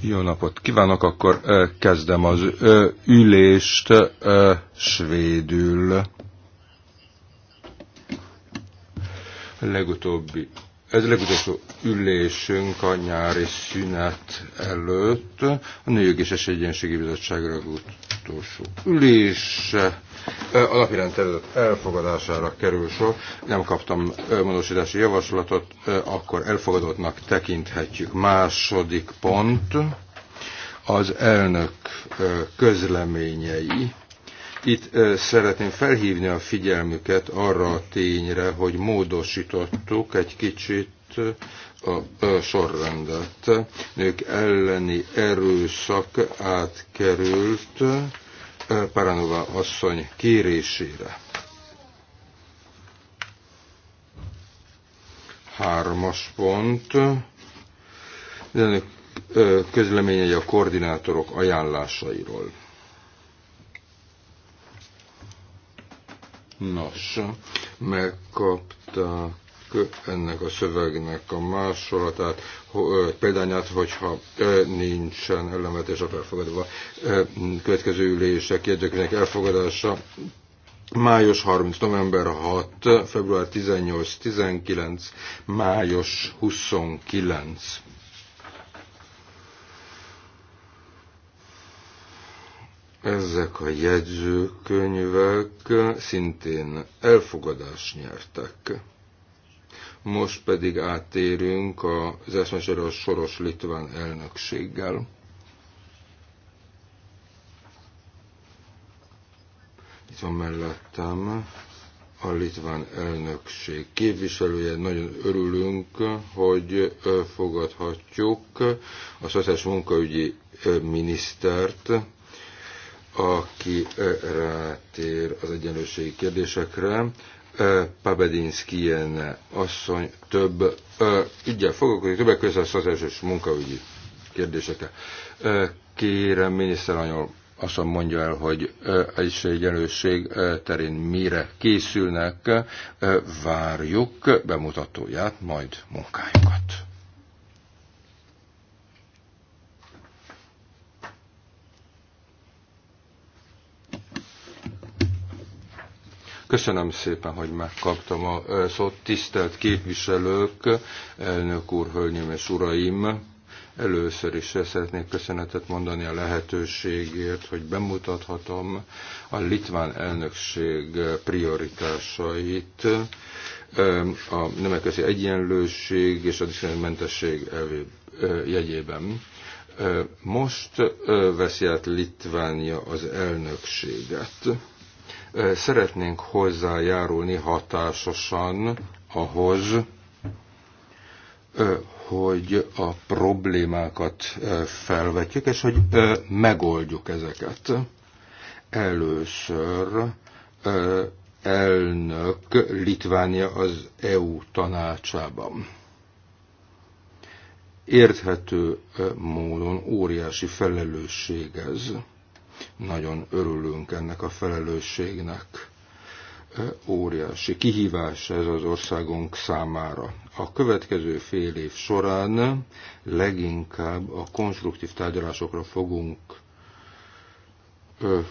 Jó napot kívánok, akkor kezdem az ülést svédül. Legutóbbi, ez legutolsó ülésünk a nyári szünet előtt a Nők és Egyénségi Bizottságra utolsó ülés a tervezett elfogadására kerül sor. Nem kaptam módosítási javaslatot, akkor elfogadottnak tekinthetjük. Második pont az elnök közleményei. Itt szeretném felhívni a figyelmüket arra a tényre, hogy módosítottuk egy kicsit a sorrendet. Nők elleni erőszak átkerült Paranova asszony kérésére. Hármas pont. közleményei a koordinátorok ajánlásairól. Nos, megkapták ennek a szövegnek a másolatát, példányát, hogyha nincsen ellenvetés a felfogadva következő ülések jegyzőkönyvek elfogadása, május 30, november 6, február 18, 19, május 29. Ezek a jegyzőkönyvek szintén elfogadás nyertek. Most pedig áttérünk az eszmecsere a soros litván elnökséggel. Itt van mellettem a litván elnökség képviselője. Nagyon örülünk, hogy fogadhatjuk a szociális munkaügyi minisztert, aki rátér az egyenlőségi kérdésekre. Pabedinszki ilyen asszony több ügyel foglalkozik, többek között a szociális munkaügyi kérdésekkel. Kérem anyol, azt mondja el, hogy egy egyenlőség terén mire készülnek, várjuk bemutatóját, majd munkájukat. Köszönöm szépen, hogy megkaptam a szót. Tisztelt képviselők, elnök úr, hölgyeim és uraim! Először is szeretnék köszönetet mondani a lehetőségért, hogy bemutathatom a litván elnökség prioritásait a nemeközi egyenlőség és a diszkriminmentesség jegyében. Most veszi át Litvánia az elnökséget Szeretnénk hozzájárulni hatásosan ahhoz, hogy a problémákat felvetjük, és hogy megoldjuk ezeket. Először elnök Litvánia az EU tanácsában. Érthető módon óriási felelősség ez nagyon örülünk ennek a felelősségnek. Óriási kihívás ez az országunk számára. A következő fél év során leginkább a konstruktív tárgyalásokra fogunk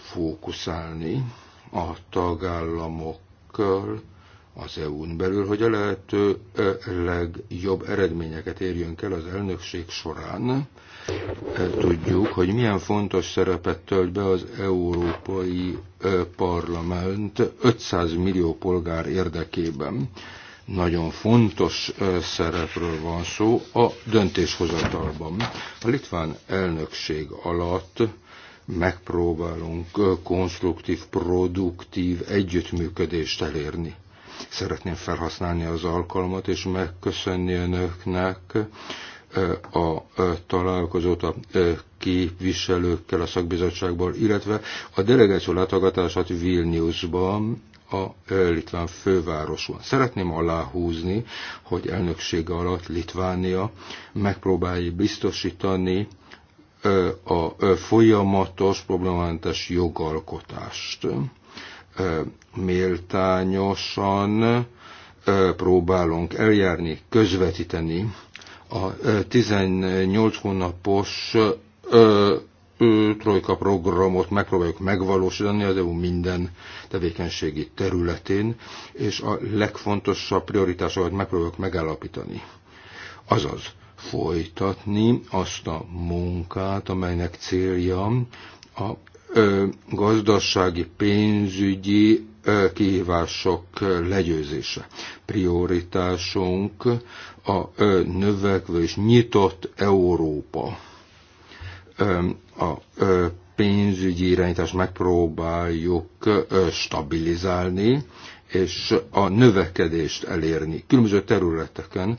fókuszálni a tagállamokkal, az EU-n belül, hogy a lehető legjobb eredményeket érjünk el az elnökség során, tudjuk, hogy milyen fontos szerepet tölt be az Európai Parlament 500 millió polgár érdekében. Nagyon fontos szerepről van szó a döntéshozatalban. A litván elnökség alatt megpróbálunk konstruktív, produktív együttműködést elérni. Szeretném felhasználni az alkalmat és megköszönni önöknek, a találkozót a e, képviselőkkel a szakbizottságból, illetve a delegáció látogatását Vilniusban, a e, litván fővárosban. Szeretném aláhúzni, hogy elnöksége alatt Litvánia megpróbálja biztosítani e, a folyamatos problémamentes jogalkotást. Méltányosan próbálunk eljárni, közvetíteni a 18 hónapos ö, ö, trojka programot megpróbáljuk megvalósítani az EU minden tevékenységi területén, és a legfontosabb prioritásokat megpróbáljuk megállapítani. Azaz, folytatni azt a munkát, amelynek célja a ö, gazdasági, pénzügyi ö, kihívások legyőzése. Prioritásunk a növekvő és nyitott Európa. A pénzügyi irányítást megpróbáljuk stabilizálni, és a növekedést elérni különböző területeken,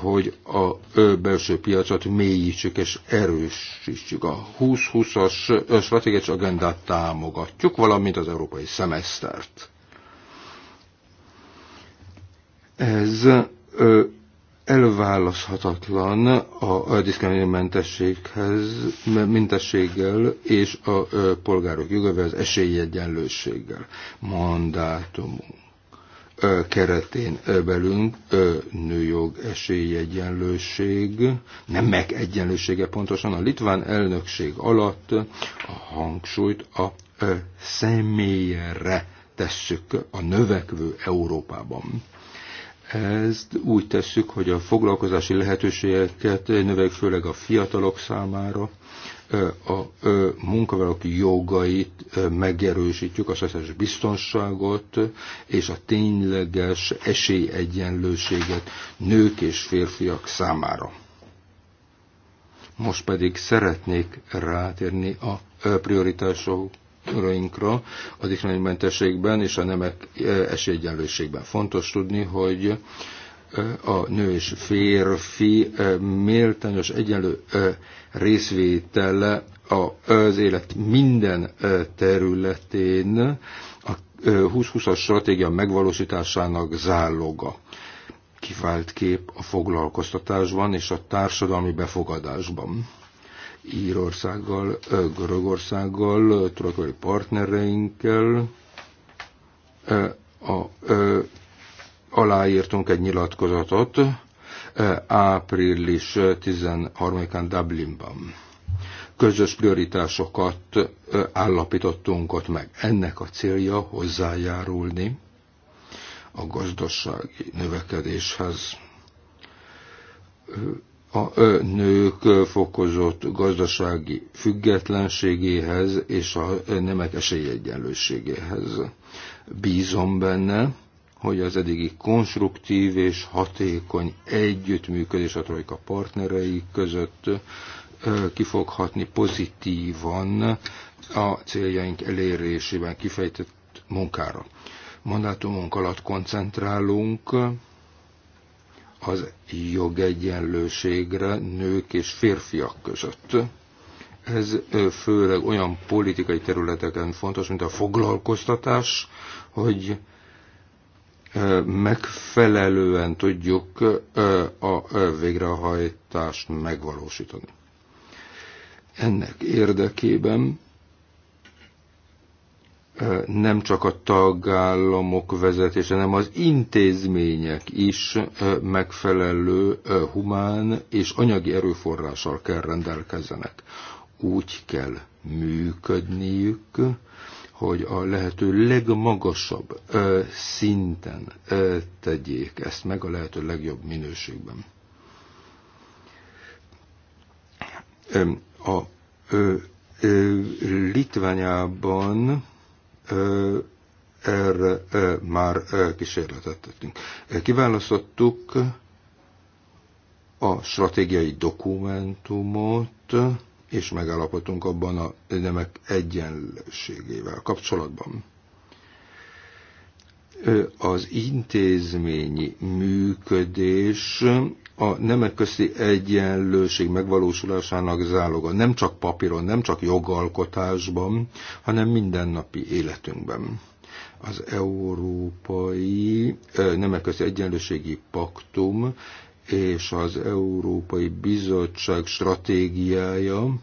hogy a belső piacot mélyítsük és erősítsük. A 2020-as stratégiai agendát támogatjuk, valamint az európai szemesztert. Ez elválaszthatatlan a, a diszkriminálmentességhez, mentességgel és a, a polgárok jogával, az esélyegyenlőséggel. Mandátumunk keretén belünk nőjog, esélyegyenlőség, Nem meg egyenlősége pontosan a litván elnökség alatt a hangsúlyt a személyre tesszük a növekvő Európában ezt úgy tesszük, hogy a foglalkozási lehetőségeket növeljük főleg a fiatalok számára, a munkavállalók jogait megerősítjük, a szociális biztonságot és a tényleges esélyegyenlőséget nők és férfiak számára. Most pedig szeretnék rátérni a prioritások polgárainkra az mentességben és a nemek esélyegyenlőségben. Fontos tudni, hogy a nő és férfi méltányos egyenlő részvétele az élet minden területén a 2020-as stratégia megvalósításának záloga. Kivált kép a foglalkoztatásban és a társadalmi befogadásban Írországgal, Görögországgal, tudatai partnereinkkel a, a, aláírtunk egy nyilatkozatot április 13-án Dublinban. Közös prioritásokat állapítottunk ott meg. Ennek a célja hozzájárulni a gazdasági növekedéshez a nők fokozott gazdasági függetlenségéhez és a nemek esélyegyenlőségéhez. Bízom benne, hogy az eddigi konstruktív és hatékony együttműködés a trojka partnerei között kifoghatni pozitívan a céljaink elérésében kifejtett munkára. Mandátumunk alatt koncentrálunk az jogegyenlőségre nők és férfiak között. Ez főleg olyan politikai területeken fontos, mint a foglalkoztatás, hogy megfelelően tudjuk a végrehajtást megvalósítani. Ennek érdekében nem csak a tagállamok vezetése, hanem az intézmények is megfelelő humán és anyagi erőforrással kell rendelkezzenek. Úgy kell működniük, hogy a lehető legmagasabb szinten tegyék ezt meg a lehető legjobb minőségben. A Litványában erre már kísérletet tettünk. Kiválasztottuk a stratégiai dokumentumot, és megállapodtunk abban a nemek egyenlőségével kapcsolatban. Az intézményi működés a nemek közti egyenlőség megvalósulásának záloga nem csak papíron, nem csak jogalkotásban, hanem mindennapi életünkben. Az Európai Nemek közti Egyenlőségi Paktum és az Európai Bizottság stratégiája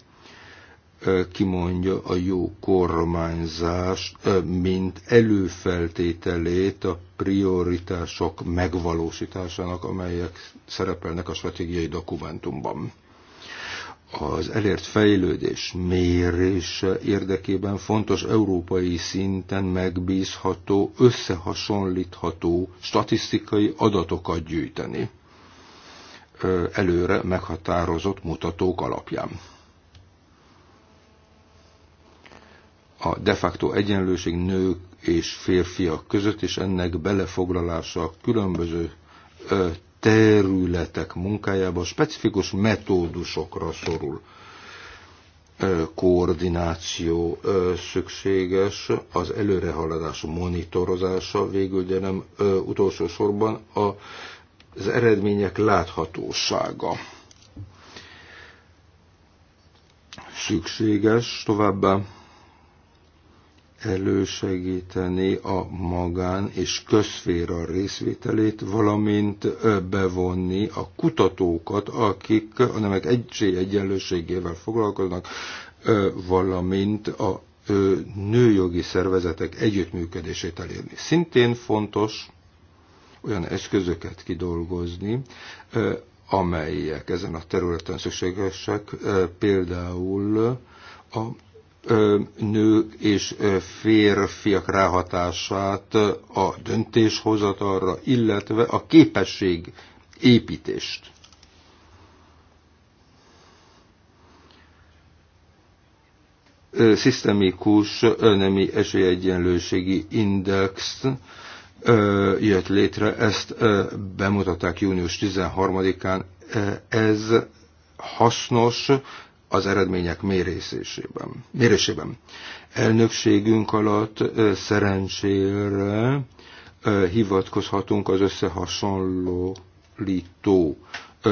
kimondja a jó kormányzást, mint előfeltételét a prioritások megvalósításának, amelyek szerepelnek a stratégiai dokumentumban. Az elért fejlődés mérés érdekében fontos európai szinten megbízható, összehasonlítható statisztikai adatokat gyűjteni előre meghatározott mutatók alapján a de facto egyenlőség nők és férfiak között, és ennek belefoglalása a különböző területek munkájába specifikus metódusokra szorul koordináció szükséges, az előrehaladás monitorozása, végül, de nem utolsó sorban az eredmények láthatósága. Szükséges továbbá elősegíteni a magán és közféra részvételét, valamint bevonni a kutatókat, akik a nemek egység egyenlőségével foglalkoznak, valamint a nőjogi szervezetek együttműködését elérni. Szintén fontos olyan eszközöket kidolgozni, amelyek ezen a területen szükségesek, például a nők és férfiak ráhatását a döntéshozatalra, illetve a képesség építést. Szisztemikus nemi esélyegyenlőségi index jött létre, ezt bemutatták június 13-án. Ez hasznos, az eredmények mérésében. mérésében. Elnökségünk alatt szerencsére hivatkozhatunk az összehasonlító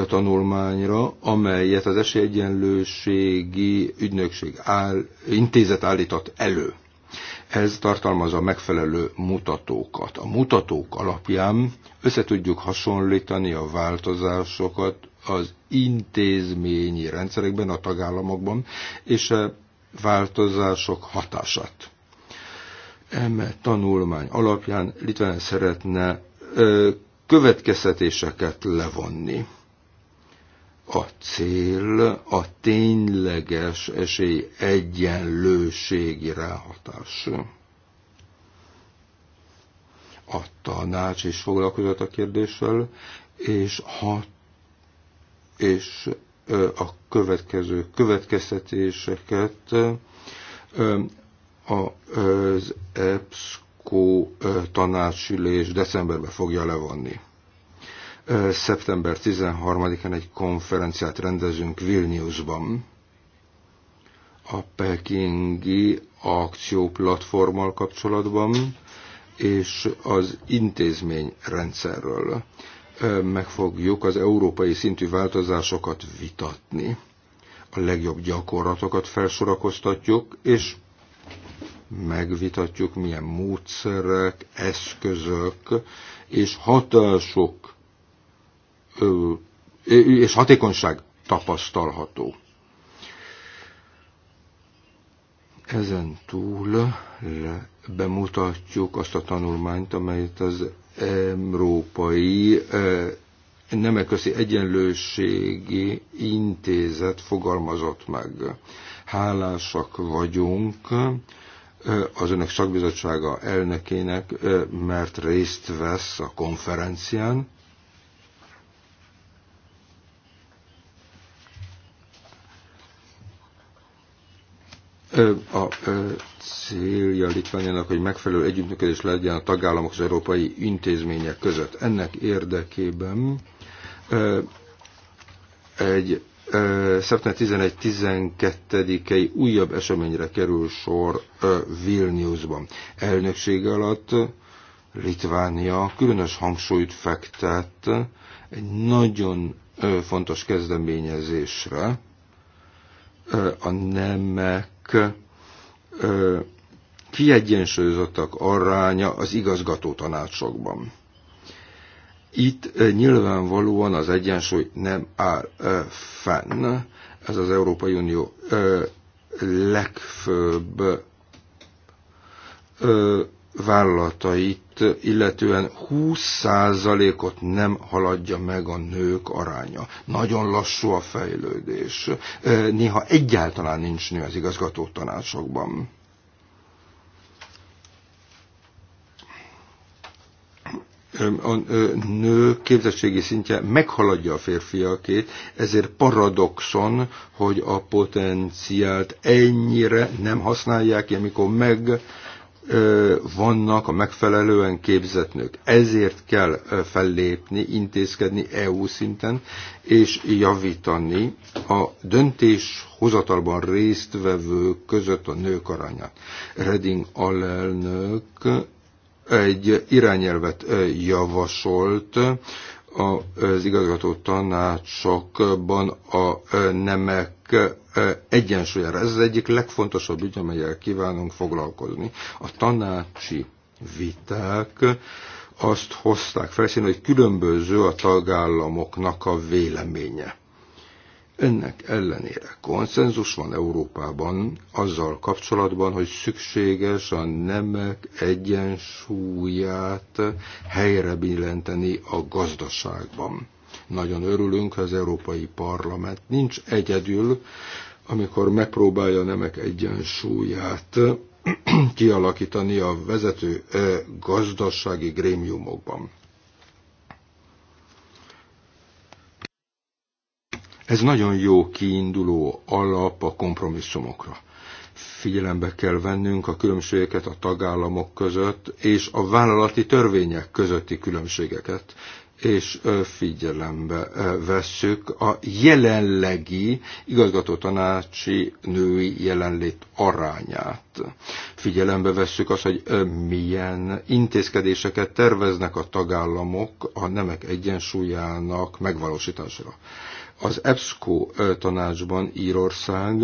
tanulmányra, amelyet az esélyegyenlőségi ügynökség áll, intézet állított elő. Ez tartalmazza megfelelő mutatókat. A mutatók alapján összetudjuk hasonlítani a változásokat az intézményi rendszerekben, a tagállamokban, és változások hatását. Eme tanulmány alapján Litván szeretne következtetéseket levonni. A cél a tényleges esély egyenlőségi ráhatás. A tanács is foglalkozott a kérdéssel, és hat és a következő következtetéseket az EBSCO tanácsülés decemberben fogja levonni. Szeptember 13-án egy konferenciát rendezünk Vilniusban a pekingi akcióplatformmal kapcsolatban, és az intézményrendszerről meg fogjuk az európai szintű változásokat vitatni. A legjobb gyakorlatokat felsorakoztatjuk, és megvitatjuk, milyen módszerek, eszközök és hatások és hatékonyság tapasztalható. Ezen túl bemutatjuk azt a tanulmányt, amelyet az Európai eh, Nemeközi Egyenlőségi Intézet fogalmazott meg. Hálásak vagyunk eh, az önök szakbizottsága elnökének, eh, mert részt vesz a konferencián, A célja Litvániának, hogy megfelelő együttműködés legyen a tagállamok az európai intézmények között. Ennek érdekében egy szeptember 11-12-i újabb eseményre kerül sor Vilniusban. Elnöksége alatt Litvánia különös hangsúlyt fektet egy nagyon fontos kezdeményezésre, a nemek kiegyensúlyozottak aránya az igazgató tanácsokban. Itt nyilvánvalóan az egyensúly nem áll fenn. Ez az Európai Unió legfőbb vállalatait illetően 20%-ot nem haladja meg a nők aránya. Nagyon lassú a fejlődés. Néha egyáltalán nincs nő az igazgató tanácsokban. a nő képzettségi szintje meghaladja a férfiakét, ezért paradoxon, hogy a potenciált ennyire nem használják, amikor meg vannak a megfelelően képzett nők. Ezért kell fellépni, intézkedni EU szinten, és javítani a döntéshozatalban résztvevők között a nők arányát. Reding alelnök egy irányelvet javasolt az igazgató tanácsokban a nemek egyensúlyára. Ez az egyik legfontosabb ügy, amelyel kívánunk foglalkozni. A tanácsi viták azt hozták felszínre, hogy különböző a tagállamoknak a véleménye. Ennek ellenére konszenzus van Európában azzal kapcsolatban, hogy szükséges a nemek egyensúlyát helyre billenteni a gazdaságban. Nagyon örülünk, az Európai Parlament nincs egyedül, amikor megpróbálja a nemek egyensúlyát kialakítani a vezető eh, gazdasági grémiumokban. Ez nagyon jó kiinduló alap a kompromisszumokra. Figyelembe kell vennünk a különbségeket a tagállamok között és a vállalati törvények közötti különbségeket és figyelembe vesszük a jelenlegi igazgatótanácsi női jelenlét arányát. Figyelembe vesszük azt, hogy milyen intézkedéseket terveznek a tagállamok a nemek egyensúlyának megvalósítására. Az EBSCO tanácsban Írország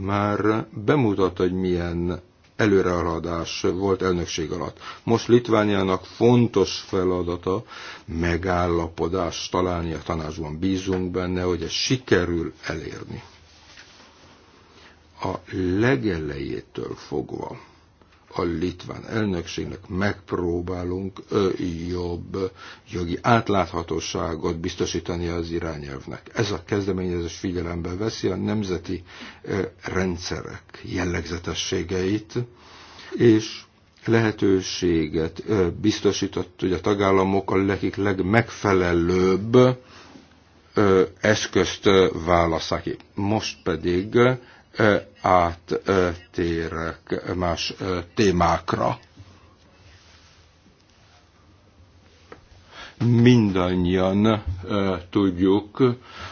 már bemutatta, hogy milyen előrehaladás volt elnökség alatt. Most Litvániának fontos feladata megállapodást találni a tanácsban. Bízunk benne, hogy ez sikerül elérni. A legelejétől fogva a litván elnökségnek megpróbálunk jobb jogi átláthatóságot biztosítani az irányelvnek. Ez a kezdeményezés figyelembe veszi a nemzeti rendszerek jellegzetességeit, és lehetőséget biztosított, hogy a tagállamok a nekik legmegfelelőbb eszközt válasszák. Most pedig áttérek más témákra. mindannyian tudjuk,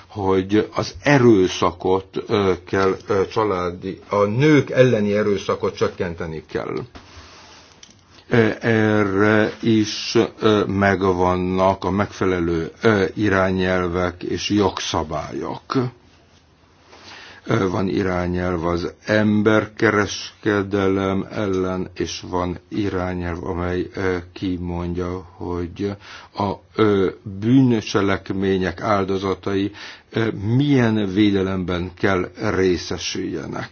hogy az erőszakot kell családi, a nők elleni erőszakot csökkenteni kell. Erre is megvannak a megfelelő irányelvek és jogszabályok van irányelv az emberkereskedelem ellen, és van irányelv, amely kimondja, hogy a bűncselekmények áldozatai milyen védelemben kell részesüljenek.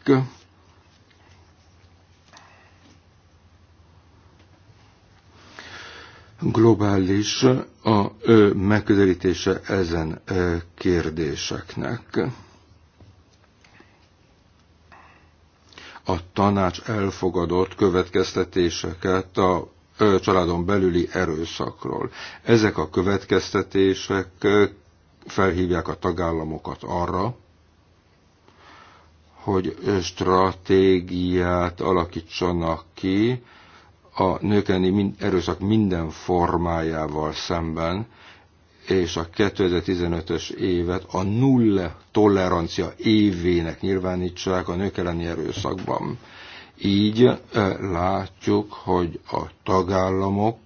globális a megközelítése ezen kérdéseknek. A tanács elfogadott következtetéseket a családon belüli erőszakról. Ezek a következtetések felhívják a tagállamokat arra, hogy stratégiát alakítsanak ki a nőkeni erőszak minden formájával szemben, és a 2015-ös évet a nulla tolerancia évének nyilvánítsák a nők elleni erőszakban. Így látjuk, hogy a tagállamok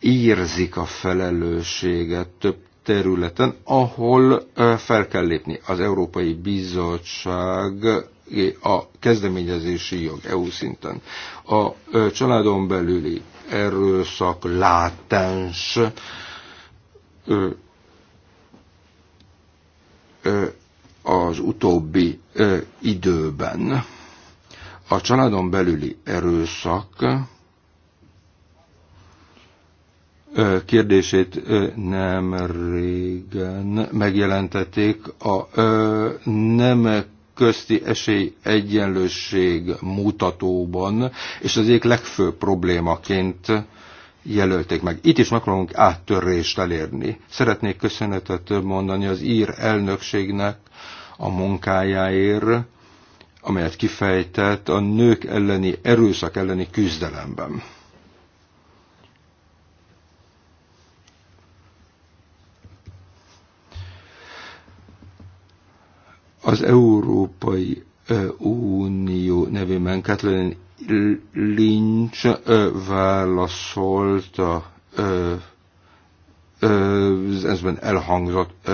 érzik a felelősséget több területen, ahol fel kell lépni. Az Európai Bizottság a kezdeményezési jog EU szinten. A családon belüli erőszak látens az utóbbi időben a családon belüli erőszak kérdését nem régen megjelentették a nem közti esély egyenlőség mutatóban, és az egyik legfőbb problémaként jelölték meg. Itt is megpróbálunk áttörést elérni. Szeretnék köszönetet mondani az ír elnökségnek a munkájáért, amelyet kifejtett a nők elleni erőszak elleni küzdelemben. Az Európai Unió nevében Kathleen Lynch válaszolt a ezben elhangzott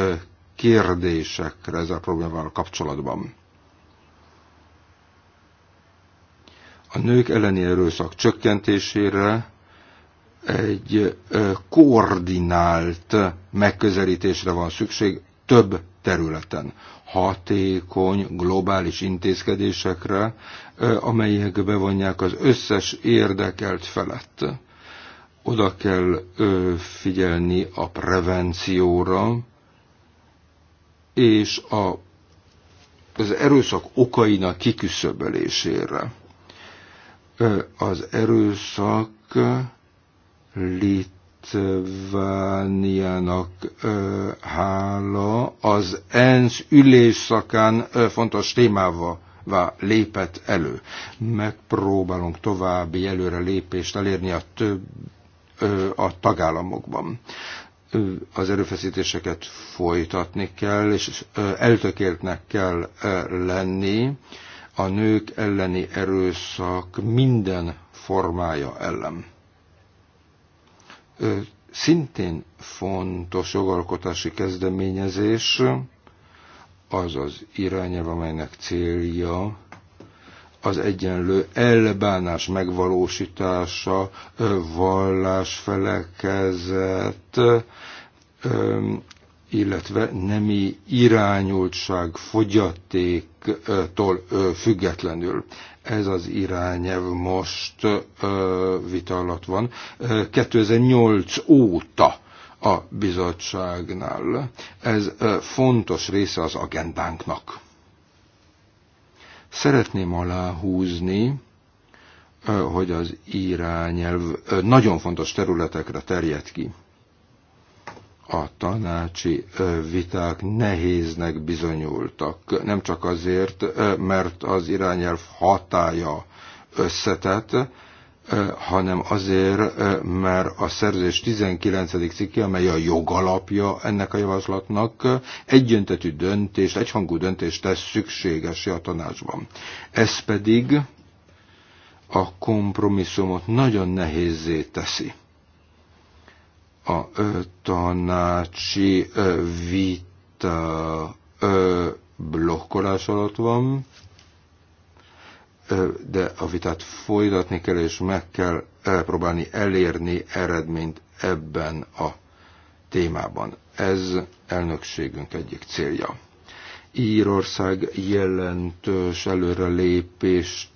kérdésekre ezzel a problémával kapcsolatban. A nők elleni erőszak csökkentésére egy koordinált megközelítésre van szükség, több területen. Hatékony, globális intézkedésekre, amelyek bevonják az összes érdekelt felett. Oda kell figyelni a prevencióra, és a, az erőszak okainak kiküszöbölésére. Az erőszak lét Litvániának hála az ENSZ ülésszakán fontos témával lépett elő. Megpróbálunk további előre lépést elérni a több a tagállamokban. Az erőfeszítéseket folytatni kell, és eltökéltnek kell lenni a nők elleni erőszak minden formája ellen szintén fontos jogalkotási kezdeményezés, az az irányelv, amelynek célja az egyenlő elbánás megvalósítása, vallásfelekezet, illetve nemi irányultság fogyatéktól függetlenül ez az irányelv most ö, vita alatt van. 2008 óta a bizottságnál. Ez ö, fontos része az agendánknak. Szeretném aláhúzni, ö, hogy az irányelv ö, nagyon fontos területekre terjed ki a tanácsi viták nehéznek bizonyultak. Nem csak azért, mert az irányelv hatája összetett, hanem azért, mert a szerzés 19. cikke, amely a jogalapja ennek a javaslatnak, egyöntetű döntést, egyhangú döntést tesz szükségesé a tanácsban. Ez pedig a kompromisszumot nagyon nehézé teszi a tanácsi vita blokkolás alatt van, de a vitát folytatni kell, és meg kell próbálni elérni eredményt ebben a témában. Ez elnökségünk egyik célja. Írország jelentős előrelépést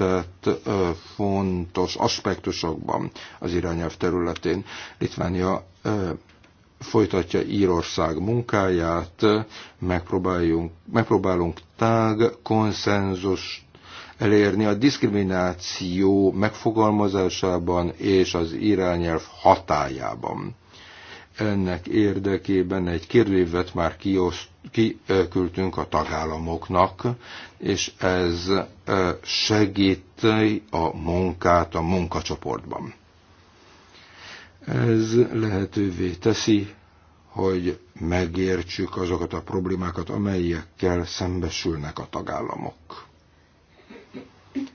érintett fontos aspektusokban az irányelv területén. Litvánia folytatja Írország munkáját, megpróbáljunk, megpróbálunk tág konszenzus elérni a diszkrimináció megfogalmazásában és az irányelv hatájában. Ennek érdekében egy kérdőívet már kioszt, kiküldtünk a tagállamoknak, és ez segít a munkát a munkacsoportban. Ez lehetővé teszi, hogy megértsük azokat a problémákat, amelyekkel szembesülnek a tagállamok.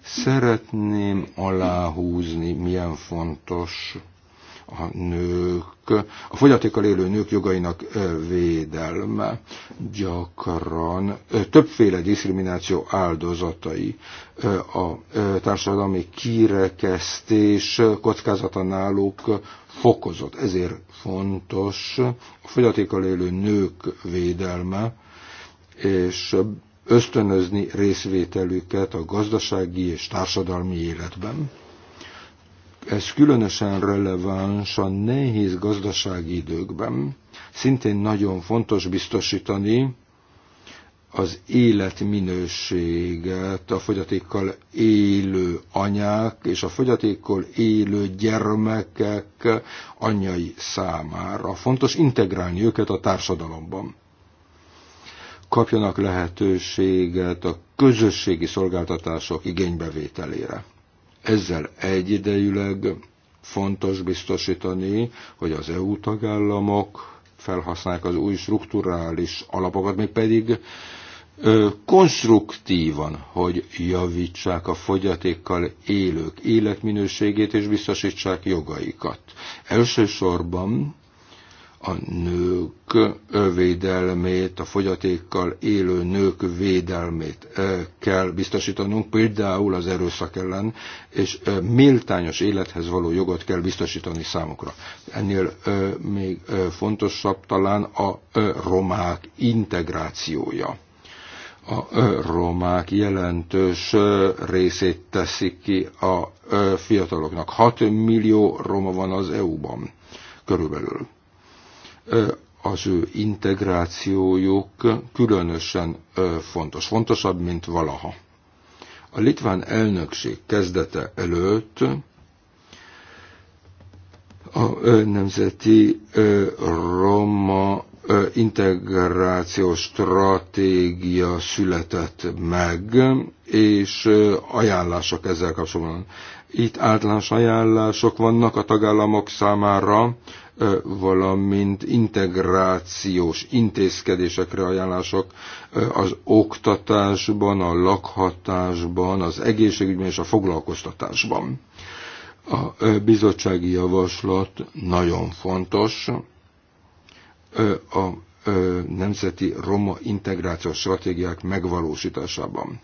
Szeretném aláhúzni, milyen fontos a nők, a fogyatékkal élő nők jogainak védelme gyakran többféle diszkrimináció áldozatai a társadalmi kirekesztés kockázata náluk fokozott. Ezért fontos a fogyatékkal élő nők védelme, és ösztönözni részvételüket a gazdasági és társadalmi életben ez különösen releváns a nehéz gazdasági időkben. Szintén nagyon fontos biztosítani az életminőséget a fogyatékkal élő anyák és a fogyatékkal élő gyermekek anyai számára. Fontos integrálni őket a társadalomban kapjanak lehetőséget a közösségi szolgáltatások igénybevételére. Ezzel egyidejűleg fontos biztosítani, hogy az EU tagállamok felhasználják az új strukturális alapokat, még pedig ö, konstruktívan, hogy javítsák a fogyatékkal élők életminőségét és biztosítsák jogaikat. Elsősorban a nők védelmét, a fogyatékkal élő nők védelmét kell biztosítanunk, például az erőszak ellen, és méltányos élethez való jogot kell biztosítani számukra. Ennél még fontosabb talán a romák integrációja a romák jelentős részét teszik ki a fiataloknak. 6 millió roma van az EU-ban körülbelül az ő integrációjuk különösen fontos, fontosabb, mint valaha. A litván elnökség kezdete előtt a nemzeti roma integrációs stratégia született meg, és ajánlások ezzel kapcsolatban. Itt általános ajánlások vannak a tagállamok számára valamint integrációs intézkedésekre ajánlások az oktatásban, a lakhatásban, az egészségügyben és a foglalkoztatásban. A bizottsági javaslat nagyon fontos. A nemzeti roma integrációs stratégiák megvalósításában.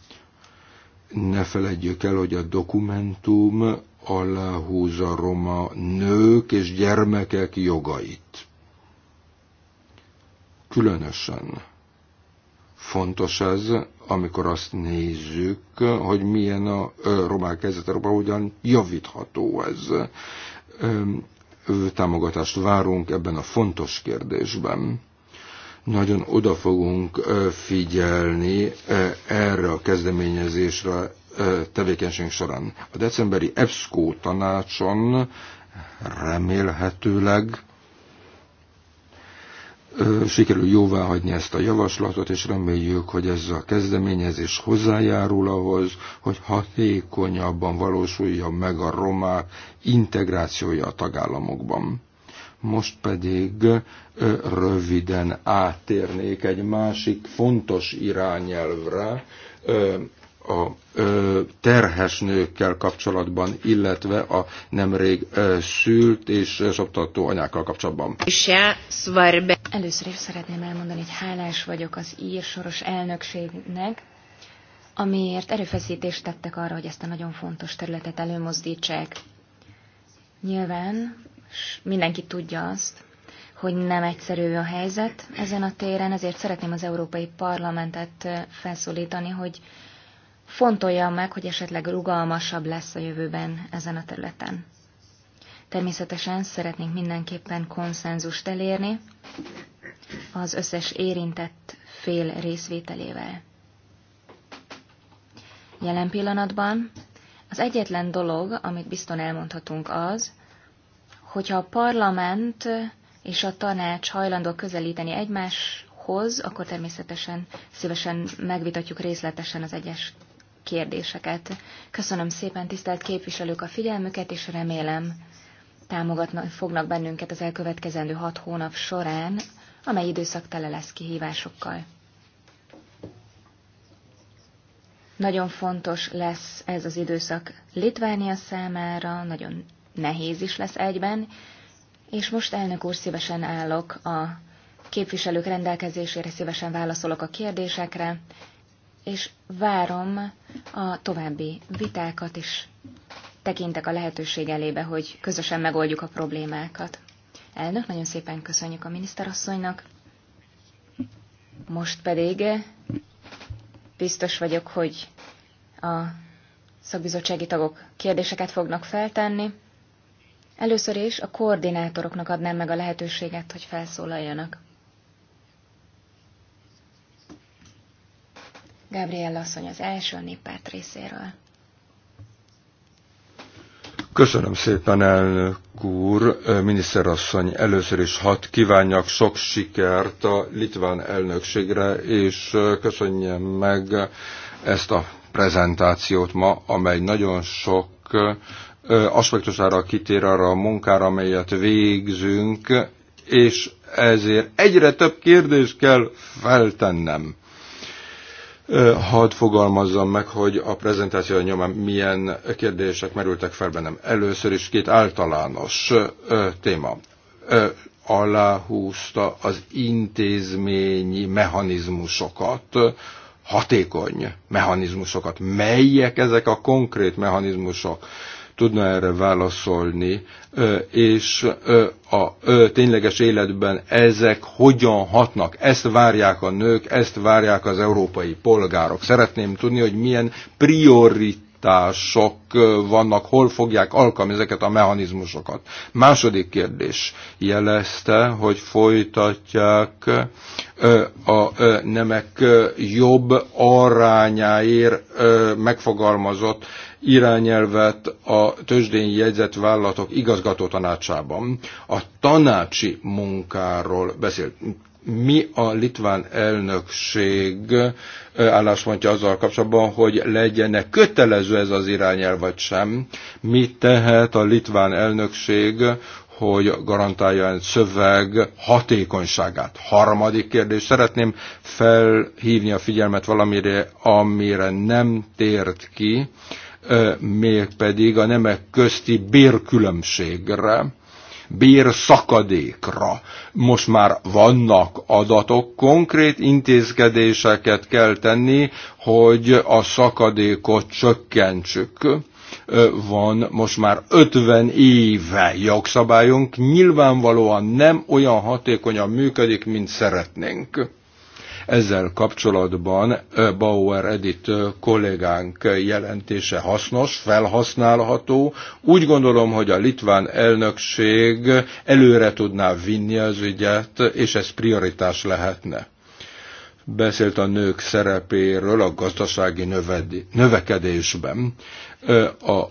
Ne feledjük el, hogy a dokumentum aláhúzza roma nők és gyermekek jogait. Különösen fontos ez, amikor azt nézzük, hogy milyen a romák helyzet Európában, hogyan javítható ez. Támogatást várunk ebben a fontos kérdésben nagyon oda fogunk figyelni erre a kezdeményezésre tevékenységünk során. A decemberi EBSCO tanácson remélhetőleg sikerül jóvá hagyni ezt a javaslatot, és reméljük, hogy ez a kezdeményezés hozzájárul ahhoz, hogy hatékonyabban valósulja meg a romák integrációja a tagállamokban. Most pedig röviden átérnék egy másik fontos irányelvre, a terhes nőkkel kapcsolatban, illetve a nemrég szült és szoptató anyákkal kapcsolatban. Először is szeretném elmondani, hogy hálás vagyok az ír soros elnökségnek, amiért erőfeszítést tettek arra, hogy ezt a nagyon fontos területet előmozdítsák. Nyilván mindenki tudja azt, hogy nem egyszerű a helyzet ezen a téren, ezért szeretném az Európai Parlamentet felszólítani, hogy fontolja meg, hogy esetleg rugalmasabb lesz a jövőben ezen a területen. Természetesen szeretnénk mindenképpen konszenzust elérni az összes érintett fél részvételével. Jelen pillanatban az egyetlen dolog, amit bizton elmondhatunk az, hogyha a parlament és a tanács hajlandó közelíteni egymáshoz, akkor természetesen szívesen megvitatjuk részletesen az egyes kérdéseket. Köszönöm szépen, tisztelt képviselők, a figyelmüket, és remélem támogatnak fognak bennünket az elkövetkezendő hat hónap során, amely időszak tele lesz kihívásokkal. Nagyon fontos lesz ez az időszak Litvánia számára, nagyon nehéz is lesz egyben, és most elnök úr szívesen állok a képviselők rendelkezésére, szívesen válaszolok a kérdésekre, és várom a további vitákat, és tekintek a lehetőség elébe, hogy közösen megoldjuk a problémákat. Elnök, nagyon szépen köszönjük a miniszterasszonynak. Most pedig biztos vagyok, hogy a szakbizottsági tagok kérdéseket fognak feltenni. Először is a koordinátoroknak adnám meg a lehetőséget, hogy felszólaljanak. Gabriel asszony az első a néppárt részéről. Köszönöm szépen, elnök úr, miniszterasszony, először is hat kívánjak sok sikert a litván elnökségre, és köszönjem meg ezt a prezentációt ma, amely nagyon sok aspektusára kitér arra a munkára, amelyet végzünk, és ezért egyre több kérdést kell feltennem. Hadd fogalmazzam meg, hogy a prezentáció nyomán milyen kérdések merültek fel bennem. Először is két általános téma. Aláhúzta az intézményi mechanizmusokat, hatékony mechanizmusokat. Melyek ezek a konkrét mechanizmusok? tudna erre válaszolni, és a tényleges életben ezek hogyan hatnak. Ezt várják a nők, ezt várják az európai polgárok. Szeretném tudni, hogy milyen prioritás sok vannak, hol fogják alkalmazni ezeket a mechanizmusokat. Második kérdés jelezte, hogy folytatják a nemek jobb arányáért megfogalmazott irányelvet a tőzsdén jegyzett vállalatok igazgató tanácsában. A tanácsi munkáról beszélt. Mi a litván elnökség álláspontja azzal kapcsolatban, hogy legyen kötelező ez az irányelv vagy sem? Mit tehet a litván elnökség, hogy garantálja a szöveg hatékonyságát. Harmadik kérdés, szeretném felhívni a figyelmet valamire, amire nem tért ki mégpedig a nemek közti bérkülönbségre, bérszakadékra. Most már vannak adatok, konkrét intézkedéseket kell tenni, hogy a szakadékot csökkentsük van most már 50 éve jogszabályunk, nyilvánvalóan nem olyan hatékonyan működik, mint szeretnénk. Ezzel kapcsolatban Bauer Edit, kollégánk jelentése hasznos, felhasználható. Úgy gondolom, hogy a litván elnökség előre tudná vinni az ügyet, és ez prioritás lehetne beszélt a nők szerepéről a gazdasági növedi, növekedésben a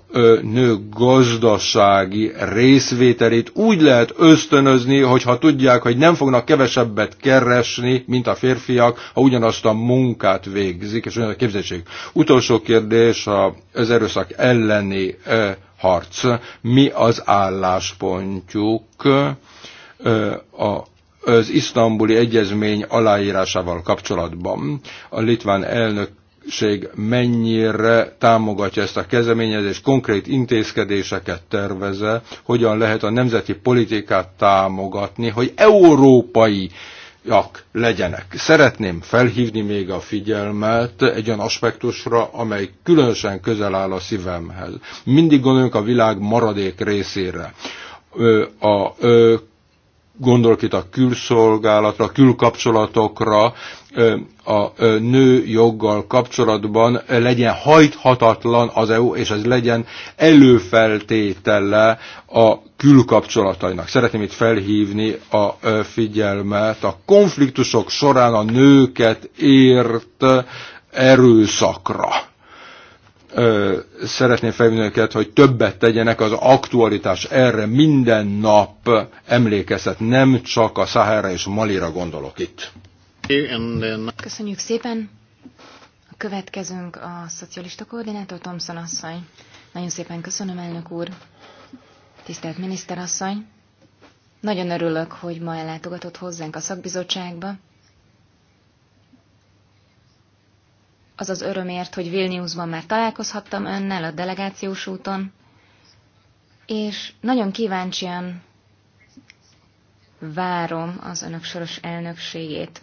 nő gazdasági részvételét úgy lehet ösztönözni, hogyha tudják, hogy nem fognak kevesebbet keresni, mint a férfiak, ha ugyanazt a munkát végzik, és ugyanaz a képzettség. Utolsó kérdés az erőszak elleni harc. Mi az álláspontjuk a az isztambuli egyezmény aláírásával kapcsolatban. A litván elnök elnökség mennyire támogatja ezt a kezdeményezést, konkrét intézkedéseket terveze, hogyan lehet a nemzeti politikát támogatni, hogy európai legyenek. Szeretném felhívni még a figyelmet egy olyan aspektusra, amely különösen közel áll a szívemhez. Mindig gondoljunk a világ maradék részére. A gondolok itt a külszolgálatra, külkapcsolatokra, a nő joggal kapcsolatban legyen hajthatatlan az EU, és ez legyen előfeltétele a külkapcsolatainak. Szeretném itt felhívni a figyelmet a konfliktusok során a nőket ért erőszakra ö, szeretném felvinni őket, hogy többet tegyenek az aktualitás. Erre minden nap emlékeztet, nem csak a Szahára és Malira gondolok itt. Köszönjük szépen. A következőnk a szocialista koordinátor Thomson asszony. Nagyon szépen köszönöm, elnök úr. Tisztelt miniszterasszony. Nagyon örülök, hogy ma ellátogatott hozzánk a szakbizottságba. az az örömért, hogy Vilniusban már találkozhattam önnel a delegációs úton, és nagyon kíváncsian várom az önök soros elnökségét.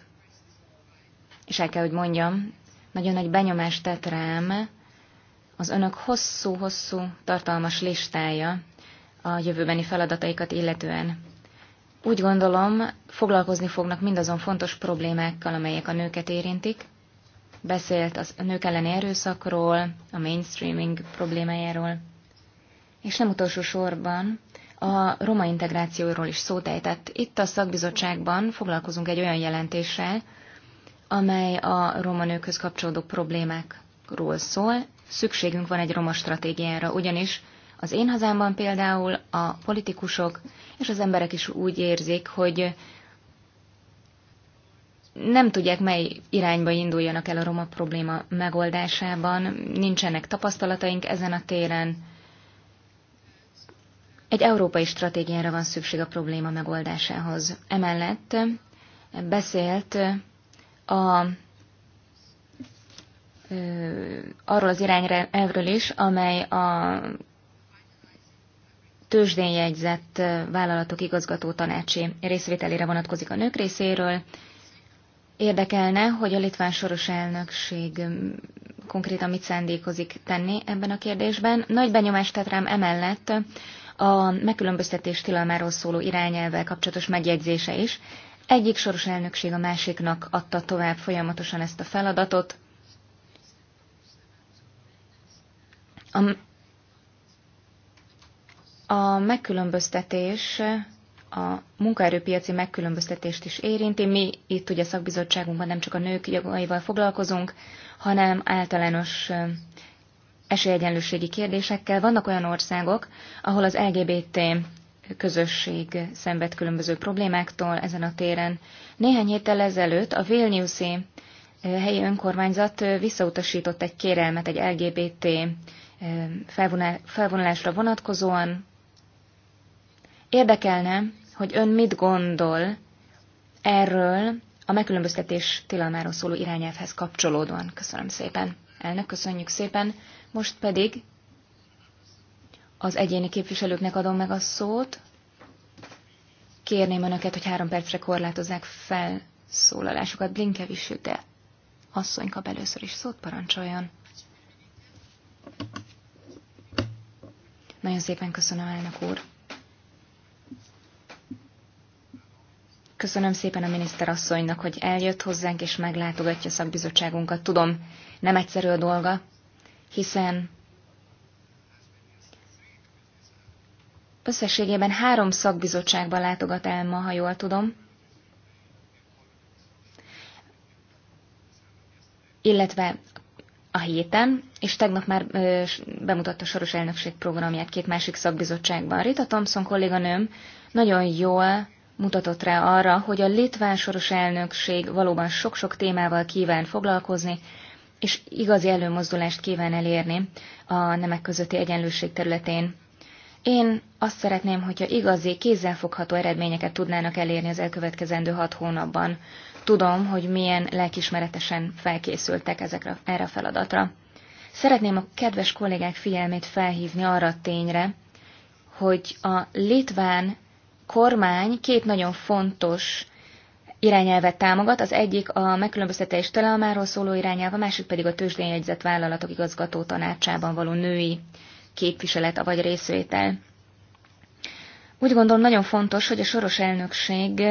És el kell, hogy mondjam, nagyon nagy benyomást tett rám az önök hosszú-hosszú tartalmas listája a jövőbeni feladataikat illetően. Úgy gondolom, foglalkozni fognak mindazon fontos problémákkal, amelyek a nőket érintik, beszélt az nők elleni erőszakról, a mainstreaming problémájáról, és nem utolsó sorban a roma integrációról is szót ejtett. Itt a szakbizottságban foglalkozunk egy olyan jelentéssel, amely a roma nőkhöz kapcsolódó problémákról szól. Szükségünk van egy roma stratégiára, ugyanis az én hazámban például a politikusok és az emberek is úgy érzik, hogy nem tudják, mely irányba induljanak el a roma probléma megoldásában, nincsenek tapasztalataink ezen a téren. Egy európai stratégiára van szükség a probléma megoldásához. Emellett beszélt a, arról az irányelvről is, amely a tőzsdén jegyzett vállalatok igazgató tanácsi részvételére vonatkozik a nők részéről, Érdekelne, hogy a litván soros elnökség mm, konkrétan mit szándékozik tenni ebben a kérdésben. Nagy benyomást tett rám emellett a megkülönböztetés tilalmáról szóló irányelvvel kapcsolatos megjegyzése is. Egyik soros elnökség a másiknak adta tovább folyamatosan ezt a feladatot. A, a megkülönböztetés a munkaerőpiaci megkülönböztetést is érinti. Mi itt ugye szakbizottságunkban nem csak a nők jogaival foglalkozunk, hanem általános esélyegyenlőségi kérdésekkel. Vannak olyan országok, ahol az LGBT közösség szenved különböző problémáktól ezen a téren. Néhány héttel ezelőtt a Vilniuszi helyi önkormányzat visszautasított egy kérelmet egy LGBT felvonulásra vonatkozóan. Érdekelne, hogy ön mit gondol erről a megkülönböztetés tilalmáról szóló irányelvhez kapcsolódóan. Köszönöm szépen. Elnök, köszönjük szépen. Most pedig az egyéni képviselőknek adom meg a szót. Kérném önöket, hogy három percre korlátozzák fel szólalásokat. Blinkevis de asszony kap először is szót, parancsoljon. Nagyon szépen köszönöm, elnök úr. Köszönöm szépen a miniszter asszonynak, hogy eljött hozzánk és meglátogatja szakbizottságunkat. Tudom, nem egyszerű a dolga, hiszen összességében három szakbizottságban látogat el ma, ha jól tudom. Illetve a héten, és tegnap már ö, bemutatta Soros elnökség programját két másik szakbizottságban. Rita Thompson kolléganőm nagyon jól mutatott rá arra, hogy a litván soros elnökség valóban sok-sok témával kíván foglalkozni, és igazi előmozdulást kíván elérni a nemek közötti egyenlőség területén. Én azt szeretném, hogyha igazi, kézzelfogható eredményeket tudnának elérni az elkövetkezendő hat hónapban. Tudom, hogy milyen lelkismeretesen felkészültek ezekre, erre a feladatra. Szeretném a kedves kollégák figyelmét felhívni arra a tényre, hogy a litván kormány két nagyon fontos irányelvet támogat, az egyik a megkülönböztetés telemáról szóló irányelv, a másik pedig a tőzsdénjegyzett vállalatok igazgató tanácsában való női képviselet, vagy részvétel. Úgy gondolom nagyon fontos, hogy a soros elnökség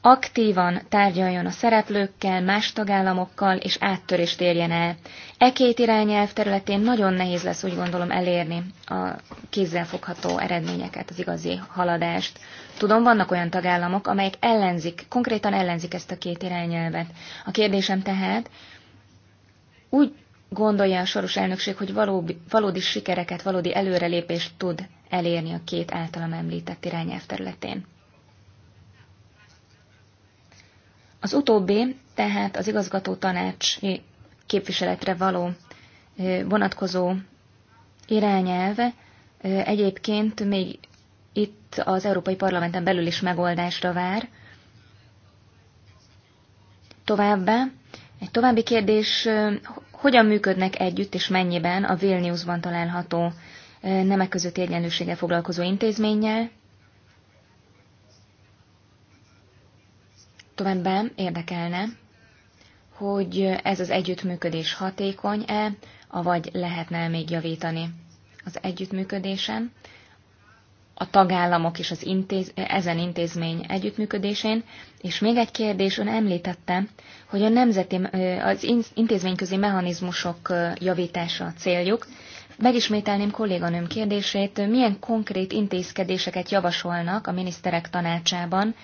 aktívan tárgyaljon a szereplőkkel, más tagállamokkal, és áttörést érjen el. E két irányelv területén nagyon nehéz lesz, úgy gondolom, elérni a kézzelfogható eredményeket, az igazi haladást. Tudom, vannak olyan tagállamok, amelyek ellenzik, konkrétan ellenzik ezt a két irányelvet. A kérdésem tehát, úgy gondolja a soros elnökség, hogy valódi, valódi sikereket, valódi előrelépést tud elérni a két általam említett irányelv területén. Az utóbbi, tehát az igazgató tanács képviseletre való vonatkozó irányelve egyébként még itt az Európai Parlamenten belül is megoldásra vár. Továbbá, egy további kérdés, hogyan működnek együtt és mennyiben a Vilniusban található nemek közötti egyenlőséggel foglalkozó intézménnyel, Továbbá érdekelne, hogy ez az együttműködés hatékony-e, avagy lehetne még javítani az együttműködésen, a tagállamok és az intéz, ezen intézmény együttműködésén. És még egy kérdés, ön említette, hogy a nemzeti, az intézményközi mechanizmusok javítása a céljuk. Megismételném kolléganőm kérdését, milyen konkrét intézkedéseket javasolnak a miniszterek tanácsában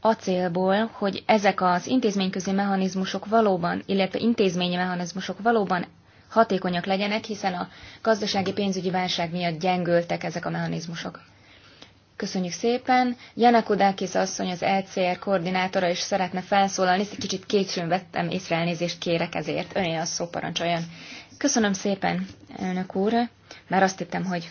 a célból, hogy ezek az intézményközi mechanizmusok valóban, illetve intézményi mechanizmusok valóban hatékonyak legyenek, hiszen a gazdasági pénzügyi válság miatt gyengültek ezek a mechanizmusok. Köszönjük szépen. Janakudákis asszony, az LCR e koordinátora is szeretne felszólalni, ezt egy kicsit későn vettem észre, elnézést kérek ezért. Öné a szó parancsoljon. Köszönöm szépen, elnök úr. Már azt hittem, hogy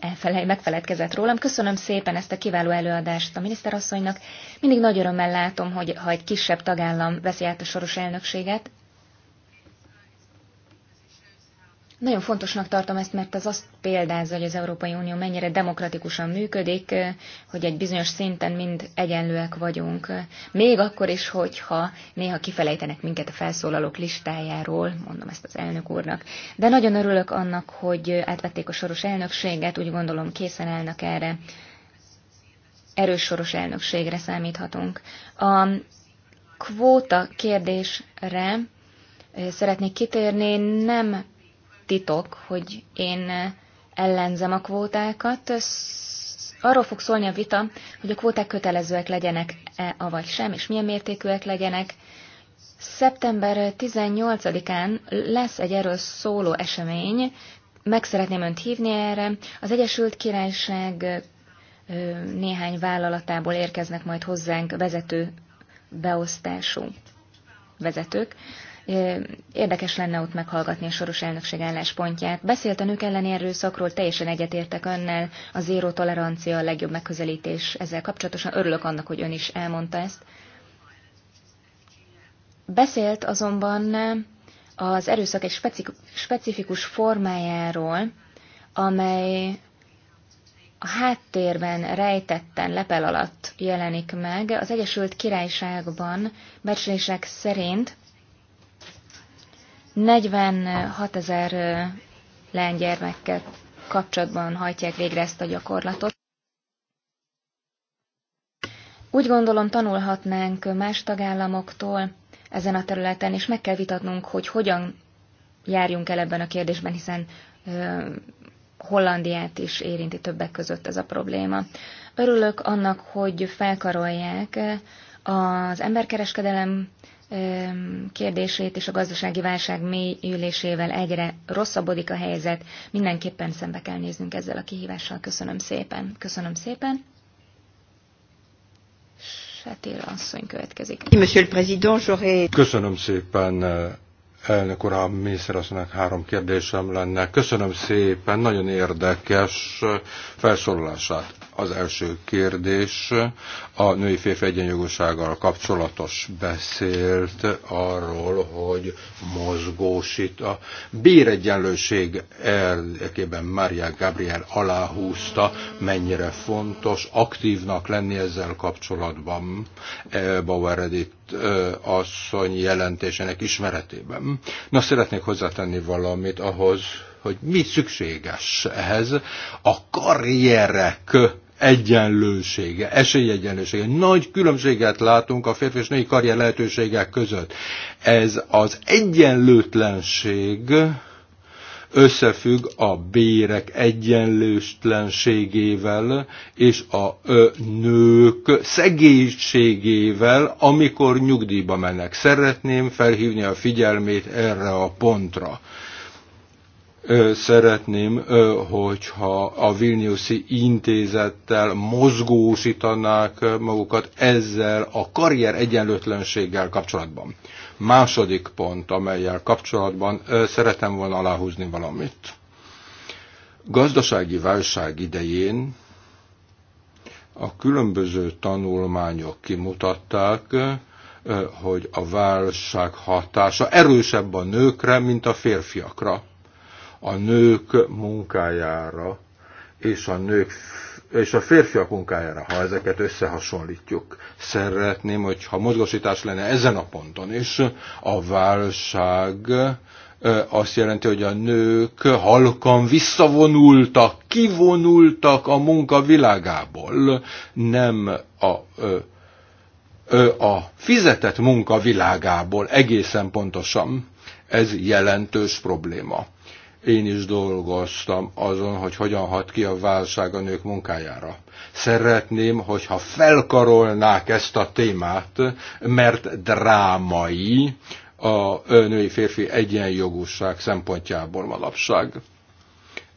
elfelej, megfeledkezett rólam. Köszönöm szépen ezt a kiváló előadást a miniszterasszonynak. Mindig nagy örömmel látom, hogy ha egy kisebb tagállam veszi át a soros elnökséget, Nagyon fontosnak tartom ezt, mert az azt példázza, hogy az Európai Unió mennyire demokratikusan működik, hogy egy bizonyos szinten mind egyenlőek vagyunk. Még akkor is, hogyha néha kifelejtenek minket a felszólalók listájáról, mondom ezt az elnök úrnak. De nagyon örülök annak, hogy átvették a soros elnökséget, úgy gondolom készen állnak erre. Erős soros elnökségre számíthatunk. A kvóta kérdésre szeretnék kitérni, nem titok, hogy én ellenzem a kvótákat. Arról fog szólni a vita, hogy a kvóták kötelezőek legyenek-e, avagy sem, és milyen mértékűek legyenek. Szeptember 18-án lesz egy erről szóló esemény, meg szeretném önt hívni erre. Az Egyesült Királyság néhány vállalatából érkeznek majd hozzánk vezető beosztású vezetők. Érdekes lenne ott meghallgatni a soros elnökség álláspontját. Beszélt a nők elleni erőszakról, teljesen egyetértek önnel, a zéró tolerancia a legjobb megközelítés ezzel kapcsolatosan. Örülök annak, hogy ön is elmondta ezt. Beszélt azonban az erőszak egy specifikus formájáról, amely a háttérben rejtetten lepel alatt jelenik meg. Az Egyesült Királyságban becslések szerint 46 ezer leánygyermekkel kapcsolatban hajtják végre ezt a gyakorlatot. Úgy gondolom tanulhatnánk más tagállamoktól ezen a területen, és meg kell vitatnunk, hogy hogyan járjunk el ebben a kérdésben, hiszen Hollandiát is érinti többek között ez a probléma. Örülök annak, hogy felkarolják az emberkereskedelem kérdését, és a gazdasági válság mélyülésével egyre rosszabbodik a helyzet. Mindenképpen szembe kell néznünk ezzel a kihívással. Köszönöm szépen. Köszönöm szépen. Fetér asszony következik. Köszönöm szépen, elnök uram, miniszterasszonynak három kérdésem lenne. Köszönöm szépen, nagyon érdekes felszólalását. Az első kérdés a női férfi egyenjogúsággal kapcsolatos. Beszélt arról, hogy mozgósít a béregyenlőség érdekében Mária Gabriel aláhúzta, mennyire fontos aktívnak lenni ezzel kapcsolatban e, Bauer Edith e, asszony jelentésének ismeretében. Na, szeretnék hozzátenni valamit ahhoz, hogy mi szükséges ehhez a karrierek egyenlősége, esélyegyenlősége. Nagy különbséget látunk a férfi és női karrier lehetőségek között. Ez az egyenlőtlenség összefügg a bérek egyenlőtlenségével és a nők szegénységével, amikor nyugdíjba mennek. Szeretném felhívni a figyelmét erre a pontra szeretném, hogyha a Vilniuszi intézettel mozgósítanák magukat ezzel a karrier egyenlőtlenséggel kapcsolatban. Második pont, amelyel kapcsolatban szeretem volna aláhúzni valamit. Gazdasági válság idején a különböző tanulmányok kimutatták, hogy a válság hatása erősebb a nőkre, mint a férfiakra a nők munkájára és a nők és a férfiak munkájára, ha ezeket összehasonlítjuk. Szeretném, hogyha mozgosítás lenne ezen a ponton is, a válság azt jelenti, hogy a nők halkan visszavonultak, kivonultak a munka világából, nem a, a fizetett munka világából egészen pontosan. Ez jelentős probléma én is dolgoztam azon, hogy hogyan hat ki a válság a nők munkájára. Szeretném, hogyha felkarolnák ezt a témát, mert drámai a női férfi egyenjogúság szempontjából manapság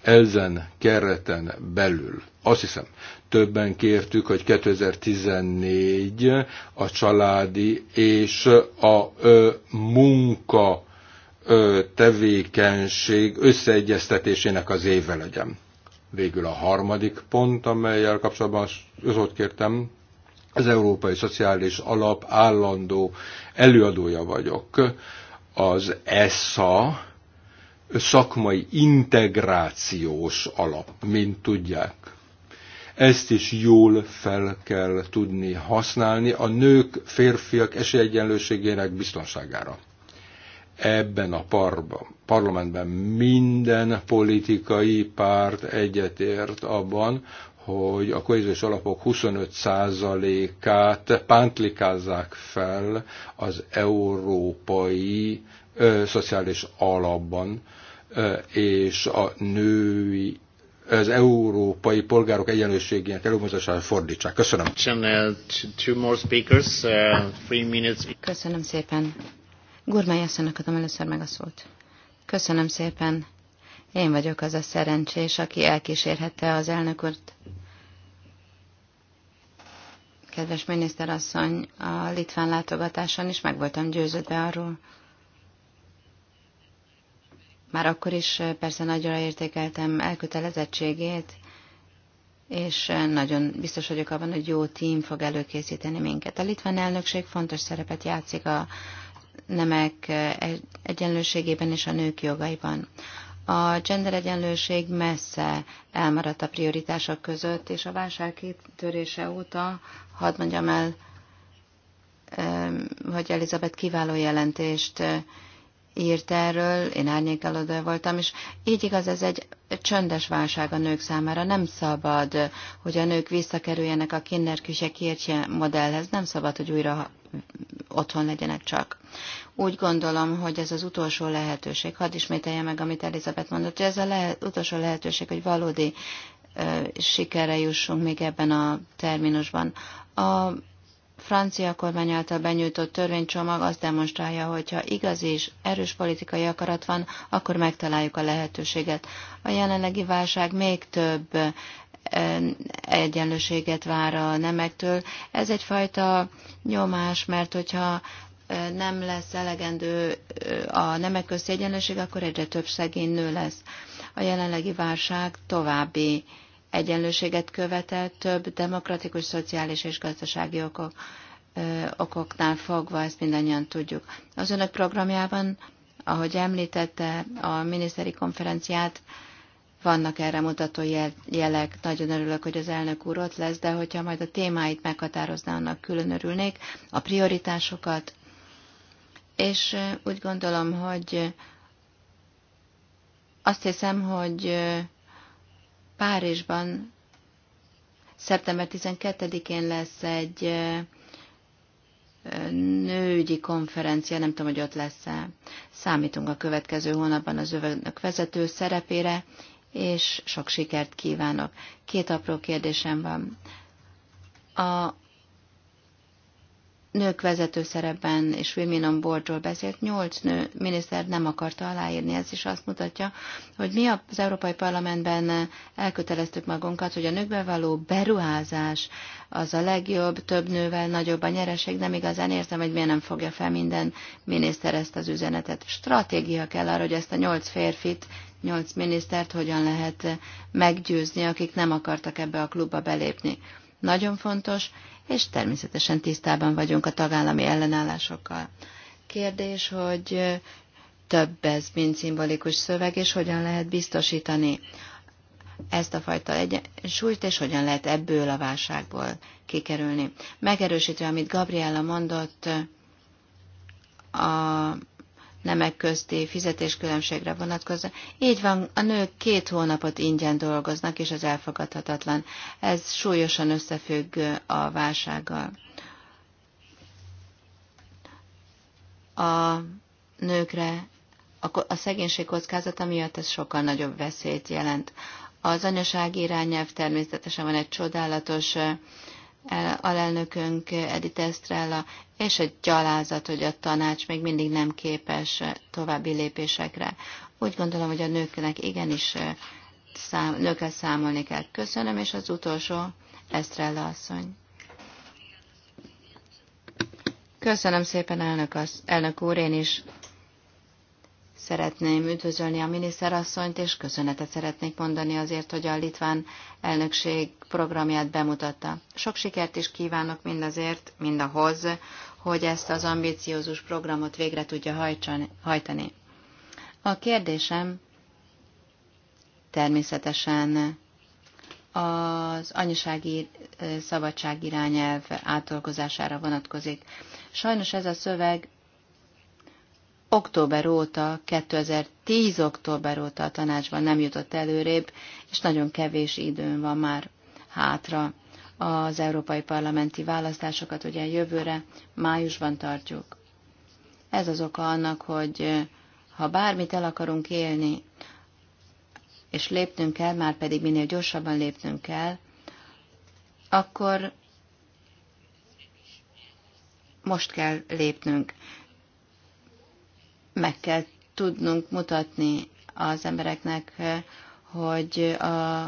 ezen kereten belül. Azt hiszem, többen kértük, hogy 2014 a családi és a munka tevékenység összeegyeztetésének az éve legyen. Végül a harmadik pont, amelyel kapcsolatban ott kértem, az Európai Szociális Alap állandó előadója vagyok. Az ESSA szakmai integrációs alap, mint tudják. Ezt is jól fel kell tudni használni a nők, férfiak esélyegyenlőségének biztonságára Ebben a parban, parlamentben minden politikai párt egyetért abban, hogy a kohéziós alapok 25%-át pántlikázzák fel az európai ö, szociális alapban, ö, és a női az európai polgárok egyenlőségének előmozására fordítsák. Köszönöm. Uh, uh, Köszönöm szépen. Gurmai asszonynak adom először meg a szót. Köszönöm szépen. Én vagyok az a szerencsés, aki elkísérhette az elnököt. Kedves miniszterasszony, a litván látogatáson is meg voltam győződve arról. Már akkor is persze nagyra értékeltem elkötelezettségét, és nagyon biztos vagyok abban, hogy jó tím fog előkészíteni minket. A litván elnökség fontos szerepet játszik a, nemek eh, egyenlőségében és a nők jogaiban. A gender egyenlőség messze elmaradt a prioritások között, és a válság kitörése óta, hadd mondjam el, eh, hogy Elizabeth kiváló jelentést eh, írt erről, én árnyékelődő voltam, és így igaz, ez egy csöndes válság a nők számára. Nem szabad, hogy a nők visszakerüljenek a kinderküse kértje modellhez, nem szabad, hogy újra otthon legyenek csak. Úgy gondolom, hogy ez az utolsó lehetőség. Hadd ismételje meg, amit Elizabeth mondott, hogy ez a lehet utolsó lehetőség, hogy valódi ö, sikerre jussunk még ebben a terminusban. A francia kormány által benyújtott törvénycsomag azt demonstrálja, hogy ha igaz és erős politikai akarat van, akkor megtaláljuk a lehetőséget. A jelenlegi válság még több egyenlőséget vár a nemektől. Ez egyfajta nyomás, mert hogyha nem lesz elegendő a nemek közti egyenlőség, akkor egyre több szegény nő lesz. A jelenlegi válság további egyenlőséget követel több demokratikus, szociális és gazdasági okok, ö, okoknál fogva, ezt mindannyian tudjuk. Az önök programjában, ahogy említette, a miniszteri konferenciát vannak erre mutató jelek. Nagyon örülök, hogy az elnök úr ott lesz, de hogyha majd a témáit meghatározná, annak külön örülnék, a prioritásokat. És úgy gondolom, hogy azt hiszem, hogy Párizsban szeptember 12-én lesz egy nőügyi konferencia, nem tudom, hogy ott lesz-e. Számítunk a következő hónapban az övönök vezető szerepére, és sok sikert kívánok. Két apró kérdésem van. A nők vezető szerepben és Women on Boardról beszélt, nyolc nő miniszter nem akarta aláírni. Ez is azt mutatja, hogy mi az Európai Parlamentben elköteleztük magunkat, hogy a nőkbe való beruházás az a legjobb, több nővel nagyobb a nyereség. Nem igazán értem, hogy miért nem fogja fel minden miniszter ezt az üzenetet. Stratégia kell arra, hogy ezt a nyolc férfit nyolc minisztert hogyan lehet meggyőzni, akik nem akartak ebbe a klubba belépni. Nagyon fontos, és természetesen tisztában vagyunk a tagállami ellenállásokkal. Kérdés, hogy több ez, mint szimbolikus szöveg, és hogyan lehet biztosítani ezt a fajta súlyt, és hogyan lehet ebből a válságból kikerülni. Megerősítve, amit Gabriella mondott, a nemek közti fizetéskülönbségre vonatkozóan. Így van, a nők két hónapot ingyen dolgoznak, és ez elfogadhatatlan. Ez súlyosan összefügg a válsággal. A nőkre a, a szegénység kockázata miatt ez sokkal nagyobb veszélyt jelent. Az anyaság irányelv természetesen van egy csodálatos Eh, alelnökünk eh, Edith Estrella, és egy gyalázat, hogy a tanács még mindig nem képes eh, további lépésekre. Úgy gondolom, hogy a nőknek igenis szám, nőkkel számolni kell. Köszönöm, és az utolsó Estrella asszony. Köszönöm szépen, elnök, az, elnök úr, én is Szeretném üdvözölni a miniszterasszonyt, és köszönetet szeretnék mondani azért, hogy a litván elnökség programját bemutatta. Sok sikert is kívánok mindazért, ahhoz, hogy ezt az ambiciózus programot végre tudja hajtani. A kérdésem természetesen az anyasági eh, szabadság irányelv átdolgozására vonatkozik. Sajnos ez a szöveg október óta, 2010 október óta a tanácsban nem jutott előrébb, és nagyon kevés időn van már hátra. Az európai parlamenti választásokat ugye jövőre, májusban tartjuk. Ez az oka annak, hogy ha bármit el akarunk élni, és lépnünk kell, már pedig minél gyorsabban lépnünk kell, akkor most kell lépnünk meg kell tudnunk mutatni az embereknek, hogy a,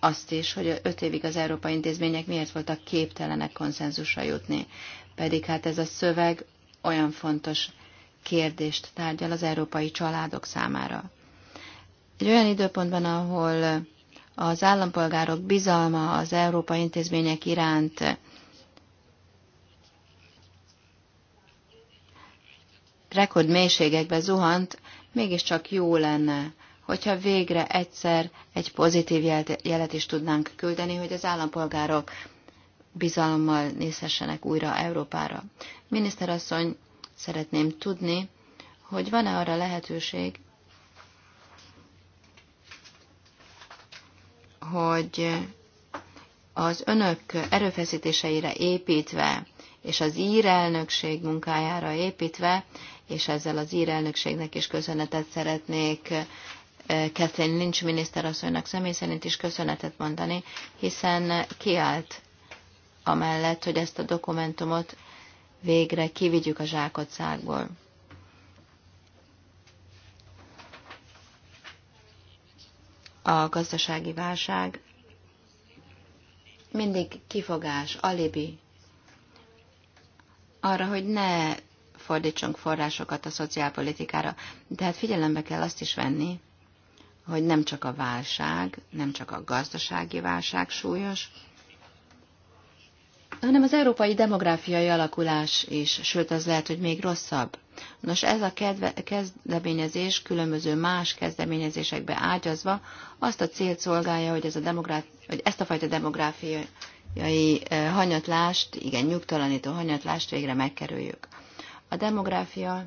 azt is, hogy öt évig az európai intézmények miért voltak képtelenek konszenzusra jutni. Pedig hát ez a szöveg olyan fontos kérdést tárgyal az európai családok számára. Egy olyan időpontban, ahol az állampolgárok bizalma az európai intézmények iránt rekord mélységekbe zuhant, mégiscsak jó lenne, hogyha végre egyszer egy pozitív jelet is tudnánk küldeni, hogy az állampolgárok bizalommal nézhessenek újra Európára. Miniszterasszony, szeretném tudni, hogy van-e arra lehetőség, hogy az önök erőfeszítéseire építve, és az ír elnökség munkájára építve és ezzel az ír elnökségnek is köszönetet szeretnék Kathleen eh, Lynch miniszterasszonynak személy szerint is köszönetet mondani, hiszen kiállt amellett, hogy ezt a dokumentumot végre kivigyük a zsákotszágból. A gazdasági válság mindig kifogás, alibi arra, hogy ne fordítsunk forrásokat a szociálpolitikára. Tehát figyelembe kell azt is venni, hogy nem csak a válság, nem csak a gazdasági válság súlyos, hanem az európai demográfiai alakulás is, sőt az lehet, hogy még rosszabb. Nos, ez a kedve, kezdeményezés különböző más kezdeményezésekbe ágyazva azt a célt szolgálja, hogy, ez a demográf, hogy ezt a fajta demográfiai eh, hanyatlást, igen, nyugtalanító hanyatlást végre megkerüljük. A demográfia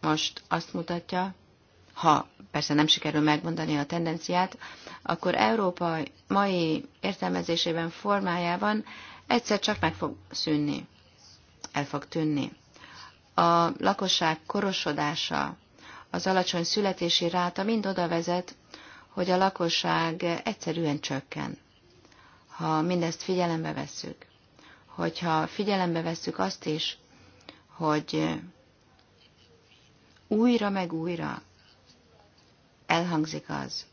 most azt mutatja, ha persze nem sikerül megmondani a tendenciát, akkor Európa mai értelmezésében, formájában egyszer csak meg fog szűnni, el fog tűnni. A lakosság korosodása, az alacsony születési ráta mind oda vezet, hogy a lakosság egyszerűen csökken, ha mindezt figyelembe vesszük hogyha figyelembe vesszük azt is, hogy újra meg újra elhangzik az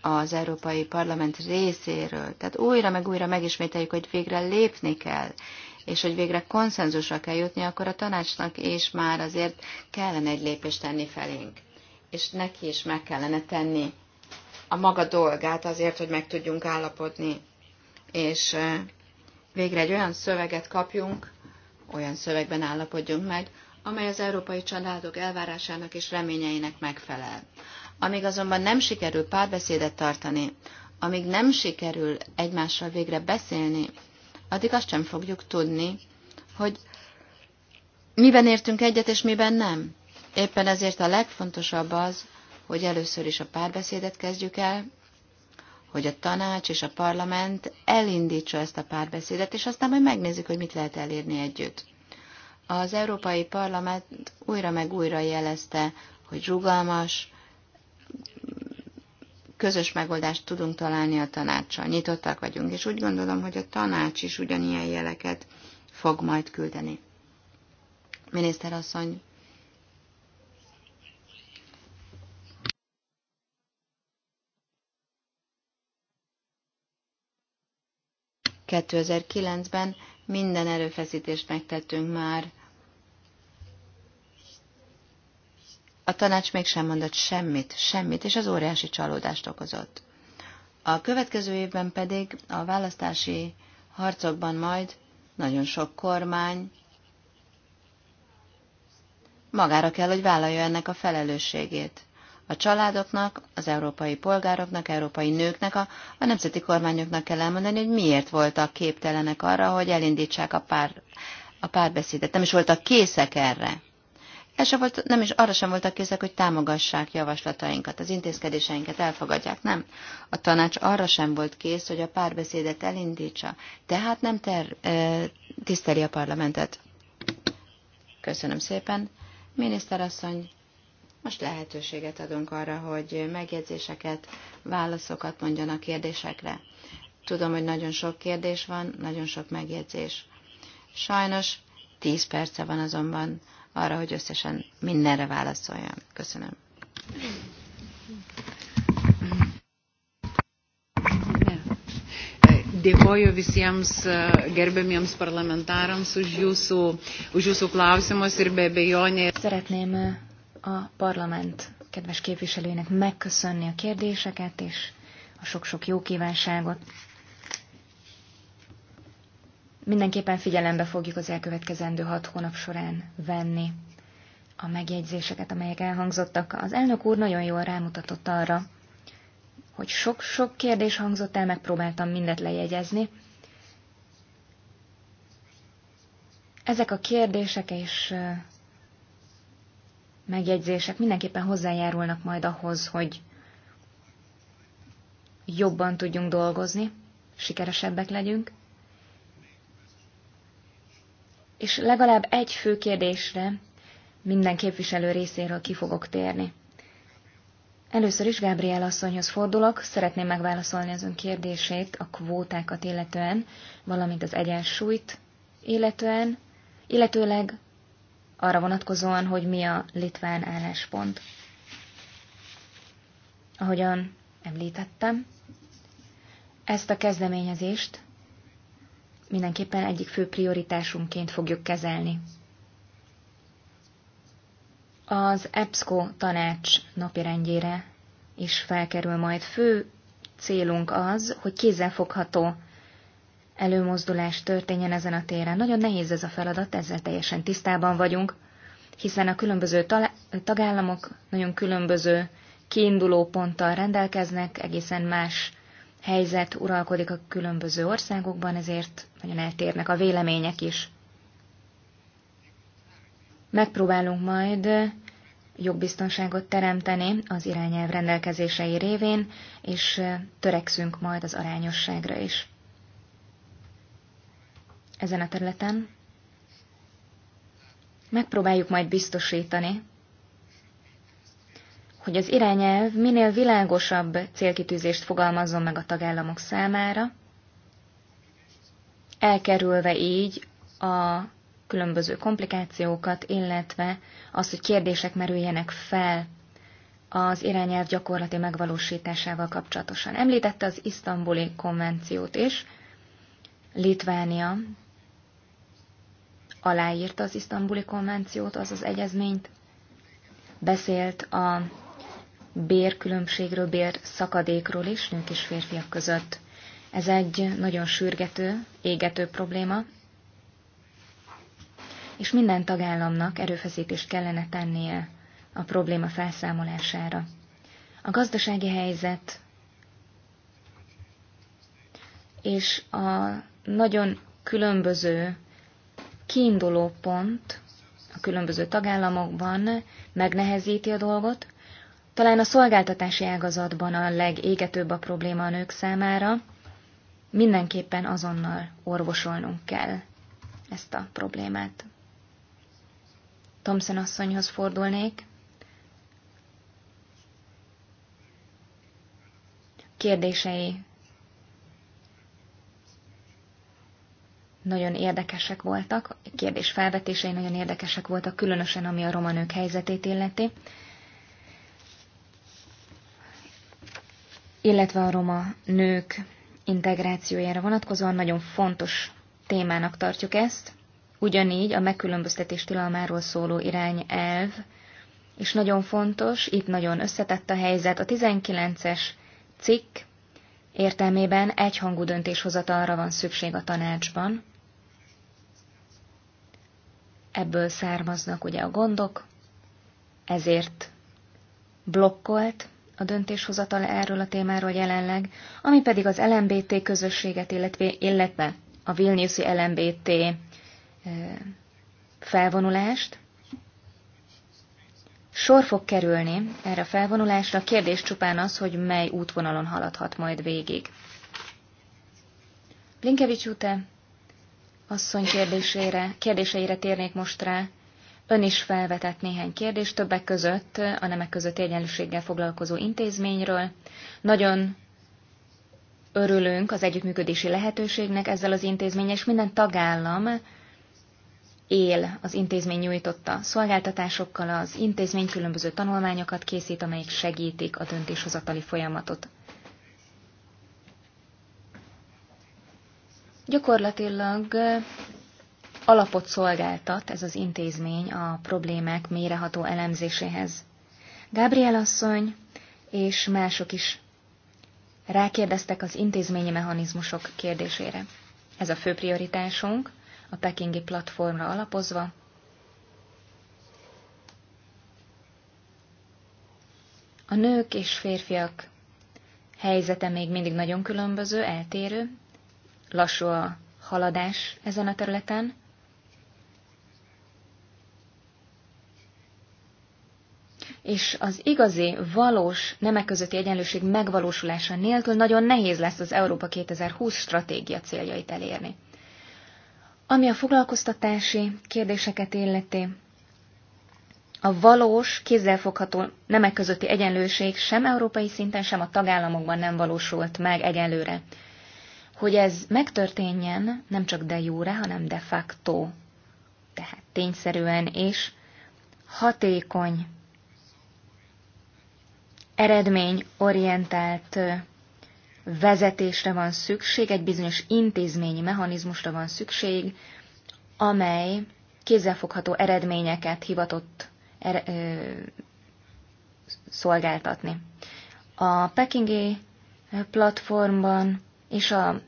az Európai Parlament részéről, tehát újra meg újra megismételjük, hogy végre lépni kell, és hogy végre konszenzusra kell jutni, akkor a tanácsnak is már azért kellene egy lépést tenni felénk. És neki is meg kellene tenni a maga dolgát azért, hogy meg tudjunk állapodni. És eh, végre egy olyan szöveget kapjunk, olyan szövegben állapodjunk meg, amely az európai családok elvárásának és reményeinek megfelel. Amíg azonban nem sikerül párbeszédet tartani, amíg nem sikerül egymással végre beszélni, addig azt sem fogjuk tudni, hogy miben értünk egyet és miben nem. Éppen ezért a legfontosabb az, hogy először is a párbeszédet kezdjük el, hogy a tanács és a parlament elindítsa ezt a párbeszédet, és aztán majd megnézzük, hogy mit lehet elérni együtt. Az Európai Parlament újra meg újra jelezte, hogy rugalmas, közös megoldást tudunk találni a tanácssal. Nyitottak vagyunk, és úgy gondolom, hogy a tanács is ugyanilyen jeleket fog majd küldeni. Miniszterasszony 2009-ben minden erőfeszítést megtettünk már. A tanács mégsem mondott semmit, semmit, és az óriási csalódást okozott. A következő évben pedig a választási harcokban majd nagyon sok kormány magára kell, hogy vállalja ennek a felelősségét. A családoknak, az európai polgároknak, európai nőknek, a, a nemzeti kormányoknak kell elmondani, hogy miért voltak képtelenek arra, hogy elindítsák a, pár, a párbeszédet. Nem is voltak készek erre. El sem volt, nem is arra sem voltak készek, hogy támogassák javaslatainkat, az intézkedéseinket elfogadják, nem. A tanács arra sem volt kész, hogy a párbeszédet elindítsa, tehát nem ter, tiszteli a parlamentet. Köszönöm szépen. Miniszterasszony, most lehetőséget adunk arra, hogy megjegyzéseket, válaszokat mondjanak kérdésekre. Tudom, hogy nagyon sok kérdés van, nagyon sok megjegyzés. Sajnos 10 perce van azonban arra, hogy összesen mindenre válaszoljon. Köszönöm. Dėkoju visiems e, gerbiamiems parlamentarams už jūsų, už jūsų klausimus ir be abejonės. Szeretném e, a parlament kedves képviselőinek megköszönni a kérdéseket és a sok-sok jó kívánságot. Mindenképpen figyelembe fogjuk az elkövetkezendő hat hónap során venni a megjegyzéseket, amelyek elhangzottak. Az elnök úr nagyon jól rámutatott arra, hogy sok-sok kérdés hangzott el, megpróbáltam mindet lejegyezni. Ezek a kérdések és megjegyzések mindenképpen hozzájárulnak majd ahhoz, hogy jobban tudjunk dolgozni, sikeresebbek legyünk. És legalább egy fő kérdésre minden képviselő részéről ki fogok térni. Először is Gábriel asszonyhoz fordulok, szeretném megválaszolni az ön kérdését a kvótákat illetően, valamint az egyensúlyt illetően, illetőleg arra vonatkozóan, hogy mi a litván álláspont. Ahogyan említettem, ezt a kezdeményezést mindenképpen egyik fő prioritásunkként fogjuk kezelni. Az EBSCO tanács napirendjére is felkerül majd. Fő célunk az, hogy kézzelfogható előmozdulás történjen ezen a téren. Nagyon nehéz ez a feladat, ezzel teljesen tisztában vagyunk, hiszen a különböző tagállamok nagyon különböző kiinduló ponttal rendelkeznek, egészen más helyzet uralkodik a különböző országokban, ezért nagyon eltérnek a vélemények is. Megpróbálunk majd jogbiztonságot teremteni az irányelv rendelkezései révén, és törekszünk majd az arányosságra is ezen a területen. Megpróbáljuk majd biztosítani, hogy az irányelv minél világosabb célkitűzést fogalmazzon meg a tagállamok számára, elkerülve így a különböző komplikációkat, illetve az, hogy kérdések merüljenek fel az irányelv gyakorlati megvalósításával kapcsolatosan. Említette az isztambuli konvenciót is. Litvánia aláírta az isztambuli konvenciót, azaz egyezményt, beszélt a bérkülönbségről, bér szakadékról is nők és férfiak között. Ez egy nagyon sürgető, égető probléma, és minden tagállamnak erőfeszítést kellene tennie a probléma felszámolására. A gazdasági helyzet és a nagyon különböző kiinduló pont a különböző tagállamokban megnehezíti a dolgot, talán a szolgáltatási ágazatban a legégetőbb a probléma a nők számára, mindenképpen azonnal orvosolnunk kell ezt a problémát. Thomson asszonyhoz fordulnék. Kérdései nagyon érdekesek voltak, kérdés felvetései nagyon érdekesek voltak, különösen ami a roma nők helyzetét illeti, illetve a roma nők integrációjára vonatkozóan nagyon fontos témának tartjuk ezt, ugyanígy a megkülönböztetés tilalmáról szóló irányelv, és nagyon fontos, itt nagyon összetett a helyzet, a 19-es cikk értelmében egyhangú döntéshozatalra van szükség a tanácsban, ebből származnak ugye a gondok, ezért blokkolt a döntéshozatal erről a témáról jelenleg, ami pedig az LMBT közösséget, illetve, illetve a Vilniuszi LMBT eh, felvonulást. Sor fog kerülni erre a felvonulásra, a kérdés csupán az, hogy mely útvonalon haladhat majd végig. Blinkevics úte asszony kérdésére, kérdéseire térnék most rá. Ön is felvetett néhány kérdést, többek között a nemek közötti egyenlőséggel foglalkozó intézményről. Nagyon örülünk az együttműködési lehetőségnek ezzel az intézménnyel, és minden tagállam él az intézmény nyújtotta szolgáltatásokkal, az intézmény különböző tanulmányokat készít, amelyek segítik a döntéshozatali folyamatot. Gyakorlatilag alapot szolgáltat ez az intézmény a problémák méreható elemzéséhez. Gábriel asszony és mások is rákérdeztek az intézményi mechanizmusok kérdésére. Ez a fő prioritásunk, a pekingi platformra alapozva. A nők és férfiak helyzete még mindig nagyon különböző, eltérő, lassú a haladás ezen a területen. És az igazi, valós nemek közötti egyenlőség megvalósulása nélkül nagyon nehéz lesz az Európa 2020 stratégia céljait elérni. Ami a foglalkoztatási kérdéseket illeti, a valós, kézzelfogható nemek közötti egyenlőség sem európai szinten, sem a tagállamokban nem valósult meg egyelőre. Hogy ez megtörténjen nem csak de jóre, hanem de facto, tehát tényszerűen és hatékony, eredményorientált vezetésre van szükség, egy bizonyos intézményi mechanizmusra van szükség, amely kézzelfogható eredményeket hivatott er, ö, szolgáltatni. A pekingi platformban és a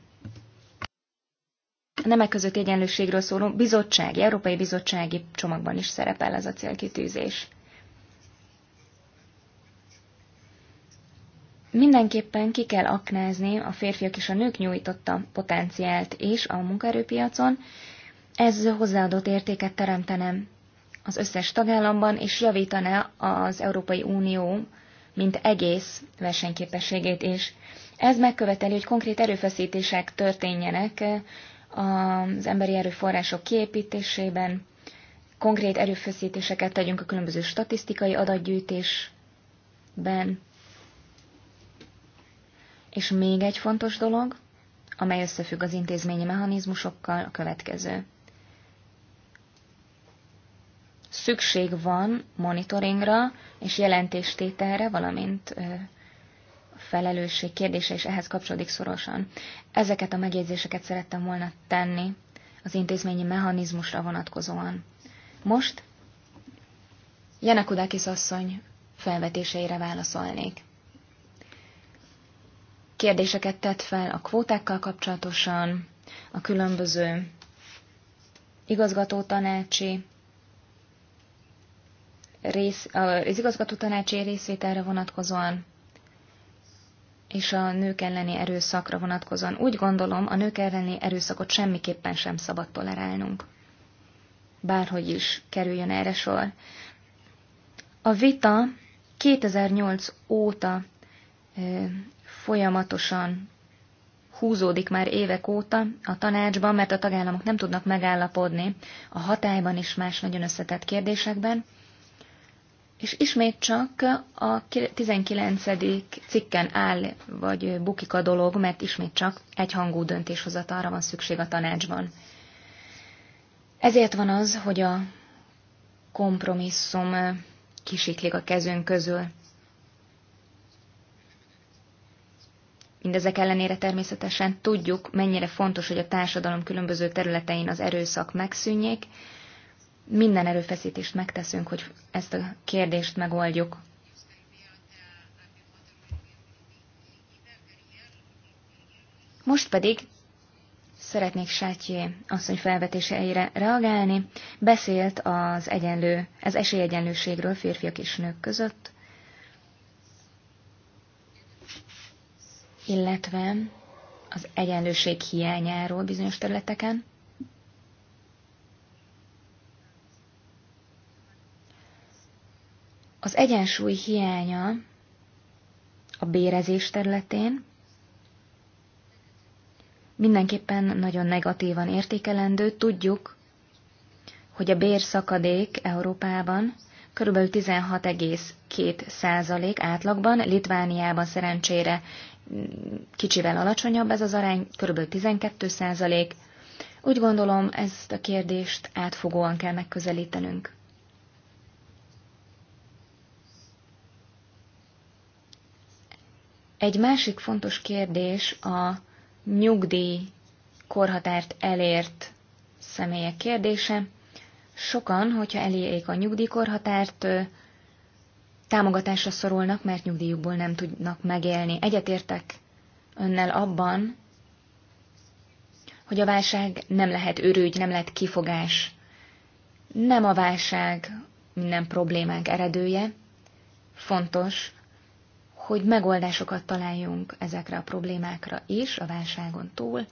nemek közötti egyenlőségről szóló bizottsági, európai bizottsági csomagban is szerepel ez a célkitűzés. Mindenképpen ki kell aknázni a férfiak és a nők nyújtotta potenciált és a munkaerőpiacon, ez hozzáadott értéket teremtene az összes tagállamban, és javítaná az Európai Unió mint egész versenyképességét is. Ez megköveteli, hogy konkrét erőfeszítések történjenek eh, az emberi erőforrások kiépítésében, konkrét erőfeszítéseket tegyünk a különböző statisztikai adatgyűjtésben. És még egy fontos dolog, amely összefügg az intézményi mechanizmusokkal, a következő. Szükség van monitoringra és jelentéstételre, valamint eh, felelősség kérdése is ehhez kapcsolódik szorosan. Ezeket a megjegyzéseket szerettem volna tenni az intézményi mechanizmusra vonatkozóan. Most Janakudakis asszony felvetéseire válaszolnék. Kérdéseket tett fel a kvótákkal kapcsolatosan, a különböző igazgató tanácsi rész, az igazgató tanácsi részvételre vonatkozóan, és a nők elleni erőszakra vonatkozóan. Úgy gondolom, a nők elleni erőszakot semmiképpen sem szabad tolerálnunk. Bárhogy is kerüljön erre sor. A vita 2008 óta ö, folyamatosan húzódik már évek óta a tanácsban, mert a tagállamok nem tudnak megállapodni a hatályban és más nagyon összetett kérdésekben. És ismét csak a 19. cikken áll, vagy bukik a dolog, mert ismét csak egy hangú döntéshozatalra van szükség a tanácsban. Ezért van az, hogy a kompromisszum kisiklik a kezünk közül. Mindezek ellenére természetesen tudjuk, mennyire fontos, hogy a társadalom különböző területein az erőszak megszűnjék, minden erőfeszítést megteszünk, hogy ezt a kérdést megoldjuk. Most pedig szeretnék Sátyé asszony felvetéseire reagálni. Beszélt az egyenlő, az esélyegyenlőségről férfiak és nők között, illetve az egyenlőség hiányáról bizonyos területeken. Az egyensúly hiánya a bérezés területén mindenképpen nagyon negatívan értékelendő. Tudjuk, hogy a bérszakadék Európában kb. 16,2 százalék átlagban, Litvániában szerencsére kicsivel alacsonyabb ez az arány, kb. 12 Úgy gondolom, ezt a kérdést átfogóan kell megközelítenünk. Egy másik fontos kérdés a nyugdíj korhatárt elért személyek kérdése. Sokan, hogyha elérjék a nyugdíjkorhatárt, támogatásra szorulnak, mert nyugdíjukból nem tudnak megélni. Egyetértek önnel abban, hogy a válság nem lehet örügy, nem lehet kifogás. Nem a válság minden problémánk eredője. Fontos, hogy megoldásokat találjunk ezekre a problémákra is, a válságon túl,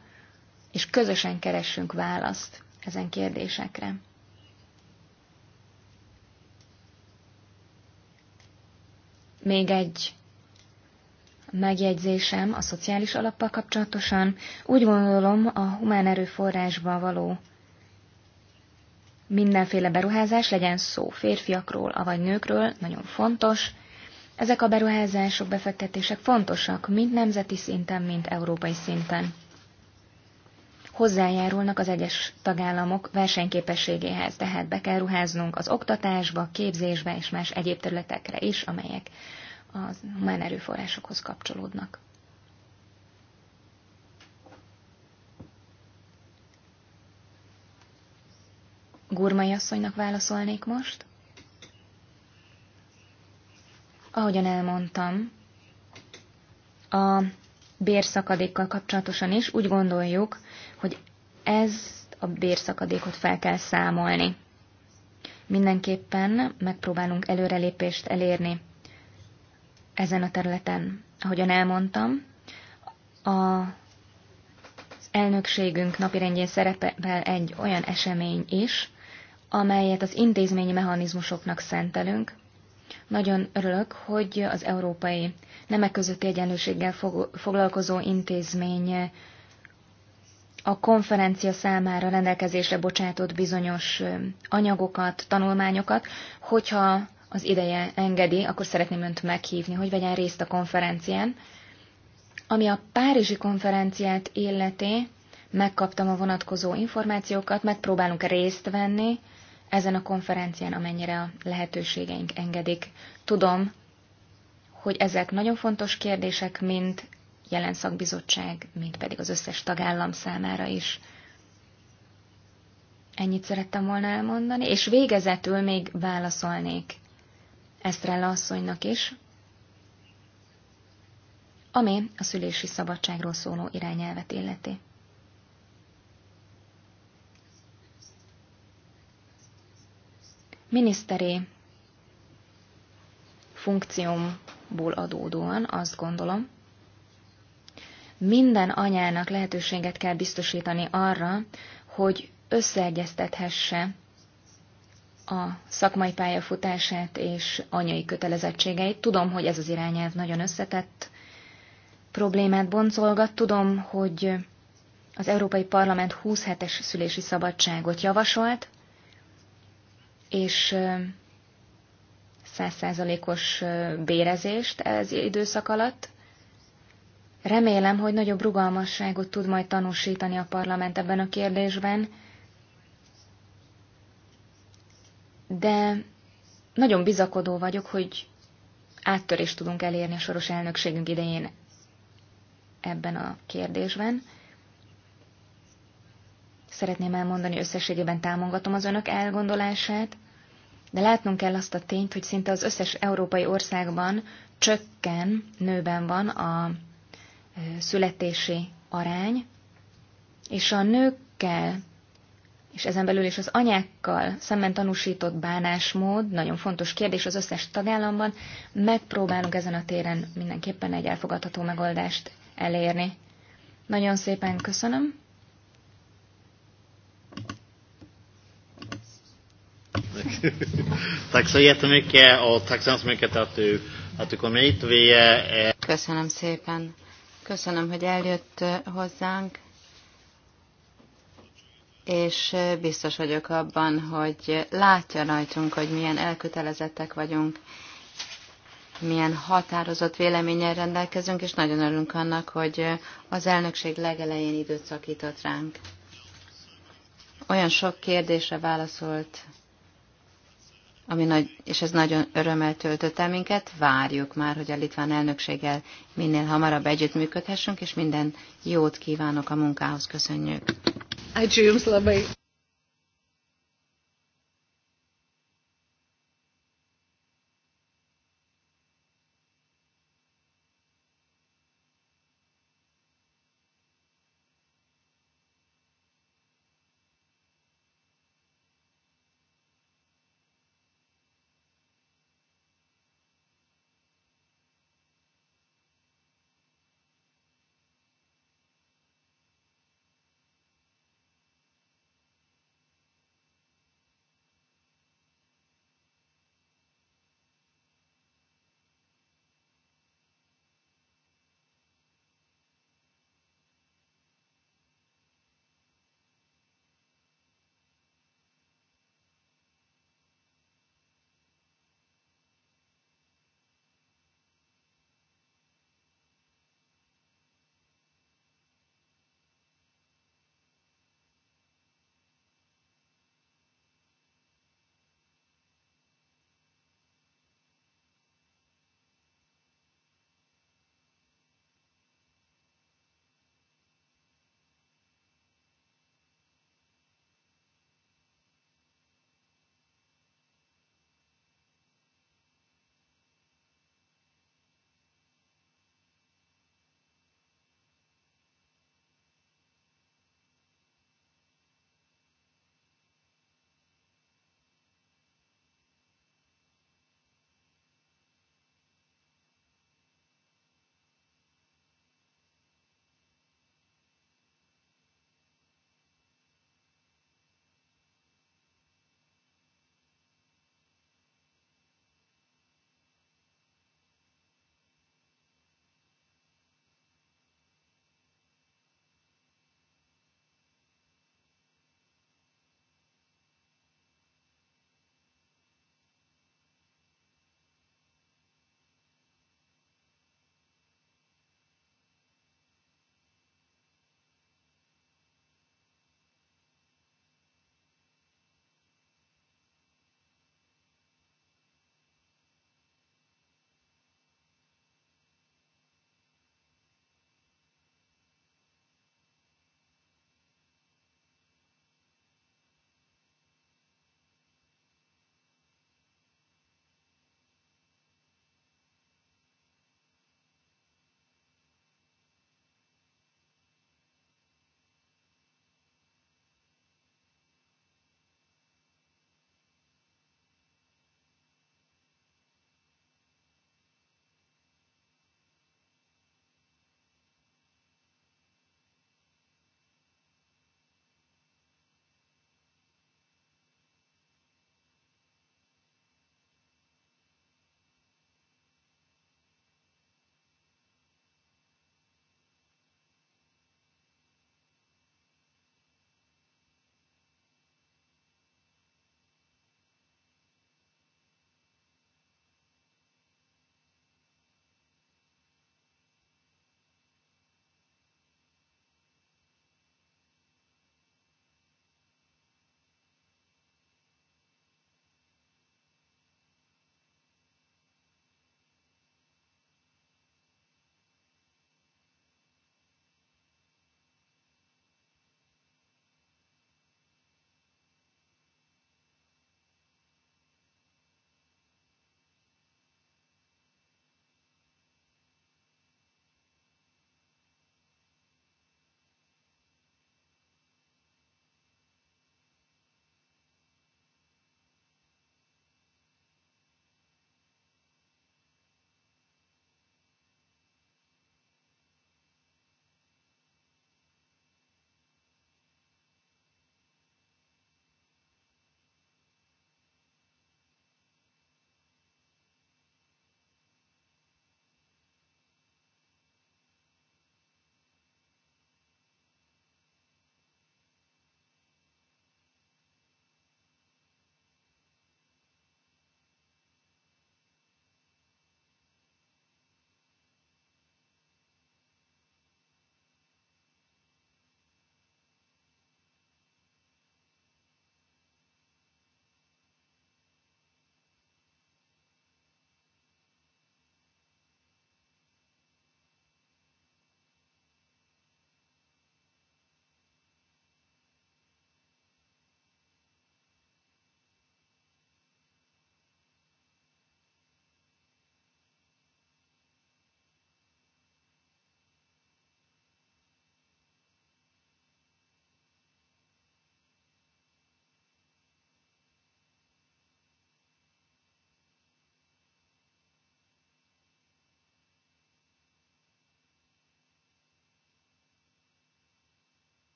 és közösen keressünk választ ezen kérdésekre. Még egy megjegyzésem a szociális alappal kapcsolatosan. Úgy gondolom, a humán erőforrásban való mindenféle beruházás, legyen szó férfiakról, avagy nőkről, nagyon fontos – ezek a beruházások, befektetések fontosak, mind nemzeti szinten, mind európai szinten. Hozzájárulnak az egyes tagállamok versenyképességéhez, tehát be kell ruháznunk az oktatásba, képzésbe és más egyéb területekre is, amelyek a humán erőforrásokhoz kapcsolódnak. Gurmai asszonynak válaszolnék most. Ahogyan elmondtam, a bérszakadékkal kapcsolatosan is úgy gondoljuk, hogy ez a bérszakadékot fel kell számolni. Mindenképpen megpróbálunk előrelépést elérni ezen a területen. Ahogyan elmondtam, a elnökségünk napirendjén szerepel egy olyan esemény is, amelyet az intézményi mechanizmusoknak szentelünk, nagyon örülök, hogy az Európai Nemek közötti egyenlőséggel foglalkozó intézmény a konferencia számára rendelkezésre bocsátott bizonyos anyagokat, tanulmányokat, hogyha az ideje engedi, akkor szeretném önt meghívni, hogy vegyen részt a konferencián. Ami a Párizsi konferenciát illeti, megkaptam a vonatkozó információkat, megpróbálunk részt venni, ezen a konferencián, amennyire a lehetőségeink engedik. Tudom, hogy ezek nagyon fontos kérdések, mint jelen szakbizottság, mint pedig az összes tagállam számára is. Ennyit szerettem volna elmondani, és végezetül még válaszolnék Esztrella asszonynak is, ami a szülési szabadságról szóló irányelvet illeti. miniszteri funkciómból adódóan azt gondolom, minden anyának lehetőséget kell biztosítani arra, hogy összeegyeztethesse a szakmai pályafutását és anyai kötelezettségeit. Tudom, hogy ez az irányelv nagyon összetett problémát boncolgat. Tudom, hogy az Európai Parlament 20 hetes szülési szabadságot javasolt, és százszázalékos bérezést ez időszak alatt. Remélem, hogy nagyobb rugalmasságot tud majd tanúsítani a parlament ebben a kérdésben, de nagyon bizakodó vagyok, hogy áttörést tudunk elérni a soros elnökségünk idején ebben a kérdésben szeretném elmondani, összességében támogatom az önök elgondolását, de látnunk kell azt a tényt, hogy szinte az összes európai országban csökken, nőben van a születési arány, és a nőkkel, és ezen belül is az anyákkal szemben tanúsított bánásmód, nagyon fontos kérdés az összes tagállamban, megpróbálunk ezen a téren mindenképpen egy elfogadható megoldást elérni. Nagyon szépen köszönöm. tack så jättemycket och tack så hemskt mycket att du, att du kom hit. Vi, eh... Köszönöm szépen. Köszönöm, hogy eljött eh, hozzánk, és eh, biztos vagyok abban, hogy látja rajtunk, hogy milyen elkötelezettek vagyunk, milyen határozott véleményen rendelkezünk, és nagyon örülünk annak, hogy eh, az elnökség legelején időt szakított ránk. Olyan sok kérdésre válaszolt ami nagy, és ez nagyon örömmel töltött minket. Várjuk már, hogy a litván elnökséggel minél hamarabb együttműködhessünk, és minden jót kívánok a munkához, köszönjük.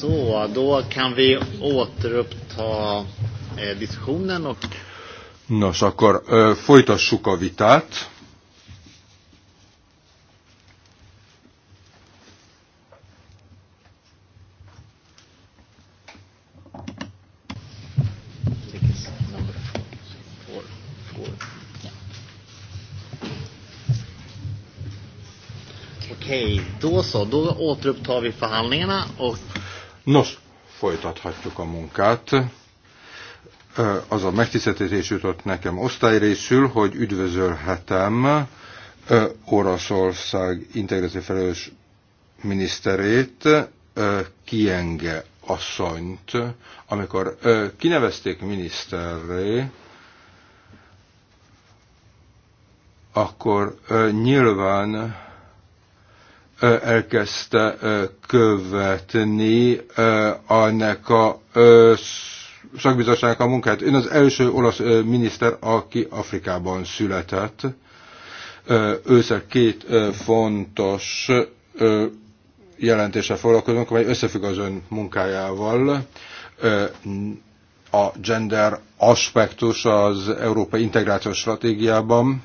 Så, då kan vi återuppta eh, diskussionen. Och... Nos, akkor ö, folytassuk a vitát. Okej, okay, då så. Då återupptar vi förhandlingarna och Nos, folytathatjuk a munkát. Az a megtiszteltetés jutott nekem osztályrészül, hogy üdvözölhetem Oroszország integráció felelős miniszterét, Kienge asszonyt, amikor kinevezték miniszterré, akkor nyilván elkezdte követni annak a szakbizottságnak a munkát. Ön az első olasz miniszter, aki Afrikában született. Őszer két fontos jelentéssel foglalkozunk, amely összefügg az ön munkájával. A gender aspektus az európai integrációs stratégiában